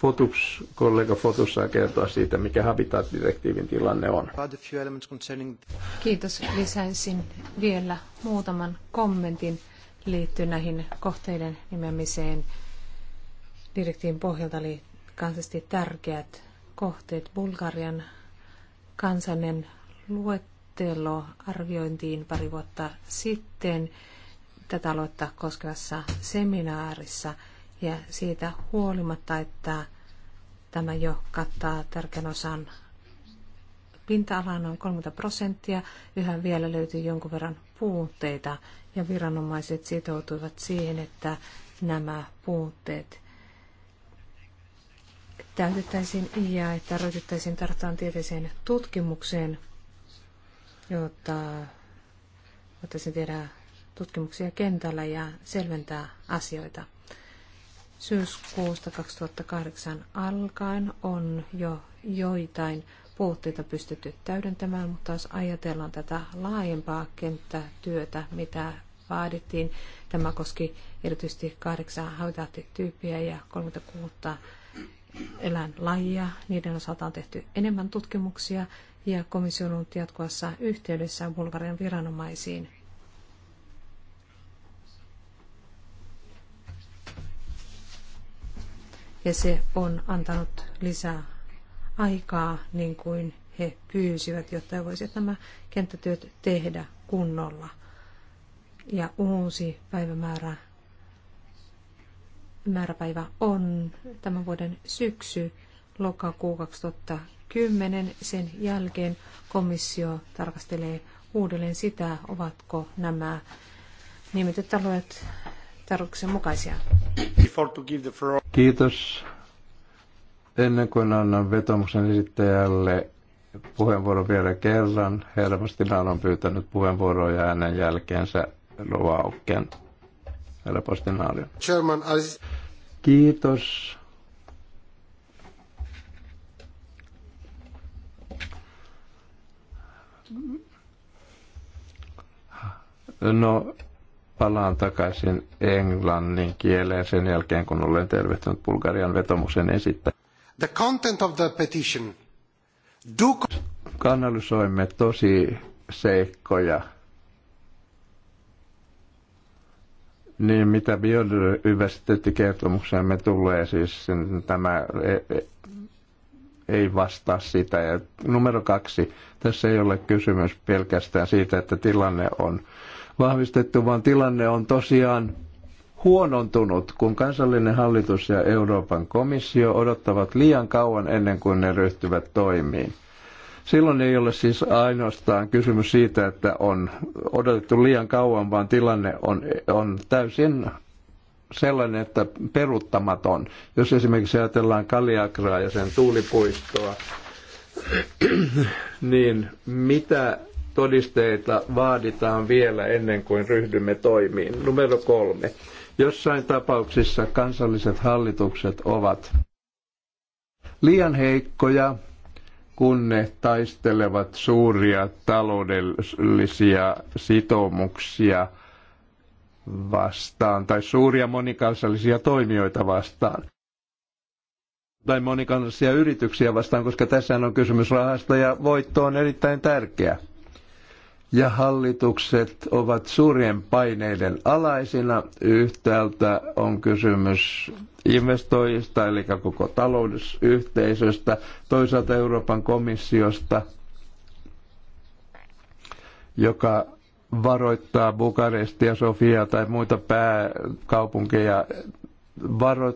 Fotuks, kollega Fotussa kertoa siitä, mikä Habitat-direktiivin tilanne on. Kiitos. Lisäisin vielä muutaman kommentin liittyen näihin kohteiden nimeämiseen direktiivin pohjalta oli kansallisesti tärkeät kohteet. Bulgarian kansainen luettelo arviointiin pari vuotta sitten tätä aloittaa koskevassa seminaarissa. Ja siitä huolimatta, että tämä jo kattaa tärkeän osan pinta-alaa noin 30 prosenttia, yhä vielä löytyy jonkun verran puutteita ja viranomaiset sitoutuivat siihen, että nämä puutteet täytettäisiin ja että ryhdyttäisiin tarttaan tieteeseen tutkimukseen, jotta voitaisiin tehdä tutkimuksia kentällä ja selventää asioita. Syyskuusta 2008 alkaen on jo joitain puutteita pystytty täydentämään, mutta jos ajatellaan tätä laajempaa kenttätyötä, mitä vaadittiin, tämä koski erityisesti kahdeksan hautaattityyppiä ja 36 eläinlajia. Niiden osalta on tehty enemmän tutkimuksia ja komissio on ollut jatkuvassa yhteydessä Bulgarian viranomaisiin ja se on antanut lisää aikaa niin kuin he pyysivät, jotta he voisivat nämä kenttätyöt tehdä kunnolla. Ja uusi päivämäärä määräpäivä on tämän vuoden syksy, lokakuu 2010. Sen jälkeen komissio tarkastelee uudelleen sitä, ovatko nämä nimetyt alueet tarkoituksen mukaisia. Kiitos. Ennen kuin annan vetomuksen esittäjälle puheenvuoron vielä kerran, helposti Postinaan on pyytänyt puheenvuoroa ja hänen jälkeensä Rovaukken. Herra Postinaalio. Kiitos. No, palaan takaisin englannin kieleen sen jälkeen, kun olen tervehtynyt Bulgarian vetomuksen esittäjä. The content of the petition. Do... Kanalisoimme tosi seikkoja. Niin mitä me tulee, siis tämä e, e, ei vastaa sitä. Ja numero kaksi, tässä ei ole kysymys pelkästään siitä, että tilanne on vahvistettu, vaan tilanne on tosiaan huonontunut, kun kansallinen hallitus ja Euroopan komissio odottavat liian kauan ennen kuin ne ryhtyvät toimiin. Silloin ei ole siis ainoastaan kysymys siitä, että on odotettu liian kauan, vaan tilanne on, on täysin sellainen, että peruuttamaton. Jos esimerkiksi ajatellaan Kaliakraa ja sen tuulipuistoa, niin mitä todisteita vaaditaan vielä ennen kuin ryhdymme toimiin. Numero kolme. Jossain tapauksissa kansalliset hallitukset ovat liian heikkoja, kun ne taistelevat suuria taloudellisia sitoumuksia vastaan tai suuria monikansallisia toimijoita vastaan tai monikansallisia yrityksiä vastaan, koska tässä on kysymys rahasta ja voitto on erittäin tärkeä ja hallitukset ovat suurien paineiden alaisina. Yhtäältä on kysymys investoijista, eli koko talousyhteisöstä, toisaalta Euroopan komissiosta, joka varoittaa Bukarestia, Sofiaa tai muita pääkaupunkeja, varo,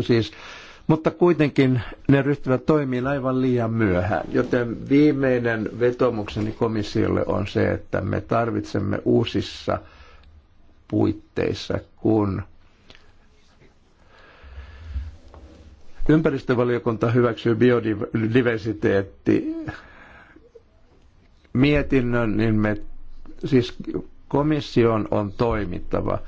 siis mutta kuitenkin ne ryhtyvät toimiin aivan liian myöhään. Joten viimeinen vetomukseni komissiolle on se, että me tarvitsemme uusissa puitteissa, kun ympäristövaliokunta hyväksyy biodiversiteetti mietinnön, niin me, siis komission on toimittava –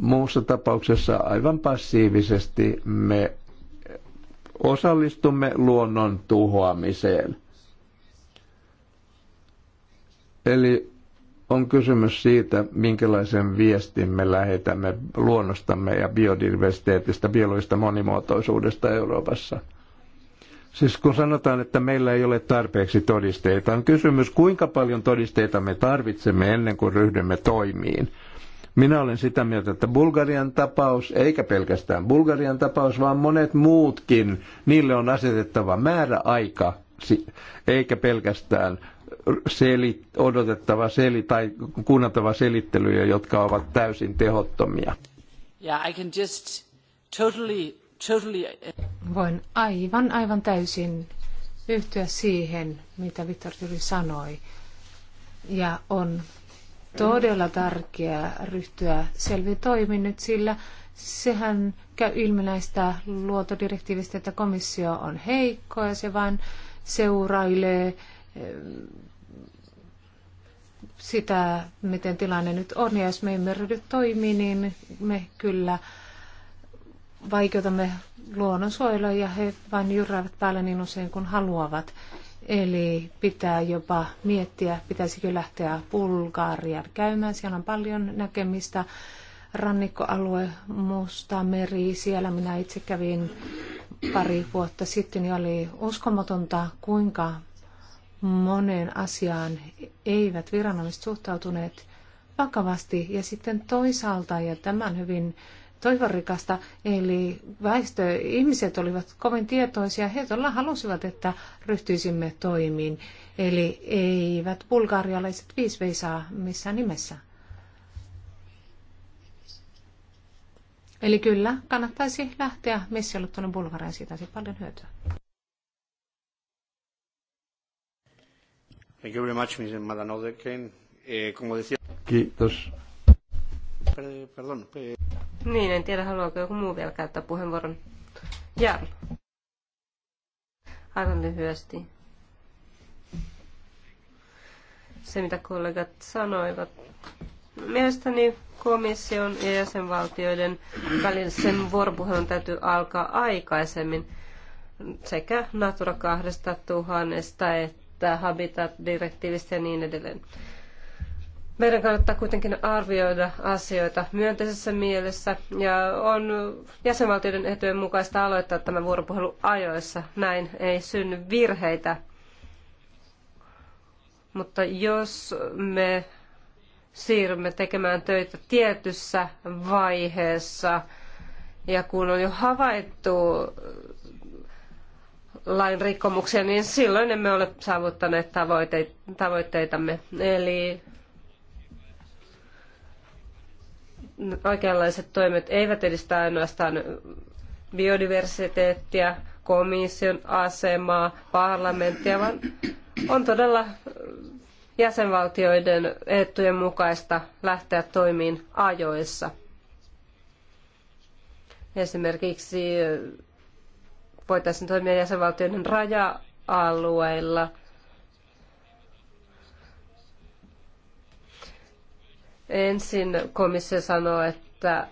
Muussa tapauksessa aivan passiivisesti me osallistumme luonnon tuhoamiseen. Eli on kysymys siitä, minkälaisen viestin me lähetämme luonnostamme ja biodiversiteetistä, biologista monimuotoisuudesta Euroopassa. Siis kun sanotaan, että meillä ei ole tarpeeksi todisteita, on kysymys, kuinka paljon todisteita me tarvitsemme ennen kuin ryhdymme toimiin. Minä olen sitä mieltä, että Bulgarian tapaus, eikä pelkästään Bulgarian tapaus, vaan monet muutkin, niille on asetettava määräaika, eikä pelkästään seli, odotettava seli tai kuunneltava selittelyjä, jotka ovat täysin tehottomia. Yeah, I can just totally, totally... Voin aivan, aivan täysin yhtyä siihen, mitä Vittor sanoi. Ja on todella tärkeää ryhtyä selviin toimiin nyt, sillä sehän käy ilmi näistä luottodirektiivistä, että komissio on heikko ja se vain seurailee eh, sitä, miten tilanne nyt on. Ja jos me emme ryhdy toimiin, niin me kyllä vaikeutamme luonnonsuojelua ja he vain jyräävät päälle niin usein kuin haluavat. Eli pitää jopa miettiä, pitäisikö lähteä Bulgarian käymään. Siellä on paljon näkemistä. Rannikkoalue, Musta meri, siellä minä itse kävin pari vuotta sitten ja oli uskomatonta, kuinka moneen asiaan eivät viranomaiset suhtautuneet vakavasti. Ja sitten toisaalta, ja tämän hyvin toivorikasta, eli väestö, ihmiset olivat kovin tietoisia, he todella halusivat, että ryhtyisimme toimiin, eli eivät bulgarialaiset viisvei saa missään nimessä. Eli kyllä, kannattaisi lähteä messialle tuonne Bulgariaan, siitä olisi paljon hyötyä. Thank you very much, Mrs. Madanodekin. Eh, como decía... Kiitos, Pardon. Niin, en tiedä, haluaako joku muu vielä käyttää puheenvuoron. Jarl. Aivan lyhyesti. Se, mitä kollegat sanoivat. Mielestäni komission ja jäsenvaltioiden välisen vuoropuhelun täytyy alkaa aikaisemmin sekä Natura 2000 että Habitat-direktiivistä ja niin edelleen. Meidän kannattaa kuitenkin arvioida asioita myönteisessä mielessä ja on jäsenvaltioiden etujen mukaista aloittaa tämä vuoropuhelu ajoissa. Näin ei synny virheitä. Mutta jos me siirrymme tekemään töitä tietyssä vaiheessa ja kun on jo havaittu lain rikkomuksia, niin silloin emme ole saavuttaneet tavoitteitamme. Eli oikeanlaiset toimet eivät edistä ainoastaan biodiversiteettia, komission asemaa, parlamenttia, vaan on todella jäsenvaltioiden etujen mukaista lähteä toimiin ajoissa. Esimerkiksi voitaisiin toimia jäsenvaltioiden raja-alueilla – Ensin komissio sanoo, että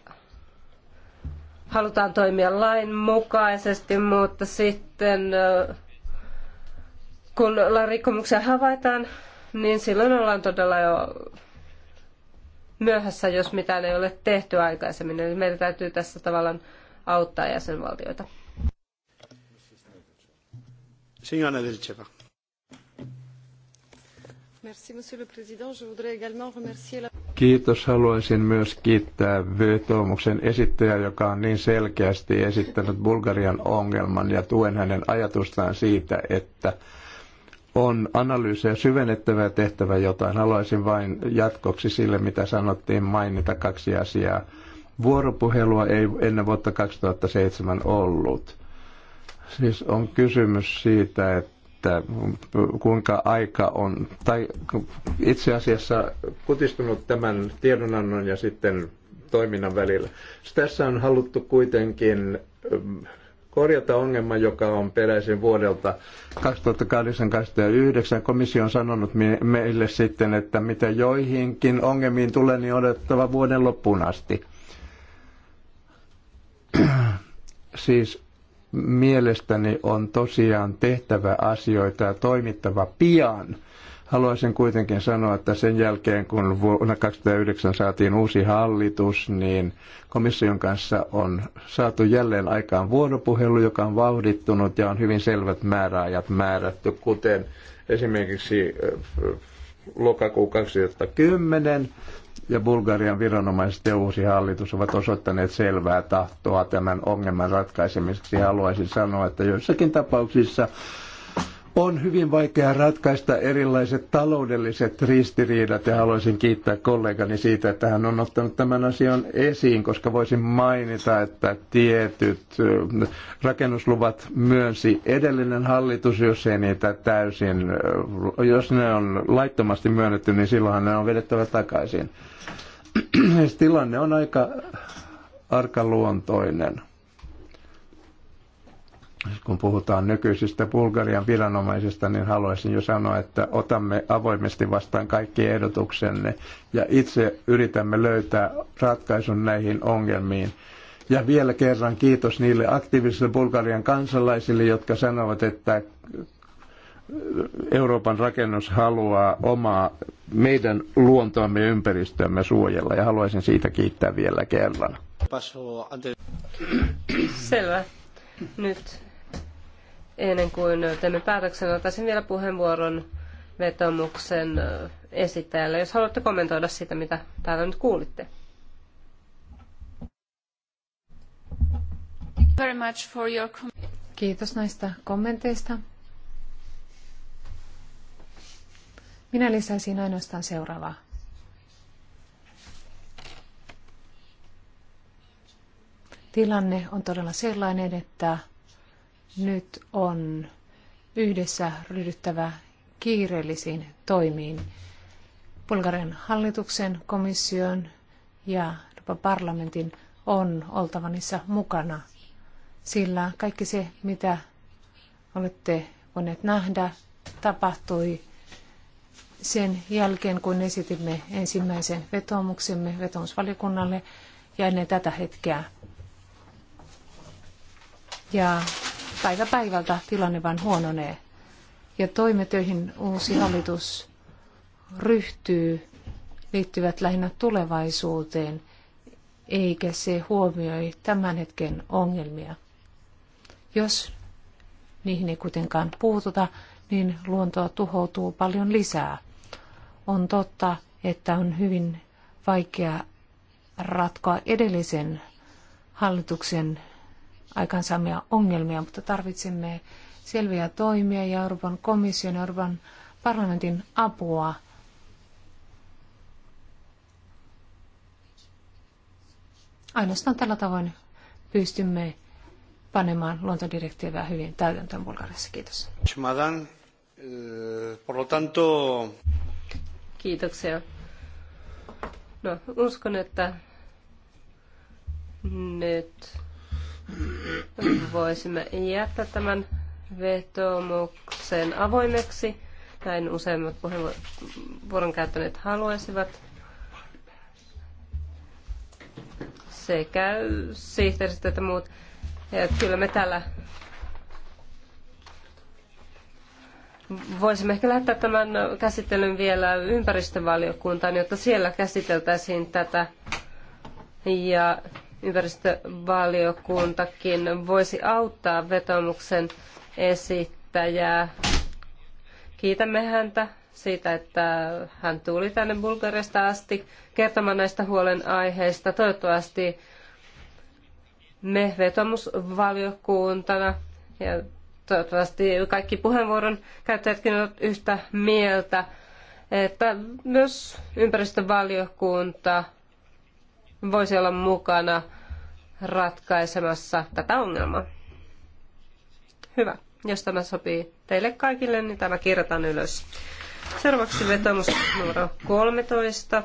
halutaan toimia lain mukaisesti, mutta sitten kun rikkomuksia havaitaan, niin silloin ollaan todella jo myöhässä, jos mitään ei ole tehty aikaisemmin. Eli meidän täytyy tässä tavallaan auttaa jäsenvaltioita. Signora Kiitos. Haluaisin myös kiittää vetoomuksen esittäjää, joka on niin selkeästi esittänyt Bulgarian ongelman ja tuen hänen ajatustaan siitä, että on analyysejä syvennettävä ja tehtävä jotain. Haluaisin vain jatkoksi sille, mitä sanottiin, mainita kaksi asiaa. Vuoropuhelua ei ennen vuotta 2007 ollut. Siis on kysymys siitä, että että kuinka aika on, tai itse asiassa kutistunut tämän tiedonannon ja sitten toiminnan välillä. Tässä on haluttu kuitenkin ähm, korjata ongelma, joka on peräisin vuodelta 2008-2009. Komissio on sanonut meille sitten, että mitä joihinkin ongelmiin tulee, niin odottava vuoden loppuun asti. siis mielestäni on tosiaan tehtävä asioita ja toimittava pian. Haluaisin kuitenkin sanoa, että sen jälkeen kun vuonna 2009 saatiin uusi hallitus, niin komission kanssa on saatu jälleen aikaan vuoropuhelu, joka on vauhdittunut ja on hyvin selvät määräajat määrätty, kuten esimerkiksi lokakuu 2010 ja Bulgarian viranomaiset ja uusi hallitus ovat osoittaneet selvää tahtoa tämän ongelman ratkaisemiseksi. Haluaisin sanoa, että joissakin tapauksissa on hyvin vaikea ratkaista erilaiset taloudelliset ristiriidat ja haluaisin kiittää kollegani siitä, että hän on ottanut tämän asian esiin, koska voisin mainita, että tietyt rakennusluvat myönsi edellinen hallitus, jos ei niitä täysin, jos ne on laittomasti myönnetty, niin silloinhan ne on vedettävä takaisin. Siis tilanne on aika arkaluontoinen kun puhutaan nykyisistä Bulgarian viranomaisista, niin haluaisin jo sanoa, että otamme avoimesti vastaan kaikki ehdotuksenne ja itse yritämme löytää ratkaisun näihin ongelmiin. Ja vielä kerran kiitos niille aktiivisille Bulgarian kansalaisille, jotka sanovat, että Euroopan rakennus haluaa omaa meidän luontoamme ja ympäristöämme suojella ja haluaisin siitä kiittää vielä kerran. Selvä. Nyt ennen kuin teemme päätöksen, ottaisin vielä puheenvuoron vetomuksen esittäjälle, jos haluatte kommentoida sitä, mitä täällä nyt kuulitte. Kiitos näistä kommenteista. Minä lisäisin ainoastaan seuraavaa. Tilanne on todella sellainen, että nyt on yhdessä ryhdyttävä kiireellisiin toimiin Bulgarian hallituksen, komission ja parlamentin on oltava niissä mukana, sillä kaikki se, mitä olette voineet nähdä, tapahtui sen jälkeen, kun esitimme ensimmäisen vetoomuksemme vetoomusvaliokunnalle ja ennen tätä hetkeä. Ja päivä päivältä tilanne vain huononee. Ja toimet, joihin uusi hallitus ryhtyy, liittyvät lähinnä tulevaisuuteen, eikä se huomioi tämän hetken ongelmia. Jos niihin ei kuitenkaan puututa, niin luontoa tuhoutuu paljon lisää. On totta, että on hyvin vaikea ratkoa edellisen hallituksen aikaansaamia ongelmia, mutta tarvitsemme selviä toimia ja Euroopan komission, Euroopan parlamentin apua Ainoastaan tällä tavoin pystymme panemaan luontodirektiiviä hyvin täytäntöön Bulgariassa. Kiitos. Eh, Kiitoksia. No, uskon, että nyt Voisimme jättää tämän vetomuksen avoimeksi. Näin useimmat puheenvuoron käyttäneet haluaisivat. Se käy sihteeristä, että muut. Ja kyllä me täällä voisimme ehkä lähettää tämän käsittelyn vielä ympäristövaliokuntaan, jotta siellä käsiteltäisiin tätä. Ja ympäristövaliokuntakin voisi auttaa vetomuksen esittäjää. Kiitämme häntä siitä, että hän tuli tänne Bulgariasta asti kertomaan näistä huolenaiheista. Toivottavasti me vetomusvaliokuntana ja toivottavasti kaikki puheenvuoron käyttäjätkin ovat yhtä mieltä, että myös ympäristövaliokunta voisi olla mukana ratkaisemassa tätä ongelmaa. Hyvä. Jos tämä sopii teille kaikille, niin tämä kirjataan ylös. Seuraavaksi vetomus numero 13.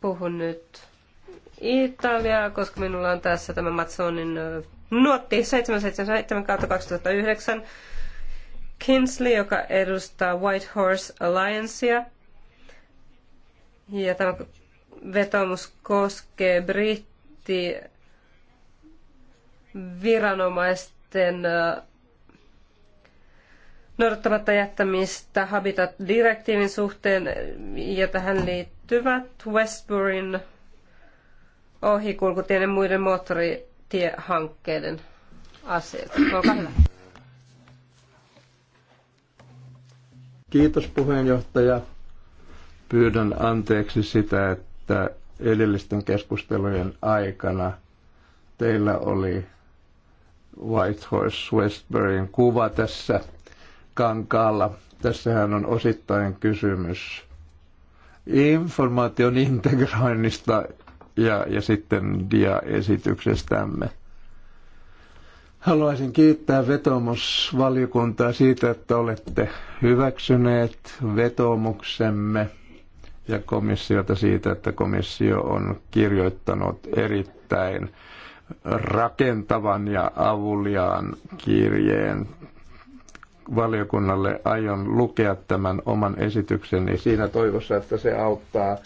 Puhun nyt Italiaa, koska minulla on tässä tämä Matsonin nuotti 777 2009 Kinsley, joka edustaa White Horse Alliancea. Ja tämä vetomus koskee britti viranomaisten noudattamatta jättämistä Habitat-direktiivin suhteen, ja tähän liittyvät Westburyn ohikulkutien ja muiden moottoritiehankkeiden asiat. Olkaa hyvä. Kiitos puheenjohtaja. Pyydän anteeksi sitä, että edellisten keskustelujen aikana teillä oli Horse Westburyn kuva tässä kankaalla. Tässähän on osittain kysymys informaation integroinnista ja, ja sitten diaesityksestämme. Haluaisin kiittää vetoomusvaliokuntaa siitä, että olette hyväksyneet vetomuksemme ja komissiota siitä, että komissio on kirjoittanut erittäin rakentavan ja avuliaan kirjeen valiokunnalle. Aion lukea tämän oman esitykseni siinä toivossa, että se auttaa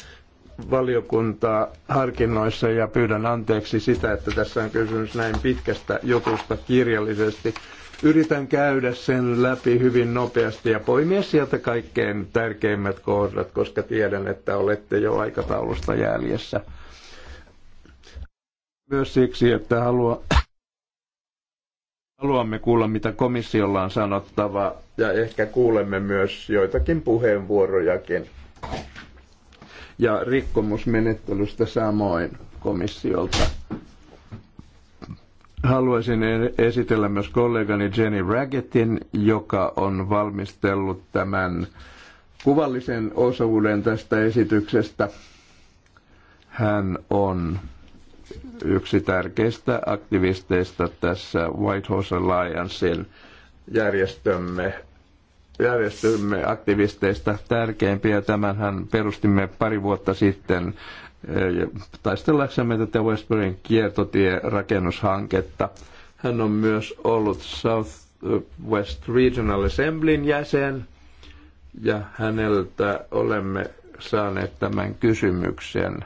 valiokuntaa harkinnoissa ja pyydän anteeksi sitä, että tässä on kysymys näin pitkästä jutusta kirjallisesti. Yritän käydä sen läpi hyvin nopeasti ja poimia sieltä kaikkein tärkeimmät kohdat, koska tiedän, että olette jo aikataulusta jäljessä. Myös siksi, että haluan Haluamme kuulla, mitä komissiolla on sanottava ja ehkä kuulemme myös joitakin puheenvuorojakin ja rikkomusmenettelystä samoin komissiolta. Haluaisin e- esitellä myös kollegani Jenny Raggettin, joka on valmistellut tämän kuvallisen osuuden tästä esityksestä. Hän on yksi tärkeistä aktivisteista tässä White House Alliancein järjestömme järjestömme aktivisteista tärkeimpiä. hän perustimme pari vuotta sitten taistellaksemme tätä Westburyn kiertotie-rakennushanketta. Hän on myös ollut South West Regional Assemblyn jäsen ja häneltä olemme saaneet tämän kysymyksen,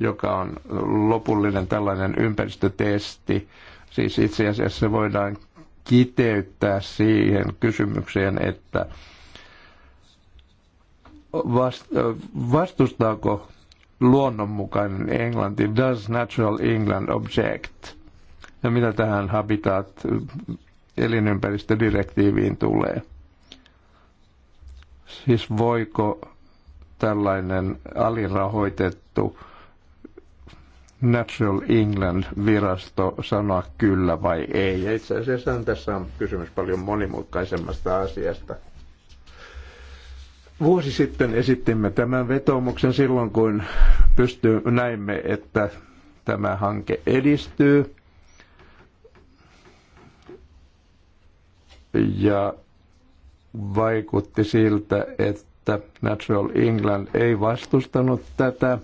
joka on lopullinen tällainen ympäristötesti. Siis itse asiassa voidaan kiteyttää siihen kysymykseen, että vastustaako luonnonmukainen englanti, does natural England object? Ja mitä tähän habitat elinympäristödirektiiviin tulee? Siis voiko tällainen alirahoitettu Natural England-virasto sanoa kyllä vai ei. Ja itse asiassa tässä on kysymys paljon monimutkaisemmasta asiasta. Vuosi sitten esittimme tämän vetomuksen silloin, kun pysty, näimme, että tämä hanke edistyy. Ja vaikutti siltä, että Natural England ei vastustanut tätä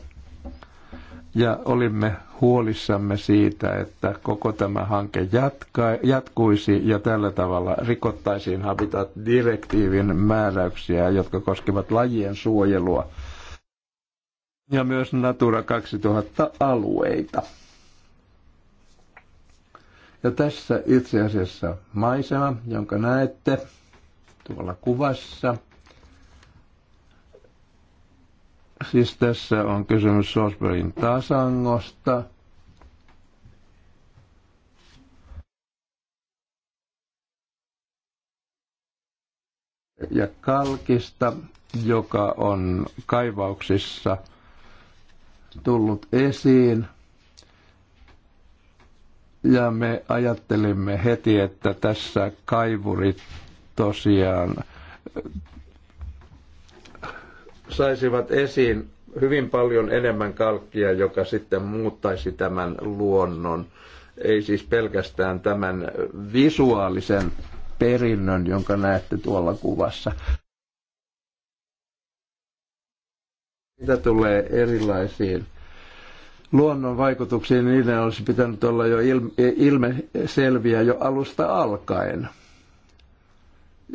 ja olimme huolissamme siitä, että koko tämä hanke jatka, jatkuisi ja tällä tavalla rikottaisiin Habitat-direktiivin määräyksiä, jotka koskevat lajien suojelua ja myös Natura 2000-alueita. Ja tässä itse asiassa maisema, jonka näette tuolla kuvassa – Siis tässä on kysymys Sosbergin tasangosta. ja kalkista, joka on kaivauksissa tullut esiin. Ja me ajattelimme heti, että tässä kaivurit tosiaan saisivat esiin hyvin paljon enemmän kalkkia, joka sitten muuttaisi tämän luonnon. Ei siis pelkästään tämän visuaalisen perinnön, jonka näette tuolla kuvassa. Mitä tulee erilaisiin luonnon vaikutuksiin, niin niiden olisi pitänyt olla jo ilme, ilme selviä jo alusta alkaen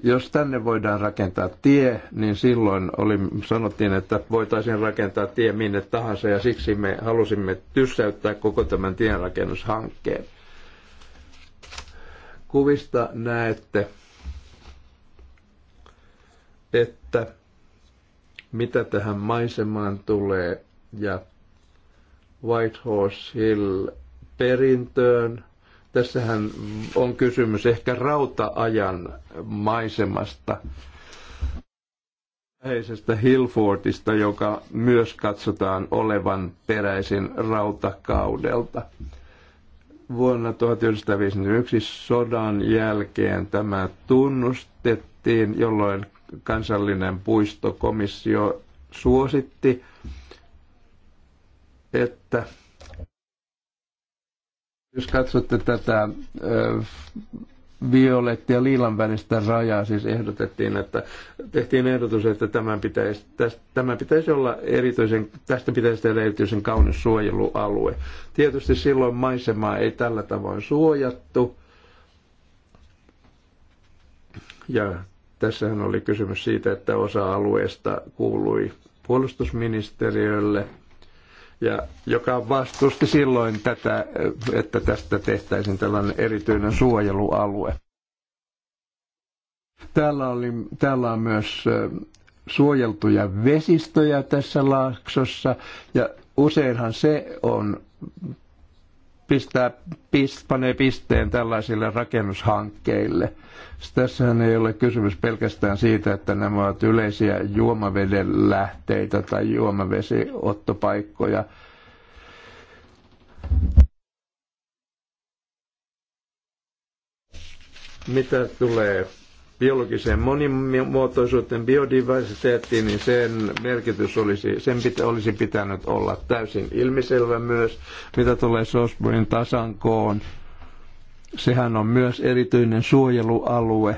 jos tänne voidaan rakentaa tie, niin silloin oli, sanottiin, että voitaisiin rakentaa tie minne tahansa ja siksi me halusimme tyssäyttää koko tämän tienrakennushankkeen. Kuvista näette, että mitä tähän maisemaan tulee ja Whitehorse Hill perintöön – Tässähän on kysymys ehkä rautaajan maisemasta, läheisestä Hillfortista, joka myös katsotaan olevan peräisin rautakaudelta. Vuonna 1951 sodan jälkeen tämä tunnustettiin, jolloin kansallinen puistokomissio suositti, että jos katsotte tätä violetti ja liilan välistä rajaa, siis ehdotettiin, että tehtiin ehdotus, että tämän pitäisi, tästä, tämän pitäisi olla erityisen, tästä pitäisi tehdä erityisen kaunis suojelualue. Tietysti silloin maisemaa ei tällä tavoin suojattu. Ja tässähän oli kysymys siitä, että osa alueesta kuului puolustusministeriölle – ja joka vastusti silloin tätä, että tästä tehtäisiin tällainen erityinen suojelualue. Täällä, oli, täällä on myös suojeltuja vesistöjä tässä laaksossa ja useinhan se on pistää, pist, panee pisteen tällaisille rakennushankkeille. Tässähän ei ole kysymys pelkästään siitä, että nämä ovat yleisiä juomaveden lähteitä tai juomavesiottopaikkoja. Mitä tulee biologiseen monimuotoisuuteen, biodiversiteettiin, niin sen merkitys olisi, sen pitä, olisi pitänyt olla täysin ilmiselvä myös, mitä tulee Sosburin tasankoon. Sehän on myös erityinen suojelualue.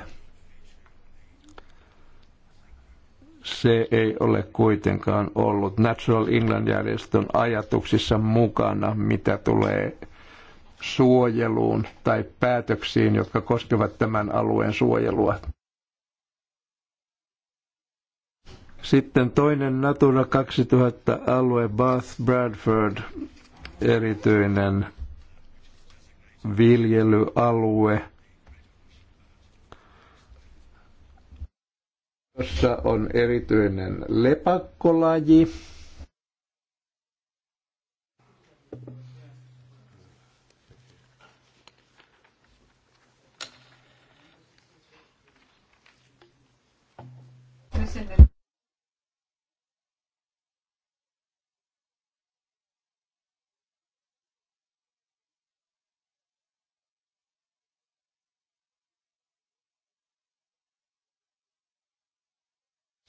Se ei ole kuitenkaan ollut Natural England-järjestön ajatuksissa mukana, mitä tulee suojeluun tai päätöksiin, jotka koskevat tämän alueen suojelua. Sitten toinen Natura 2000-alue, Bath Bradford, erityinen viljelyalue, jossa on erityinen lepakkolaji.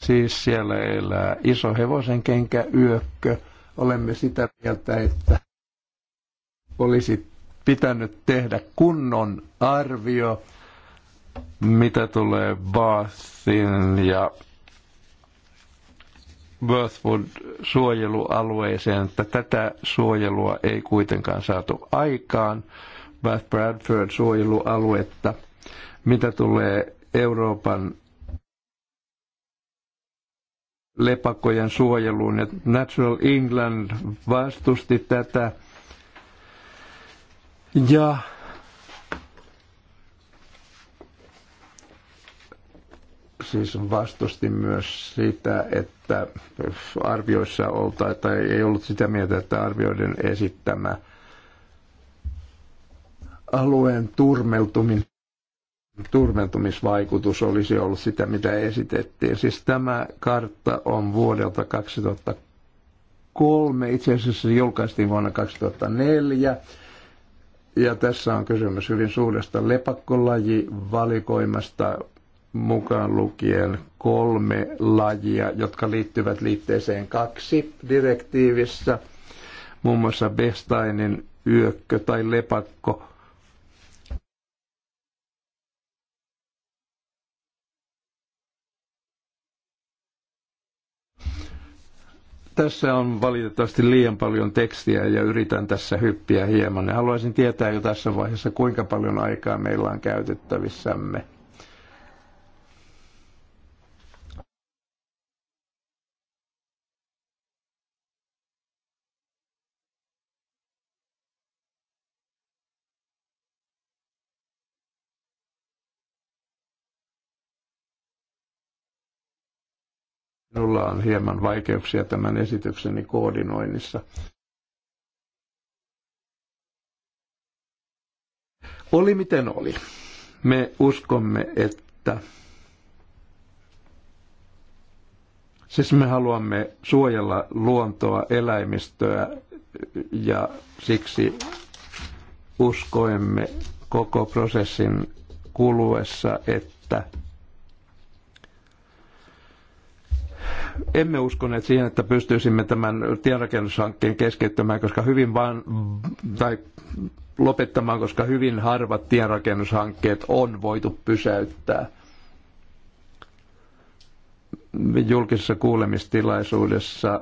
Siis siellä elää iso hevosen kenkä yökkö. Olemme sitä mieltä, että olisi pitänyt tehdä kunnon arvio, mitä tulee Baathin ja birthwood suojelualueeseen että tätä suojelua ei kuitenkaan saatu aikaan, Bath Bradford-suojelualuetta, mitä tulee Euroopan lepakkojen suojeluun. Ja Natural England vastusti tätä. Ja siis vastusti myös sitä, että arvioissa olta, tai ei ollut sitä mieltä, että arvioiden esittämä alueen turmeltuminen turmeltumisvaikutus olisi ollut sitä, mitä esitettiin. Siis tämä kartta on vuodelta 2003, itse asiassa se julkaistiin vuonna 2004. Ja tässä on kysymys hyvin suuresta lepakkolajivalikoimasta, mukaan lukien kolme lajia, jotka liittyvät liitteeseen kaksi direktiivissä, muun muassa Bestainin yökkö tai lepakko. Tässä on valitettavasti liian paljon tekstiä ja yritän tässä hyppiä hieman. haluaisin tietää jo tässä vaiheessa, kuinka paljon aikaa meillä on käytettävissämme. Minulla on hieman vaikeuksia tämän esitykseni koordinoinnissa. Oli miten oli. Me uskomme, että siis me haluamme suojella luontoa, eläimistöä ja siksi uskoimme koko prosessin kuluessa, että emme uskoneet siihen, että pystyisimme tämän tienrakennushankkeen keskeyttämään, koska hyvin vaan, tai lopettamaan, koska hyvin harvat tienrakennushankkeet on voitu pysäyttää. Julkisessa kuulemistilaisuudessa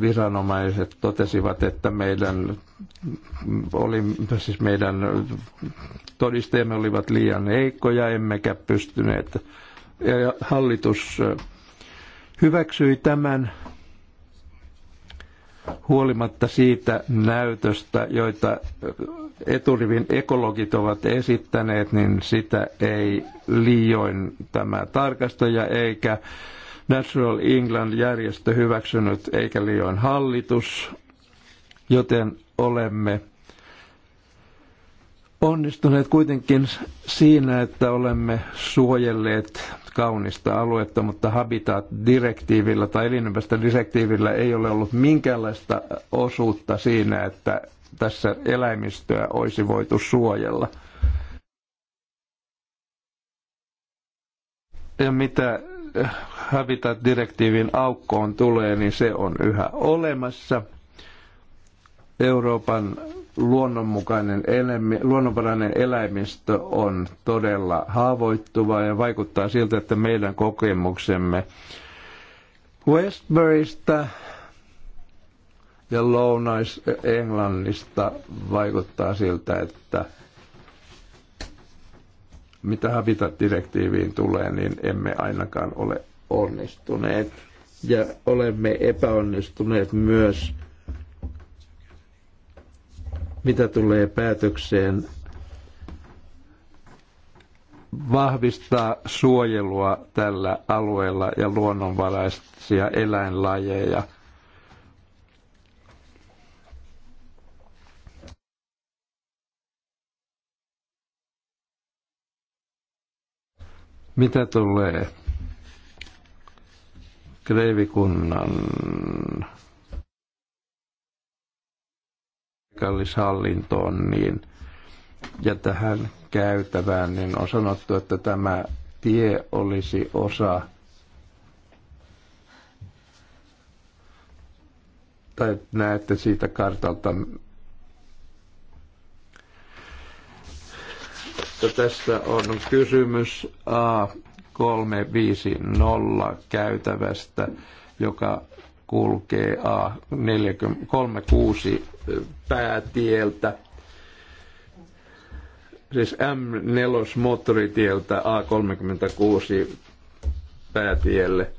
viranomaiset totesivat, että meidän, oli, siis meidän todisteemme olivat liian heikkoja, emmekä pystyneet. Ja hallitus hyväksyi tämän huolimatta siitä näytöstä, joita eturivin ekologit ovat esittäneet, niin sitä ei liioin tämä tarkastaja eikä Natural England-järjestö hyväksynyt eikä liioin hallitus, joten olemme onnistuneet kuitenkin siinä, että olemme suojelleet kaunista aluetta, mutta Habitat-direktiivillä tai elinympäristödirektiivillä ei ole ollut minkäänlaista osuutta siinä, että tässä eläimistöä olisi voitu suojella. Ja mitä eh, Habitat-direktiivin aukkoon tulee, niin se on yhä olemassa. Euroopan luonnonmukainen elämi, luonnonvarainen eläimistö on todella haavoittuva ja vaikuttaa siltä, että meidän kokemuksemme Westburysta ja Lounais-Englannista vaikuttaa siltä, että mitä Habitat-direktiiviin tulee, niin emme ainakaan ole onnistuneet. Ja olemme epäonnistuneet myös mitä tulee päätökseen vahvistaa suojelua tällä alueella ja luonnonvaraisia eläinlajeja. Mitä tulee kreivikunnan paikallishallintoon niin, ja tähän käytävään, niin on sanottu, että tämä tie olisi osa tai näette siitä kartalta. että tässä on kysymys A350 käytävästä, joka kulkee A36 päätieltä, siis M4 moottoritieltä A36 päätielle.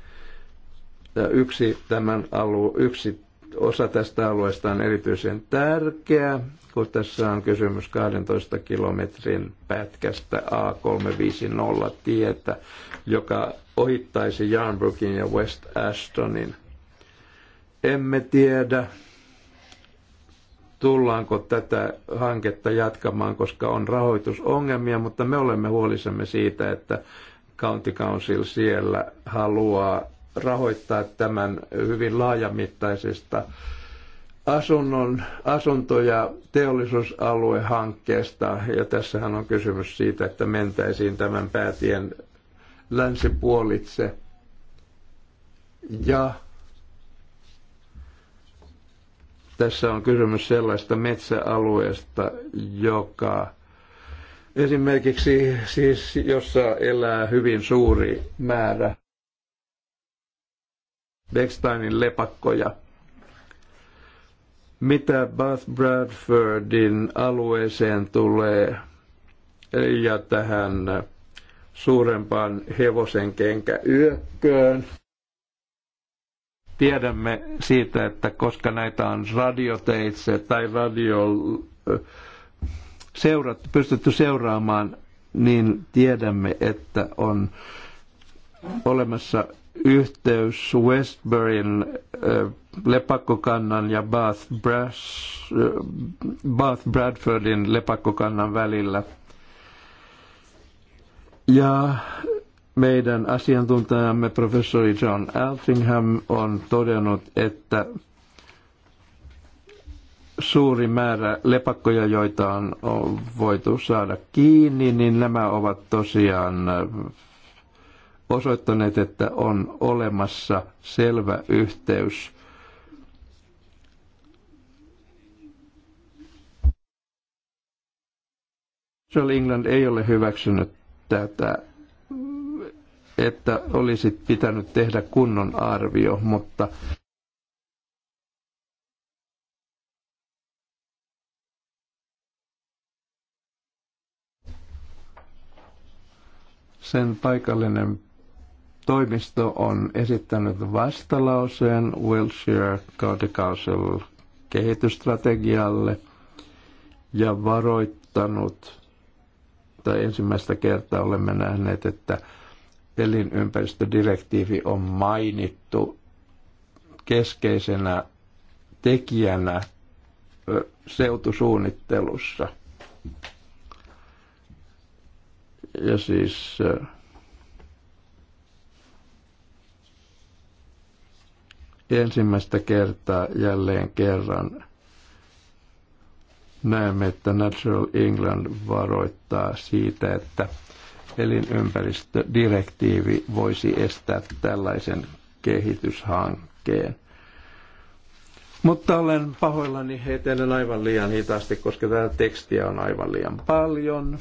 Ja yksi, tämän alu, yksi osa tästä alueesta on erityisen tärkeä, kun tässä on kysymys 12 kilometrin pätkästä A350 tietä, joka ohittaisi Jarnbrookin ja West Ashtonin. Emme tiedä, tullaanko tätä hanketta jatkamaan, koska on rahoitusongelmia, mutta me olemme huolissamme siitä, että County Council siellä haluaa rahoittaa tämän hyvin laajamittaisesta asunnon, asunto- ja teollisuusaluehankkeesta. Ja tässähän on kysymys siitä, että mentäisiin tämän päätien länsipuolitse. Ja Tässä on kysymys sellaista metsäalueesta, joka esimerkiksi siis, jossa elää hyvin suuri määrä Bechsteinin lepakkoja. Mitä Bath Bradfordin alueeseen tulee ja tähän suurempaan hevosen tiedämme siitä, että koska näitä on radioteitse tai radio seurat, pystytty seuraamaan, niin tiedämme, että on olemassa yhteys Westburyn äh, lepakkokannan ja Bath, Brass, äh, Bath Bradfordin lepakkokannan välillä. Ja meidän asiantuntijamme professori John Altingham on todennut, että suuri määrä lepakkoja, joita on voitu saada kiinni, niin nämä ovat tosiaan osoittaneet, että on olemassa selvä yhteys Joel England ei ole hyväksynyt tätä että olisi pitänyt tehdä kunnon arvio, mutta sen paikallinen toimisto on esittänyt vastalauseen Wilshire County Council kehitysstrategialle ja varoittanut, tai ensimmäistä kertaa olemme nähneet, että elinympäristödirektiivi on mainittu keskeisenä tekijänä seutusuunnittelussa. Ja siis ensimmäistä kertaa jälleen kerran näemme, että Natural England varoittaa siitä, että – elinympäristödirektiivi voisi estää tällaisen kehityshankkeen. Mutta olen pahoillani, etenen aivan liian hitaasti, koska tätä tekstiä on aivan liian paljon.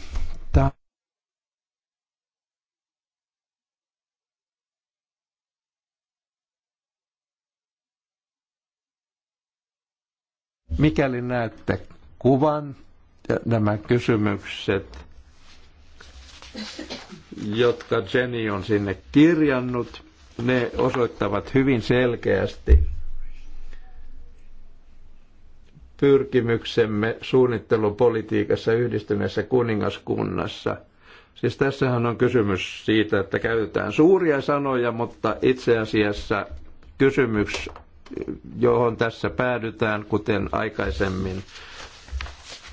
Mikäli näette kuvan, ja nämä kysymykset jotka Jenny on sinne kirjannut, ne osoittavat hyvin selkeästi pyrkimyksemme suunnittelupolitiikassa yhdistyneessä kuningaskunnassa. Siis tässähän on kysymys siitä, että käytetään suuria sanoja, mutta itse asiassa kysymys, johon tässä päädytään, kuten aikaisemmin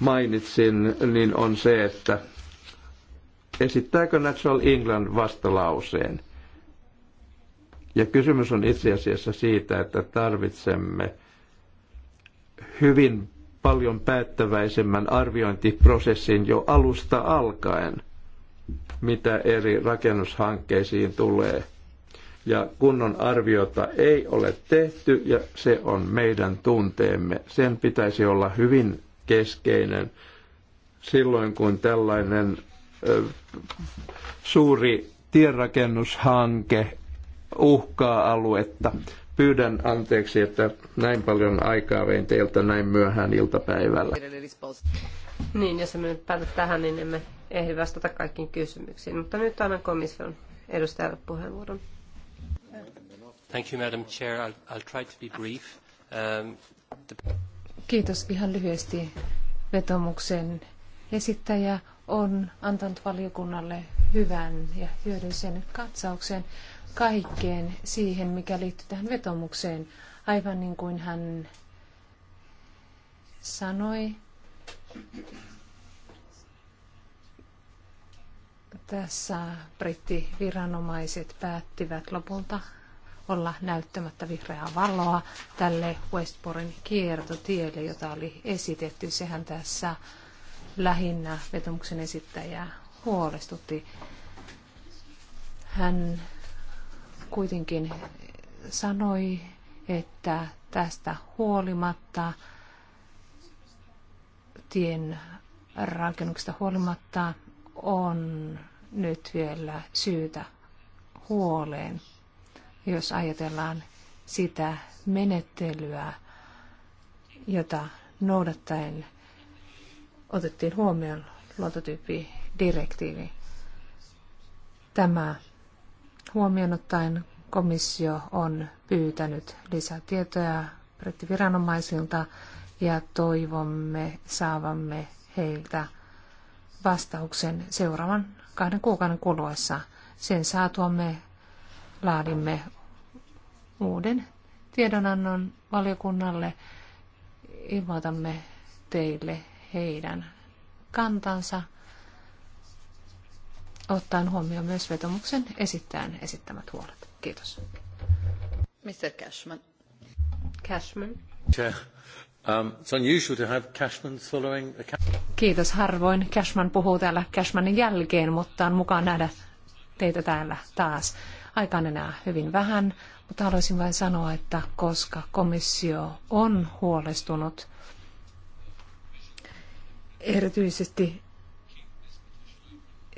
mainitsin, niin on se, että Esittääkö Natural England vastalauseen? Ja kysymys on itse asiassa siitä, että tarvitsemme hyvin paljon päättäväisemmän arviointiprosessin jo alusta alkaen, mitä eri rakennushankkeisiin tulee. Ja kunnon arviota ei ole tehty ja se on meidän tunteemme. Sen pitäisi olla hyvin keskeinen silloin, kun tällainen suuri tienrakennushanke uhkaa aluetta. Pyydän anteeksi, että näin paljon aikaa vein teiltä näin myöhään iltapäivällä. Niin, jos emme nyt päätä tähän, niin emme ehdi vastata kaikkiin kysymyksiin. Mutta nyt annan komission edustajalle puheenvuoron. Thank you, Madam Chair. I'll, I'll try to be brief. Um, the... Kiitos ihan lyhyesti vetomuksen esittäjä on antanut valiokunnalle hyvän ja hyödyllisen katsauksen kaikkeen siihen, mikä liittyy tähän vetomukseen. Aivan niin kuin hän sanoi, tässä brittiviranomaiset päättivät lopulta olla näyttämättä vihreää valoa tälle Westporin kiertotielle, jota oli esitetty. Sehän tässä lähinnä vetomuksen esittäjää huolestutti. Hän kuitenkin sanoi, että tästä huolimatta, tien rakennuksesta huolimatta, on nyt vielä syytä huoleen, jos ajatellaan sitä menettelyä, jota noudattaen otettiin huomioon luontotyyppidirektiivi. Tämä huomioon ottaen komissio on pyytänyt lisätietoja brittiviranomaisilta ja toivomme saavamme heiltä vastauksen seuraavan kahden kuukauden kuluessa. Sen saatuamme laadimme uuden tiedonannon valiokunnalle. Ilmoitamme teille heidän kantansa ottaen huomioon myös vetomuksen esittäjän esittämät huolet. Kiitos. Mr. Cashman. Cashman. Um, it's unusual to have Cashman following Kiitos harvoin. Cashman puhuu täällä Cashmanin jälkeen, mutta on mukaan nähdä teitä täällä taas. on enää hyvin vähän, mutta haluaisin vain sanoa, että koska komissio on huolestunut erityisesti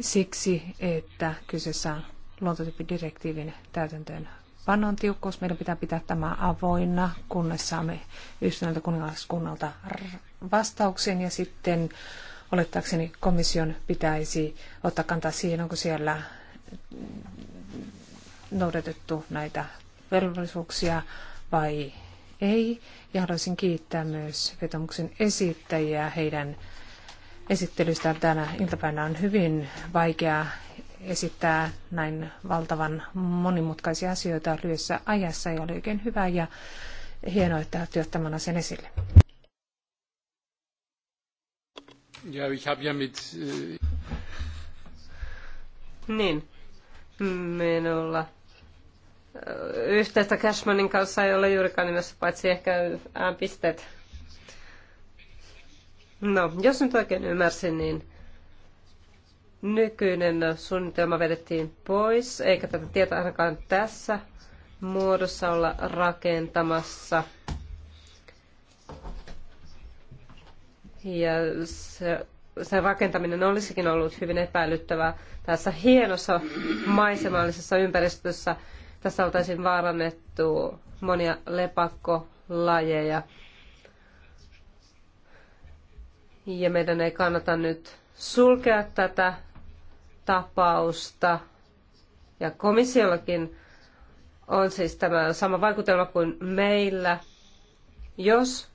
siksi, että kyseessä on luontotyyppidirektiivin täytäntöön pannon tiukkuus. Meidän pitää pitää tämä avoinna, kunnes saamme yhdistyneeltä kuningaskunnalta vastauksen ja sitten olettaakseni komission pitäisi ottaa kantaa siihen, onko siellä noudatettu näitä velvollisuuksia vai ei. Ja haluaisin kiittää myös vetomuksen esittäjiä heidän Esittelystä tänä iltapäivänä. On hyvin vaikea esittää näin valtavan monimutkaisia asioita lyhyessä ajassa ja oli oikein hyvä ja hienoa, että työt tämän asian esille. Ja, ich ja mit, äh, Niin, minulla äh, yhteistä Cashmanin kanssa ei ole juurikaan nimessä, paitsi ehkä äänpisteet. pisteet No, jos nyt oikein ymmärsin, niin nykyinen suunnitelma vedettiin pois, eikä tätä tietä ainakaan tässä muodossa olla rakentamassa. Ja se, se rakentaminen olisikin ollut hyvin epäilyttävää. Tässä hienossa maisemallisessa ympäristössä tässä oltaisiin vaarannettu monia lepakkolajeja. Ja meidän ei kannata nyt sulkea tätä tapausta. Ja komissiollakin on siis tämä sama vaikutelma kuin meillä. Jos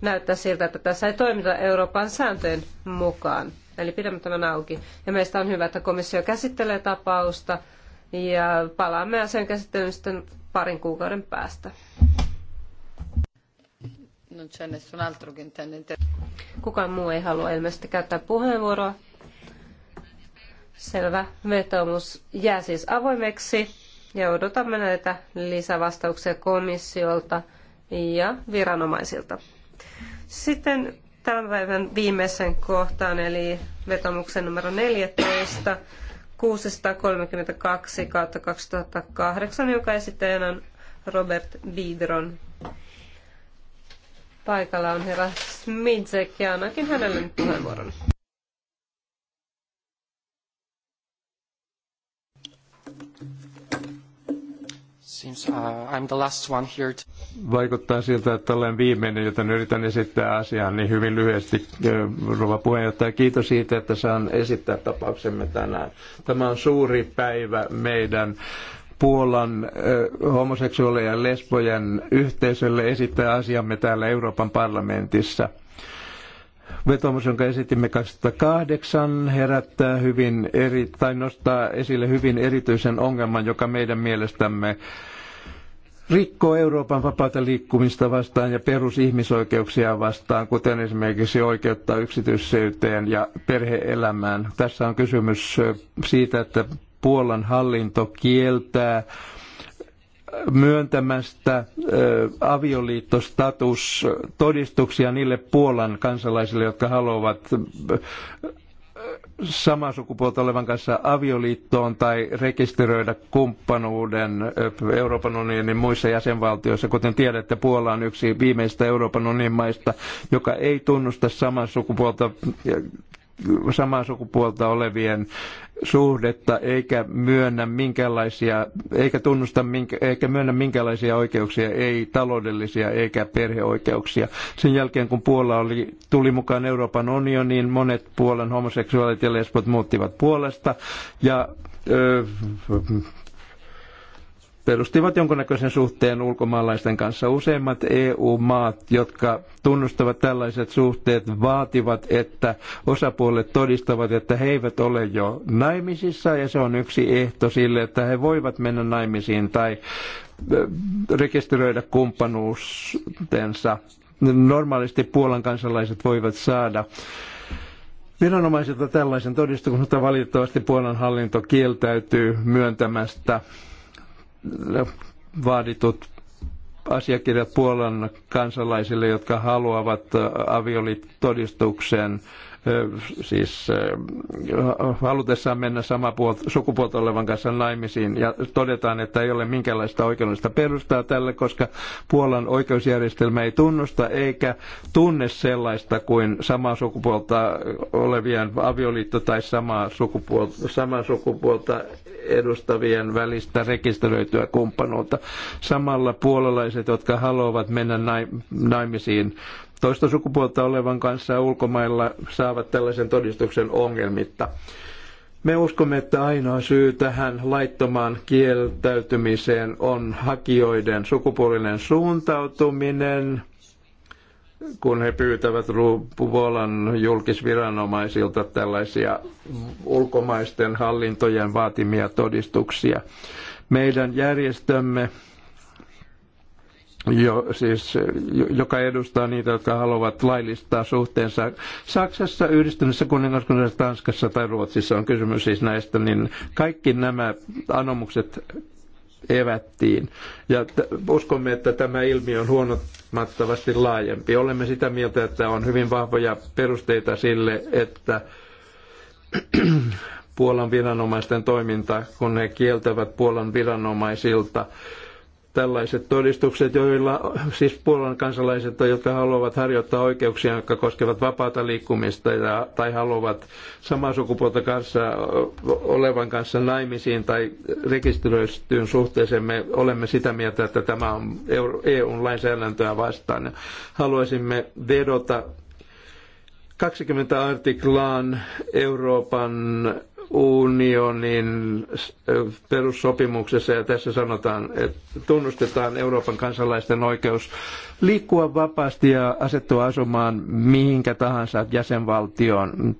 näyttää siltä, että tässä ei toimita Euroopan sääntöjen mukaan. Eli pidämme tämän auki. Ja meistä on hyvä, että komissio käsittelee tapausta ja palaamme asian käsittelyyn sitten parin kuukauden päästä. Kukaan muu ei halua ilmeisesti käyttää puheenvuoroa. Selvä vetomus jää siis avoimeksi ja odotamme näitä lisävastauksia komissiolta ja viranomaisilta. Sitten tämän päivän viimeisen kohtaan, eli vetomuksen numero 14, 632 kautta 2008, joka esittäjänä on Robert Biedron. Paikalla on herra Smidzek ja annankin hänelle nyt puheenvuoron. Seems, uh, I'm the last one here to... Vaikuttaa siltä, että olen viimeinen, joten yritän esittää asian niin hyvin lyhyesti. Rova puheenjohtaja, kiitos siitä, että saan esittää tapauksemme tänään. Tämä on suuri päivä meidän Puolan homoseksuaalien ja lesbojen yhteisölle esittää asiamme täällä Euroopan parlamentissa. Vetomus, jonka esitimme 2008, herättää hyvin eri, tai nostaa esille hyvin erityisen ongelman, joka meidän mielestämme rikkoo Euroopan vapaata liikkumista vastaan ja perusihmisoikeuksia vastaan, kuten esimerkiksi oikeutta yksityisyyteen ja perheelämään. Tässä on kysymys siitä, että Puolan hallinto kieltää myöntämästä avioliittostatus todistuksia niille Puolan kansalaisille, jotka haluavat samaa sukupuolta olevan kanssa avioliittoon tai rekisteröidä kumppanuuden Euroopan unionin muissa jäsenvaltioissa. Kuten tiedätte, Puola on yksi viimeistä Euroopan unionin maista, joka ei tunnusta samaa sukupuolta samaa sukupuolta olevien suhdetta, eikä myönnä minkälaisia, eikä tunnusta, minkä, eikä myönnä minkälaisia oikeuksia, ei taloudellisia eikä perheoikeuksia. Sen jälkeen kun Puola oli, tuli mukaan Euroopan unioniin, monet Puolan homoseksuaalit ja lesbot muuttivat Puolesta ja ö, perustivat jonkunnäköisen suhteen ulkomaalaisten kanssa. Useimmat EU-maat, jotka tunnustavat tällaiset suhteet, vaativat, että osapuolet todistavat, että he eivät ole jo naimisissa ja se on yksi ehto sille, että he voivat mennä naimisiin tai rekisteröidä kumppanuutensa. Normaalisti Puolan kansalaiset voivat saada viranomaisilta tällaisen todistuksen, mutta valitettavasti Puolan hallinto kieltäytyy myöntämästä vaaditut asiakirjat Puolan kansalaisille, jotka haluavat avioliittodistuksen, siis halutessaan mennä sama sukupuolta olevan kanssa naimisiin ja todetaan, että ei ole minkäänlaista oikeudellista perustaa tälle, koska Puolan oikeusjärjestelmä ei tunnusta eikä tunne sellaista kuin samaa sukupuolta olevien avioliitto tai samaa sukupuolta, samaa sukupuolta edustavien välistä rekisteröityä kumppanuutta. Samalla puolalaiset, jotka haluavat mennä naimisiin toista sukupuolta olevan kanssa ulkomailla, saavat tällaisen todistuksen ongelmitta. Me uskomme, että ainoa syy tähän laittomaan kieltäytymiseen on hakijoiden sukupuolinen suuntautuminen, kun he pyytävät Puolan julkisviranomaisilta tällaisia ulkomaisten hallintojen vaatimia todistuksia. Meidän järjestömme, jo, siis, joka edustaa niitä, jotka haluavat laillistaa suhteensa Saksassa, Yhdistyneessä kuningaskunnassa, Tanskassa tai Ruotsissa on kysymys siis näistä, niin kaikki nämä anomukset evättiin. Ja uskomme, että tämä ilmiö on huono huomattavasti laajempi. Olemme sitä mieltä, että on hyvin vahvoja perusteita sille, että Puolan viranomaisten toiminta, kun he kieltävät Puolan viranomaisilta tällaiset todistukset, joilla siis Puolan kansalaiset, jotka haluavat harjoittaa oikeuksia, jotka koskevat vapaata liikkumista ja, tai haluavat samaa sukupuolta kanssa olevan kanssa naimisiin tai rekisteröityyn suhteeseen, me olemme sitä mieltä, että tämä on EUn lainsäädäntöä vastaan. Haluaisimme vedota 20 artiklaan Euroopan unionin perussopimuksessa ja tässä sanotaan, että tunnustetaan Euroopan kansalaisten oikeus liikkua vapaasti ja asettua asumaan mihinkä tahansa jäsenvaltioon.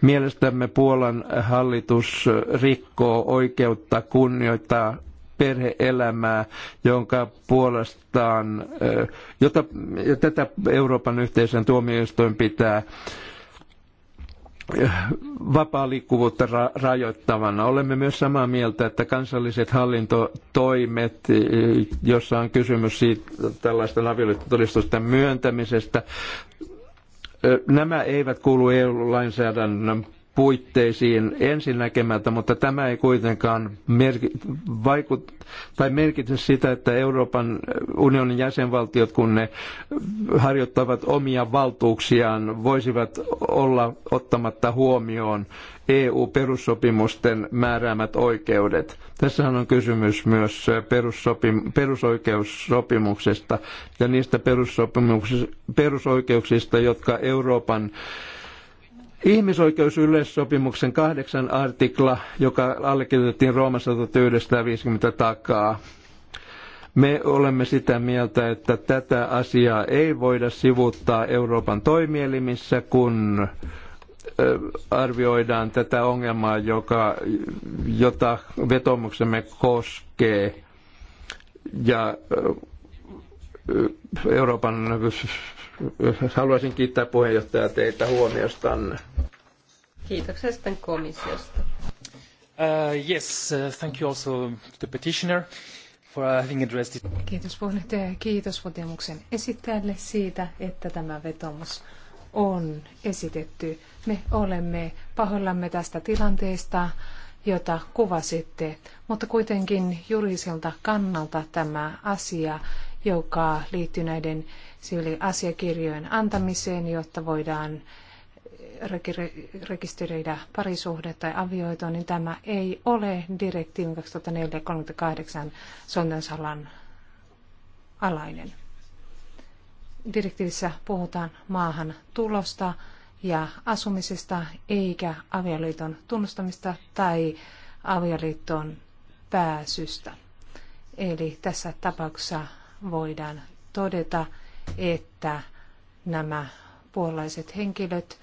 Mielestämme Puolan hallitus rikkoo oikeutta kunnioittaa perheelämää, jonka puolestaan, jota, ja tätä Euroopan yhteisön tuomioistuin pitää vapaa liikkuvuutta ra- rajoittavana. Olemme myös samaa mieltä, että kansalliset hallintotoimet, jossa on kysymys siitä tällaisten avioliittotodistusten myöntämisestä, Nämä eivät kuulu EU-lainsäädännön puitteisiin ensinnäkemältä, mutta tämä ei kuitenkaan merki, vaikut, tai merkitse sitä, että Euroopan unionin jäsenvaltiot, kun ne harjoittavat omia valtuuksiaan, voisivat olla ottamatta huomioon EU-perussopimusten määräämät oikeudet. Tässähän on kysymys myös perussopim- perusoikeussopimuksesta ja niistä perusoikeuksista, jotka Euroopan Ihmisoikeusyleissopimuksen kahdeksan artikla, joka allekirjoitettiin Roomassa 1950 takaa, me olemme sitä mieltä, että tätä asiaa ei voida sivuuttaa Euroopan toimielimissä, kun arvioidaan tätä ongelmaa, joka, jota vetomuksemme koskee. Ja Euroopan, haluaisin kiittää puheenjohtajaa teitä huomiostanne. Kiitoksia sitten komissiosta. Uh, yes, uh, thank you also to the petitioner for uh, having addressed it. Kiitos puheenjohtaja ja kiitos vetomuksen esittäjälle siitä, että tämä vetomus on esitetty. Me olemme pahoillamme tästä tilanteesta, jota kuvasitte, mutta kuitenkin juridiselta kannalta tämä asia joka liittyy näiden siviiliasiakirjojen antamiseen, jotta voidaan rekisteröidä parisuhde tai avioito, niin tämä ei ole direktiivin 2004-38 sointensalan alainen. Direktiivissä puhutaan maahan tulosta ja asumisesta eikä avioliiton tunnustamista tai avioliittoon pääsystä. Eli tässä tapauksessa voidaan todeta, että nämä puolalaiset henkilöt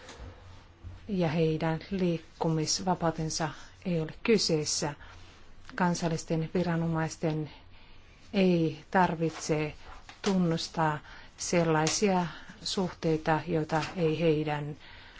ja heidän liikkumisvapautensa ei ole kyseessä. Kansallisten viranomaisten ei tarvitse tunnustaa sellaisia suhteita, joita ei heidän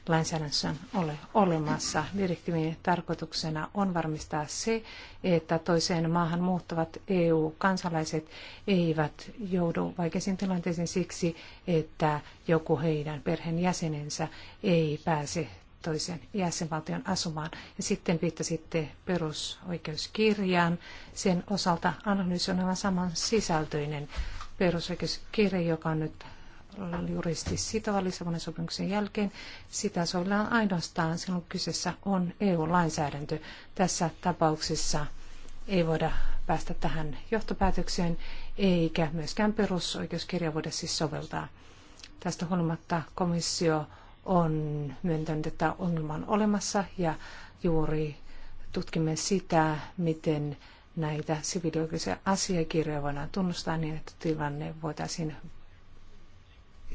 lainsäädännössä ole olemassa. Direktiivin tarkoituksena on varmistaa se, että toiseen maahan muuttavat EU-kansalaiset eivät joudu vaikeisiin tilanteisiin siksi, että joku heidän perheenjäsenensä ei pääse toisen jäsenvaltion asumaan. Ja sitten viittasitte perusoikeuskirjaan. Sen osalta analyysi on aivan saman sisältöinen perusoikeuskirja, joka on nyt juristi sitova Lissabonin sopimuksen jälkeen. Sitä sovelletaan ainoastaan silloin kun kyseessä on EU-lainsäädäntö. Tässä tapauksessa ei voida päästä tähän johtopäätökseen, eikä myöskään perusoikeuskirja voida siis soveltaa. Tästä huolimatta komissio on myöntänyt, että ongelma on olemassa ja juuri tutkimme sitä, miten näitä siviilioikeudellisia asiakirjoja voidaan tunnustaa niin, että tilanne voitaisiin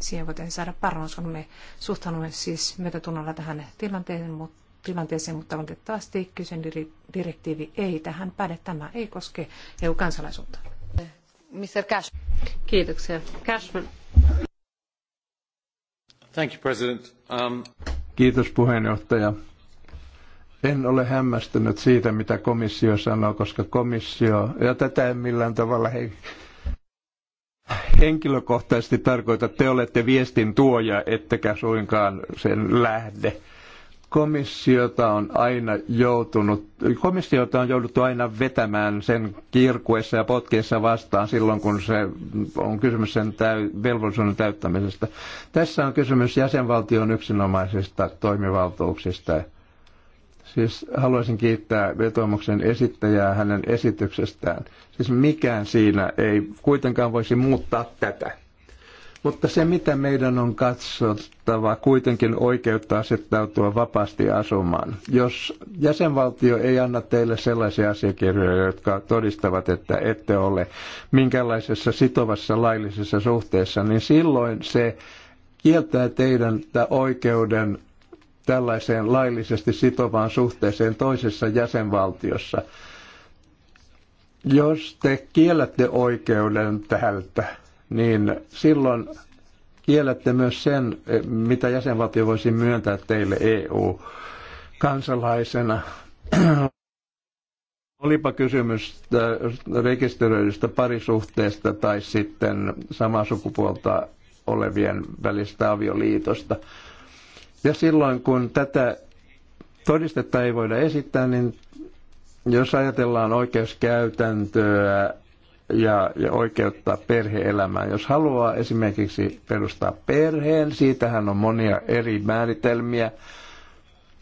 siihen voitaisiin saada parannus, kun me suhtaudumme siis myötätunnolla tähän tilanteeseen, mutta tilanteeseen, mutta valitettavasti kyseinen direktiivi ei tähän päde. Tämä ei koske EU-kansalaisuutta. Mr. Cash. Kiitoksia. Cashman. Thank you, President. Um... Kiitos puheenjohtaja. En ole hämmästynyt siitä, mitä komissio sanoo, koska komissio, ja tätä en millään tavalla he, henkilökohtaisesti tarkoita, että te olette viestin tuoja, ettekä suinkaan sen lähde. Komissiota on aina joutunut, komissiota on jouduttu aina vetämään sen kirkuessa ja potkeessa vastaan silloin, kun se on kysymys sen täy, velvollisuuden täyttämisestä. Tässä on kysymys jäsenvaltion yksinomaisista toimivaltuuksista Siis haluaisin kiittää vetomuksen esittäjää hänen esityksestään. Siis mikään siinä ei kuitenkaan voisi muuttaa tätä. Mutta se, mitä meidän on katsottava, kuitenkin oikeuttaa asettautua vapaasti asumaan. Jos jäsenvaltio ei anna teille sellaisia asiakirjoja, jotka todistavat, että ette ole minkälaisessa sitovassa laillisessa suhteessa, niin silloin se kieltää teidän oikeuden tällaiseen laillisesti sitovaan suhteeseen toisessa jäsenvaltiossa. Jos te kiellätte oikeuden tältä, niin silloin kiellätte myös sen, mitä jäsenvaltio voisi myöntää teille EU-kansalaisena. Olipa kysymys äh, rekisteröidystä parisuhteesta tai sitten samaa sukupuolta olevien välistä avioliitosta. Ja silloin kun tätä todistetta ei voida esittää, niin jos ajatellaan oikeuskäytäntöä ja, ja oikeutta perheelämään, jos haluaa esimerkiksi perustaa perheen, siitähän on monia eri määritelmiä,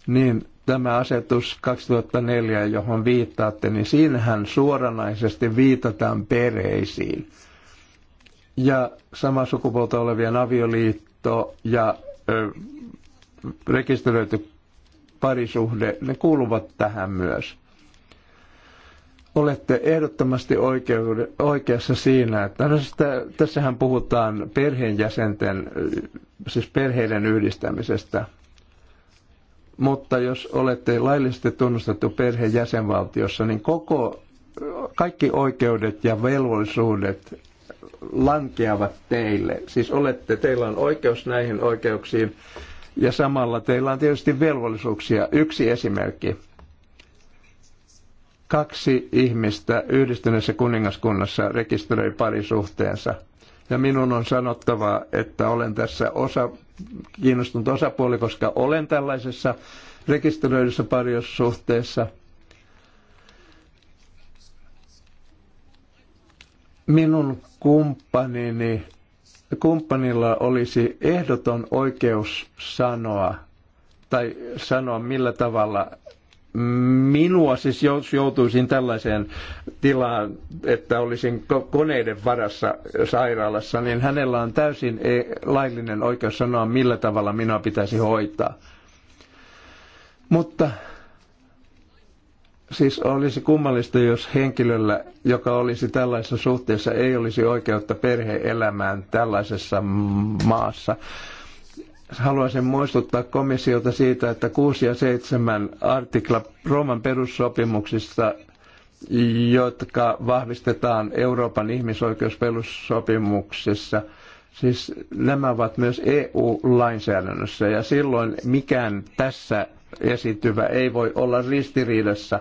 niin tämä asetus 2004, johon viittaatte, niin siinähän suoranaisesti viitataan perheisiin. Ja sama sukupuolta olevien avioliitto ja ö, rekisteröity parisuhde, ne kuuluvat tähän myös. Olette ehdottomasti oikeude, oikeassa siinä, että no, siis tässähän puhutaan perheenjäsenten, siis perheiden yhdistämisestä. Mutta jos olette laillisesti tunnustettu jäsenvaltiossa niin koko, kaikki oikeudet ja velvollisuudet lankeavat teille. Siis olette, teillä on oikeus näihin oikeuksiin ja samalla teillä on tietysti velvollisuuksia. Yksi esimerkki. Kaksi ihmistä yhdistyneessä kuningaskunnassa rekisteröi parisuhteensa. Ja minun on sanottava, että olen tässä osa, kiinnostunut osapuoli, koska olen tällaisessa rekisteröidyssä parisuhteessa. Minun kumppanini kumppanilla olisi ehdoton oikeus sanoa tai sanoa millä tavalla minua, siis jos joutuisin tällaiseen tilaan, että olisin koneiden varassa sairaalassa, niin hänellä on täysin e-, laillinen oikeus sanoa, millä tavalla minua pitäisi hoitaa. Mutta Siis olisi kummallista, jos henkilöllä, joka olisi tällaisessa suhteessa, ei olisi oikeutta perheelämään tällaisessa maassa. Haluaisin muistuttaa komissiota siitä, että 6 ja 7 artikla Rooman perussopimuksista, jotka vahvistetaan Euroopan ihmisoikeusperussopimuksessa, siis nämä ovat myös EU-lainsäädännössä ja silloin mikään tässä esiintymä ei voi olla ristiriidassa.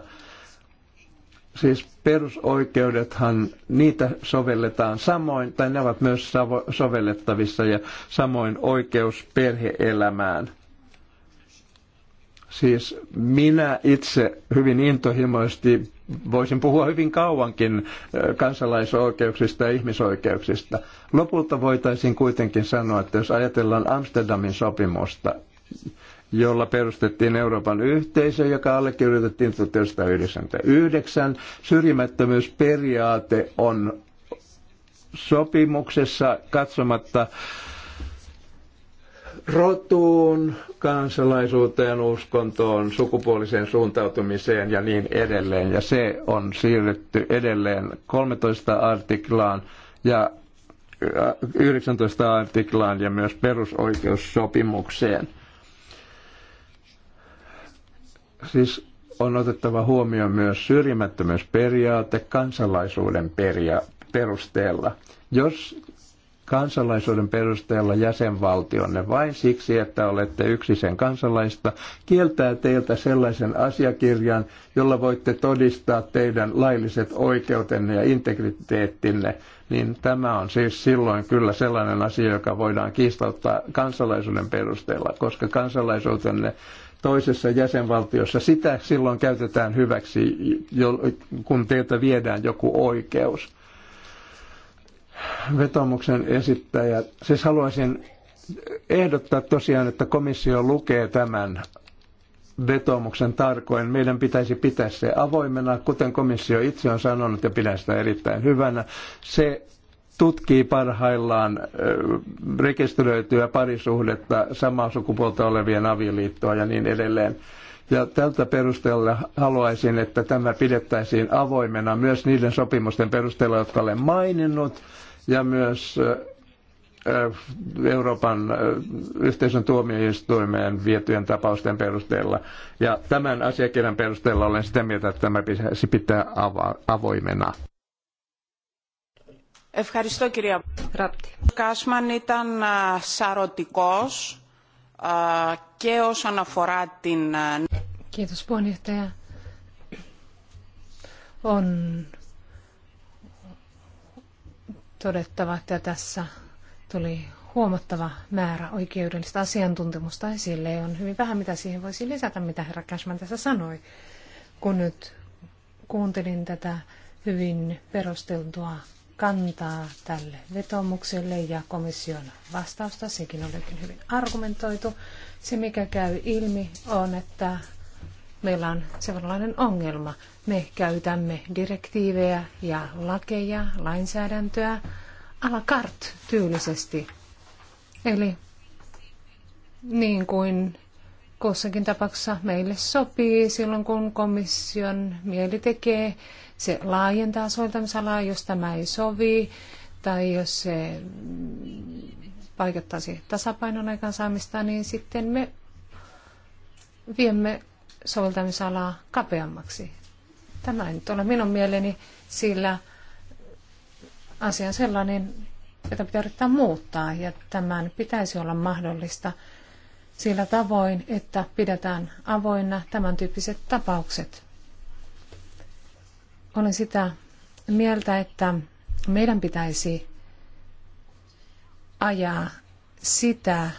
Siis perusoikeudethan, niitä sovelletaan samoin, tai ne ovat myös sovellettavissa, ja samoin oikeus perheelämään. Siis minä itse hyvin intohimoisesti voisin puhua hyvin kauankin kansalaisoikeuksista ja ihmisoikeuksista. Lopulta voitaisiin kuitenkin sanoa, että jos ajatellaan Amsterdamin sopimusta, jolla perustettiin Euroopan yhteisö, joka allekirjoitettiin 1999. Syrjimättömyysperiaate on sopimuksessa katsomatta rotuun, kansalaisuuteen, uskontoon, sukupuoliseen suuntautumiseen ja niin edelleen. Ja se on siirretty edelleen 13 artiklaan ja 19 äh, artiklaan ja myös perusoikeussopimukseen. Siis on otettava huomioon myös syrjimättömyysperiaate kansalaisuuden peria- perusteella. Jos kansalaisuuden perusteella jäsenvaltionne vain siksi, että olette yksi sen kansalaista, kieltää teiltä sellaisen asiakirjan, jolla voitte todistaa teidän lailliset oikeutenne ja integriteettinne, niin tämä on siis silloin kyllä sellainen asia, joka voidaan kiistauttaa kansalaisuuden perusteella, koska kansalaisuutenne toisessa jäsenvaltiossa, sitä silloin käytetään hyväksi, kun teiltä viedään joku oikeus. Vetomuksen esittäjä, siis haluaisin ehdottaa tosiaan, että komissio lukee tämän vetomuksen tarkoin. Meidän pitäisi pitää se avoimena, kuten komissio itse on sanonut ja pidän sitä erittäin hyvänä. Se tutkii parhaillaan rekisteröityä parisuhdetta, samaa sukupuolta olevien avioliittoa ja niin edelleen. Ja tältä perusteella haluaisin, että tämä pidettäisiin avoimena myös niiden sopimusten perusteella, jotka olen maininnut, ja myös Euroopan yhteisön tuomioistuimeen vietyjen tapausten perusteella. Ja tämän asiakirjan perusteella olen sitä mieltä, että tämä pitää avoimena. Ευχαριστώ κυρία Ράπτη. Ο Κάσμαν ήταν σαρωτικός και όσον αφορά την... On todettava, että tässä tuli huomattava määrä oikeudellista asiantuntemusta esille. On hyvin vähän, mitä siihen voisi lisätä, mitä herra Cashman tässä sanoi. Kun nyt kuuntelin tätä hyvin perusteltua kantaa tälle vetomukselle ja komission vastausta. Sekin on hyvin argumentoitu. Se, mikä käy ilmi, on, että meillä on sellainen ongelma. Me käytämme direktiivejä ja lakeja, lainsäädäntöä a la carte tyylisesti. Eli niin kuin kussakin tapauksessa meille sopii silloin, kun komission mieli tekee. Se laajentaa soveltamisalaa, jos tämä ei sovi, tai jos se vaikuttaisi tasapainon aikaansaamista, niin sitten me viemme soveltamisalaa kapeammaksi. Tämä ei nyt ole minun mieleni, sillä asia on sellainen, jota pitää yrittää muuttaa, ja tämän pitäisi olla mahdollista – sillä tavoin, että pidetään avoinna tämän tyyppiset tapaukset. Olen sitä mieltä, että meidän pitäisi ajaa sitä,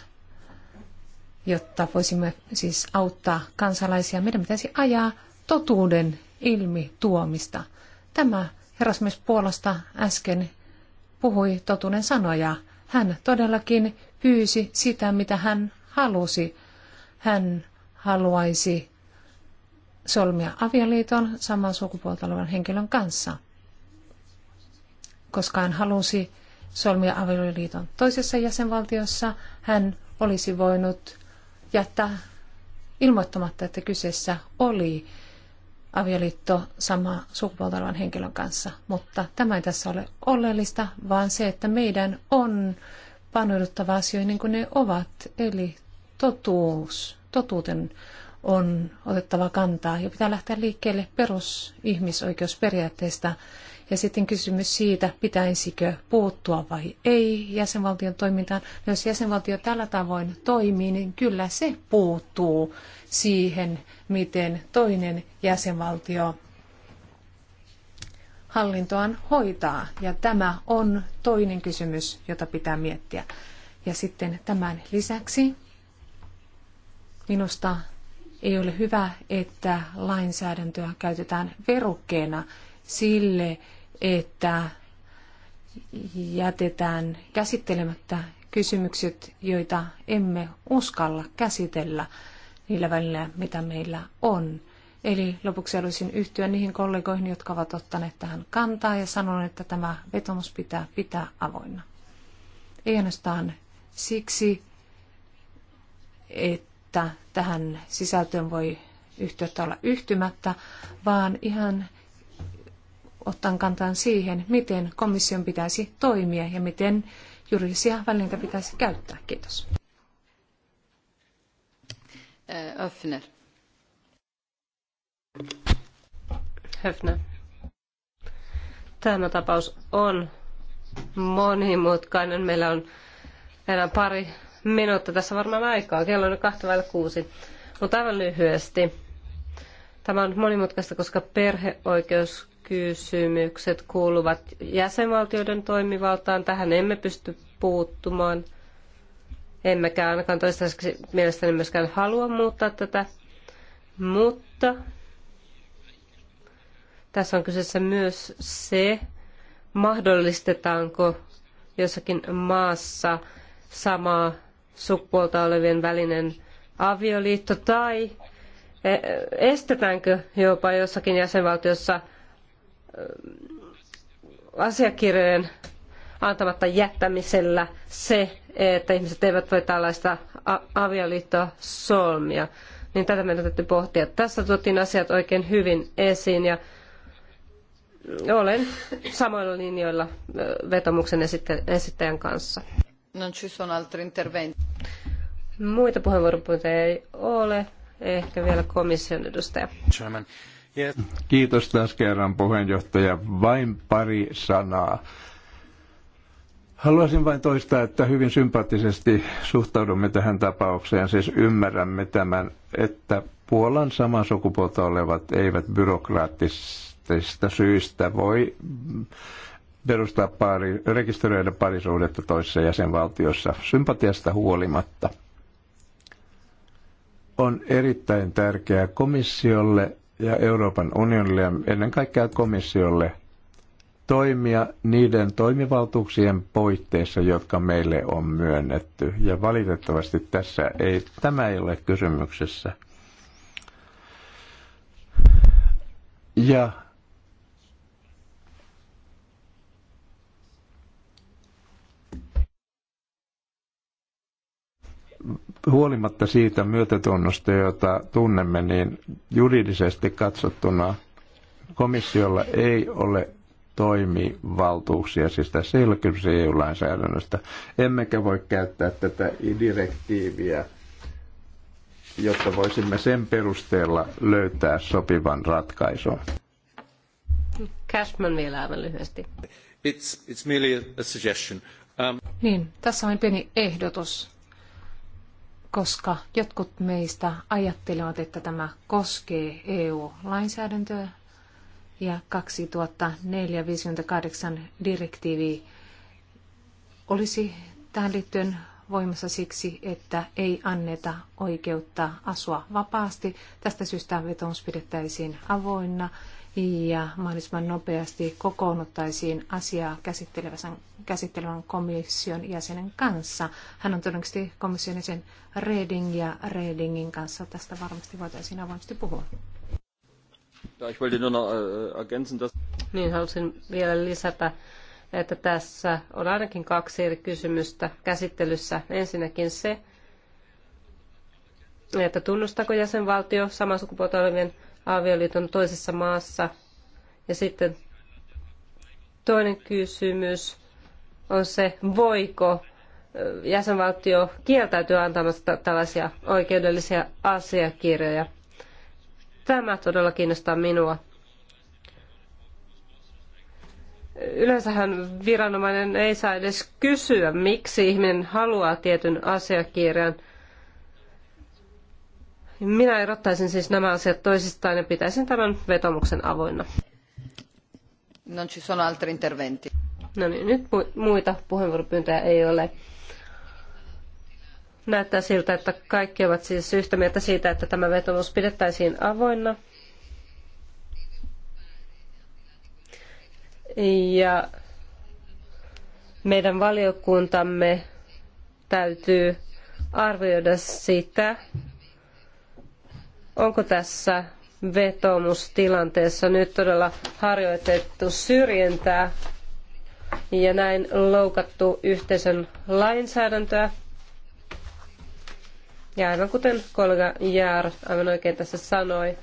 jotta voisimme siis auttaa kansalaisia. Meidän pitäisi ajaa totuuden ilmi tuomista. Tämä herrasmies Puolasta äsken puhui totuuden sanoja. Hän todellakin pyysi sitä, mitä hän halusi. Hän haluaisi solmia avioliiton saman sukupuolta olevan henkilön kanssa, koska hän halusi solmia avioliiton toisessa jäsenvaltiossa, hän olisi voinut jättää ilmoittamatta, että kyseessä oli avioliitto sama sukupuolta olevan henkilön kanssa. Mutta tämä ei tässä ole oleellista, vaan se, että meidän on panouduttava asioihin niin kuin ne ovat, eli totuus, totuuten on otettava kantaa ja pitää lähteä liikkeelle perusihmisoikeusperiaatteista ja sitten kysymys siitä, pitäisikö puuttua vai ei jäsenvaltion toimintaan. No, jos jäsenvaltio tällä tavoin toimii, niin kyllä se puuttuu siihen, miten toinen jäsenvaltio hallintoaan hoitaa. Ja tämä on toinen kysymys, jota pitää miettiä. Ja sitten tämän lisäksi Minusta ei ole hyvä, että lainsäädäntöä käytetään verukkeena sille, että jätetään käsittelemättä kysymykset, joita emme uskalla käsitellä niillä välillä, mitä meillä on. Eli lopuksi haluaisin yhtyä niihin kollegoihin, jotka ovat ottaneet tähän kantaa ja sanoneet, että tämä vetomus pitää pitää avoinna. Ei ainoastaan siksi, että että tähän sisältöön voi tai olla yhtymättä, vaan ihan otan kantaa siihen, miten komission pitäisi toimia ja miten juridisia välineitä pitäisi käyttää. Kiitos. Äh, Öffner. Höfner. Tämä tapaus on monimutkainen. Meillä on enää pari minuutta tässä varmaan aikaa. Kello on kahta vailla kuusi. Mutta aivan lyhyesti. Tämä on monimutkaista, koska perheoikeuskysymykset kuuluvat jäsenvaltioiden toimivaltaan. Tähän emme pysty puuttumaan. Emmekä ainakaan toistaiseksi mielestäni myöskään halua muuttaa tätä. Mutta tässä on kyseessä myös se, mahdollistetaanko jossakin maassa samaa sukupuolta olevien välinen avioliitto tai e, estetäänkö jopa jossakin jäsenvaltiossa e, asiakirjojen antamatta jättämisellä se, että ihmiset eivät voi tällaista avioliittoa solmia. Niin tätä meidän täytyy pohtia. Tässä tuotiin asiat oikein hyvin esiin ja olen samoilla linjoilla e, vetomuksen esittäjän kanssa. Non ci sono altri interventi. Muita puheenvuoropyyntöjä ei ole. Ehkä vielä komission edustaja. Kiitos taas kerran puheenjohtaja. Vain pari sanaa. Haluaisin vain toistaa, että hyvin sympaattisesti suhtaudumme tähän tapaukseen, siis ymmärrämme tämän, että Puolan samaa sukupuolta olevat eivät byrokraattisista syistä voi perustaa pari, rekisteröidä parisuudetta toisessa jäsenvaltiossa sympatiasta huolimatta. On erittäin tärkeää komissiolle ja Euroopan unionille ja ennen kaikkea komissiolle toimia niiden toimivaltuuksien poitteissa, jotka meille on myönnetty. Ja valitettavasti tässä ei, tämä ei ole kysymyksessä. Ja huolimatta siitä myötätunnosta, jota tunnemme, niin juridisesti katsottuna komissiolla ei ole toimivaltuuksia, siis tässä ei ole kyse EU-lainsäädännöstä. Emmekä voi käyttää tätä direktiiviä, jotta voisimme sen perusteella löytää sopivan ratkaisun. Cashman vielä aivan lyhyesti. It's, it's merely a suggestion. Um... Niin, tässä on pieni ehdotus koska jotkut meistä ajattelevat, että tämä koskee EU-lainsäädäntöä ja 2004-58 direktiivi olisi tähän liittyen voimassa siksi, että ei anneta oikeutta asua vapaasti. Tästä syystä vetoomus pidettäisiin avoinna ja mahdollisimman nopeasti kokoonnuttaisiin asiaa käsittelevän, käsittelevän komission jäsenen kanssa. Hän on todennäköisesti komission jäsen Reding ja Redingin kanssa. Tästä varmasti voitaisiin avoimesti puhua. Äh, niin, halusin vielä lisätä, että tässä on ainakin kaksi eri kysymystä käsittelyssä. Ensinnäkin se, että tunnustako jäsenvaltio samansukupuolta olevien avioliiton toisessa maassa. Ja sitten toinen kysymys on se, voiko jäsenvaltio kieltäytyä antamasta tällaisia oikeudellisia asiakirjoja. Tämä todella kiinnostaa minua. Yleensähän viranomainen ei saa edes kysyä, miksi ihminen haluaa tietyn asiakirjan – minä erottaisin siis nämä asiat toisistaan ja pitäisin tämän vetomuksen avoinna. Non ci sono altri interventi. No niin, nyt muita puheenvuoropyyntöjä ei ole. Näyttää siltä, että kaikki ovat siis yhtä mieltä siitä, että tämä vetomus pidettäisiin avoinna. Ja meidän valiokuntamme täytyy arvioida sitä, onko tässä vetomustilanteessa nyt todella harjoitettu syrjintää ja näin loukattu yhteisön lainsäädäntöä. Ja aivan kuten kollega Jaar aivan oikein tässä sanoi,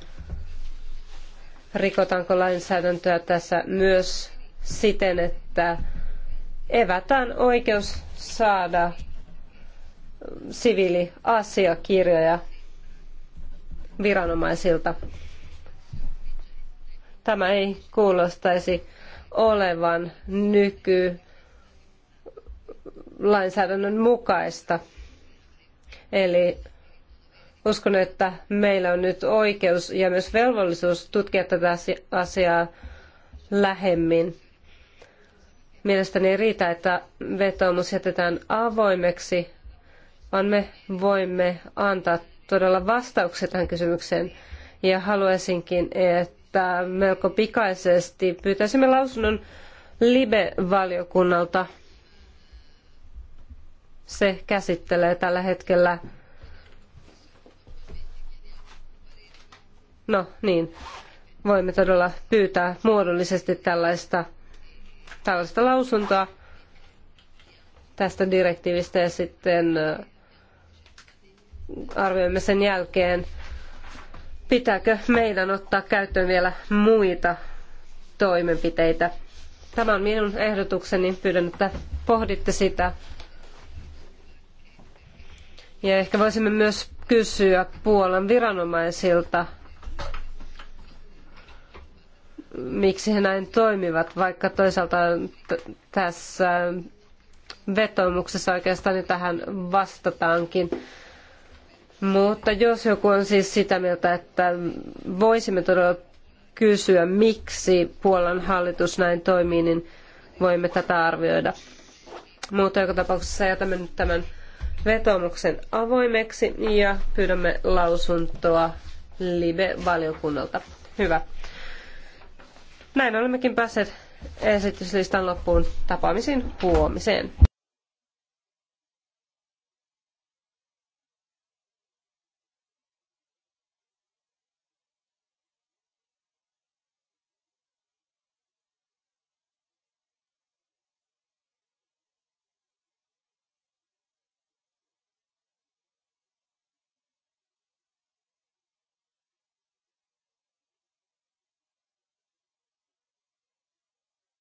rikotaanko lainsäädäntöä tässä myös siten, että evätään oikeus saada siviiliasiakirjoja viranomaisilta. Tämä ei kuulostaisi olevan nyky lainsäädännön mukaista. Eli uskon, että meillä on nyt oikeus ja myös velvollisuus tutkia tätä asiaa lähemmin. Mielestäni ei riitä, että vetoomus jätetään avoimeksi, vaan me voimme antaa todella vastauksia tähän kysymykseen. Ja haluaisinkin, että melko pikaisesti pyytäisimme lausunnon Libe-valiokunnalta. Se käsittelee tällä hetkellä No niin, voimme todella pyytää muodollisesti tällaista, tällaista lausuntoa tästä direktiivistä ja sitten arvioimme sen jälkeen, pitääkö meidän ottaa käyttöön vielä muita toimenpiteitä. Tämä on minun ehdotukseni. Pyydän, että pohditte sitä. Ja ehkä voisimme myös kysyä Puolan viranomaisilta, miksi he näin toimivat, vaikka toisaalta tässä vetoomuksessa oikeastaan tähän vastataankin. Mutta jos joku on siis sitä mieltä, että voisimme todella kysyä, miksi Puolan hallitus näin toimii, niin voimme tätä arvioida. Mutta joka tapauksessa jätämme nyt tämän vetomuksen avoimeksi ja pyydämme lausuntoa Libe-valiokunnalta. Hyvä. Näin olemmekin päässeet esityslistan loppuun tapaamisiin huomiseen.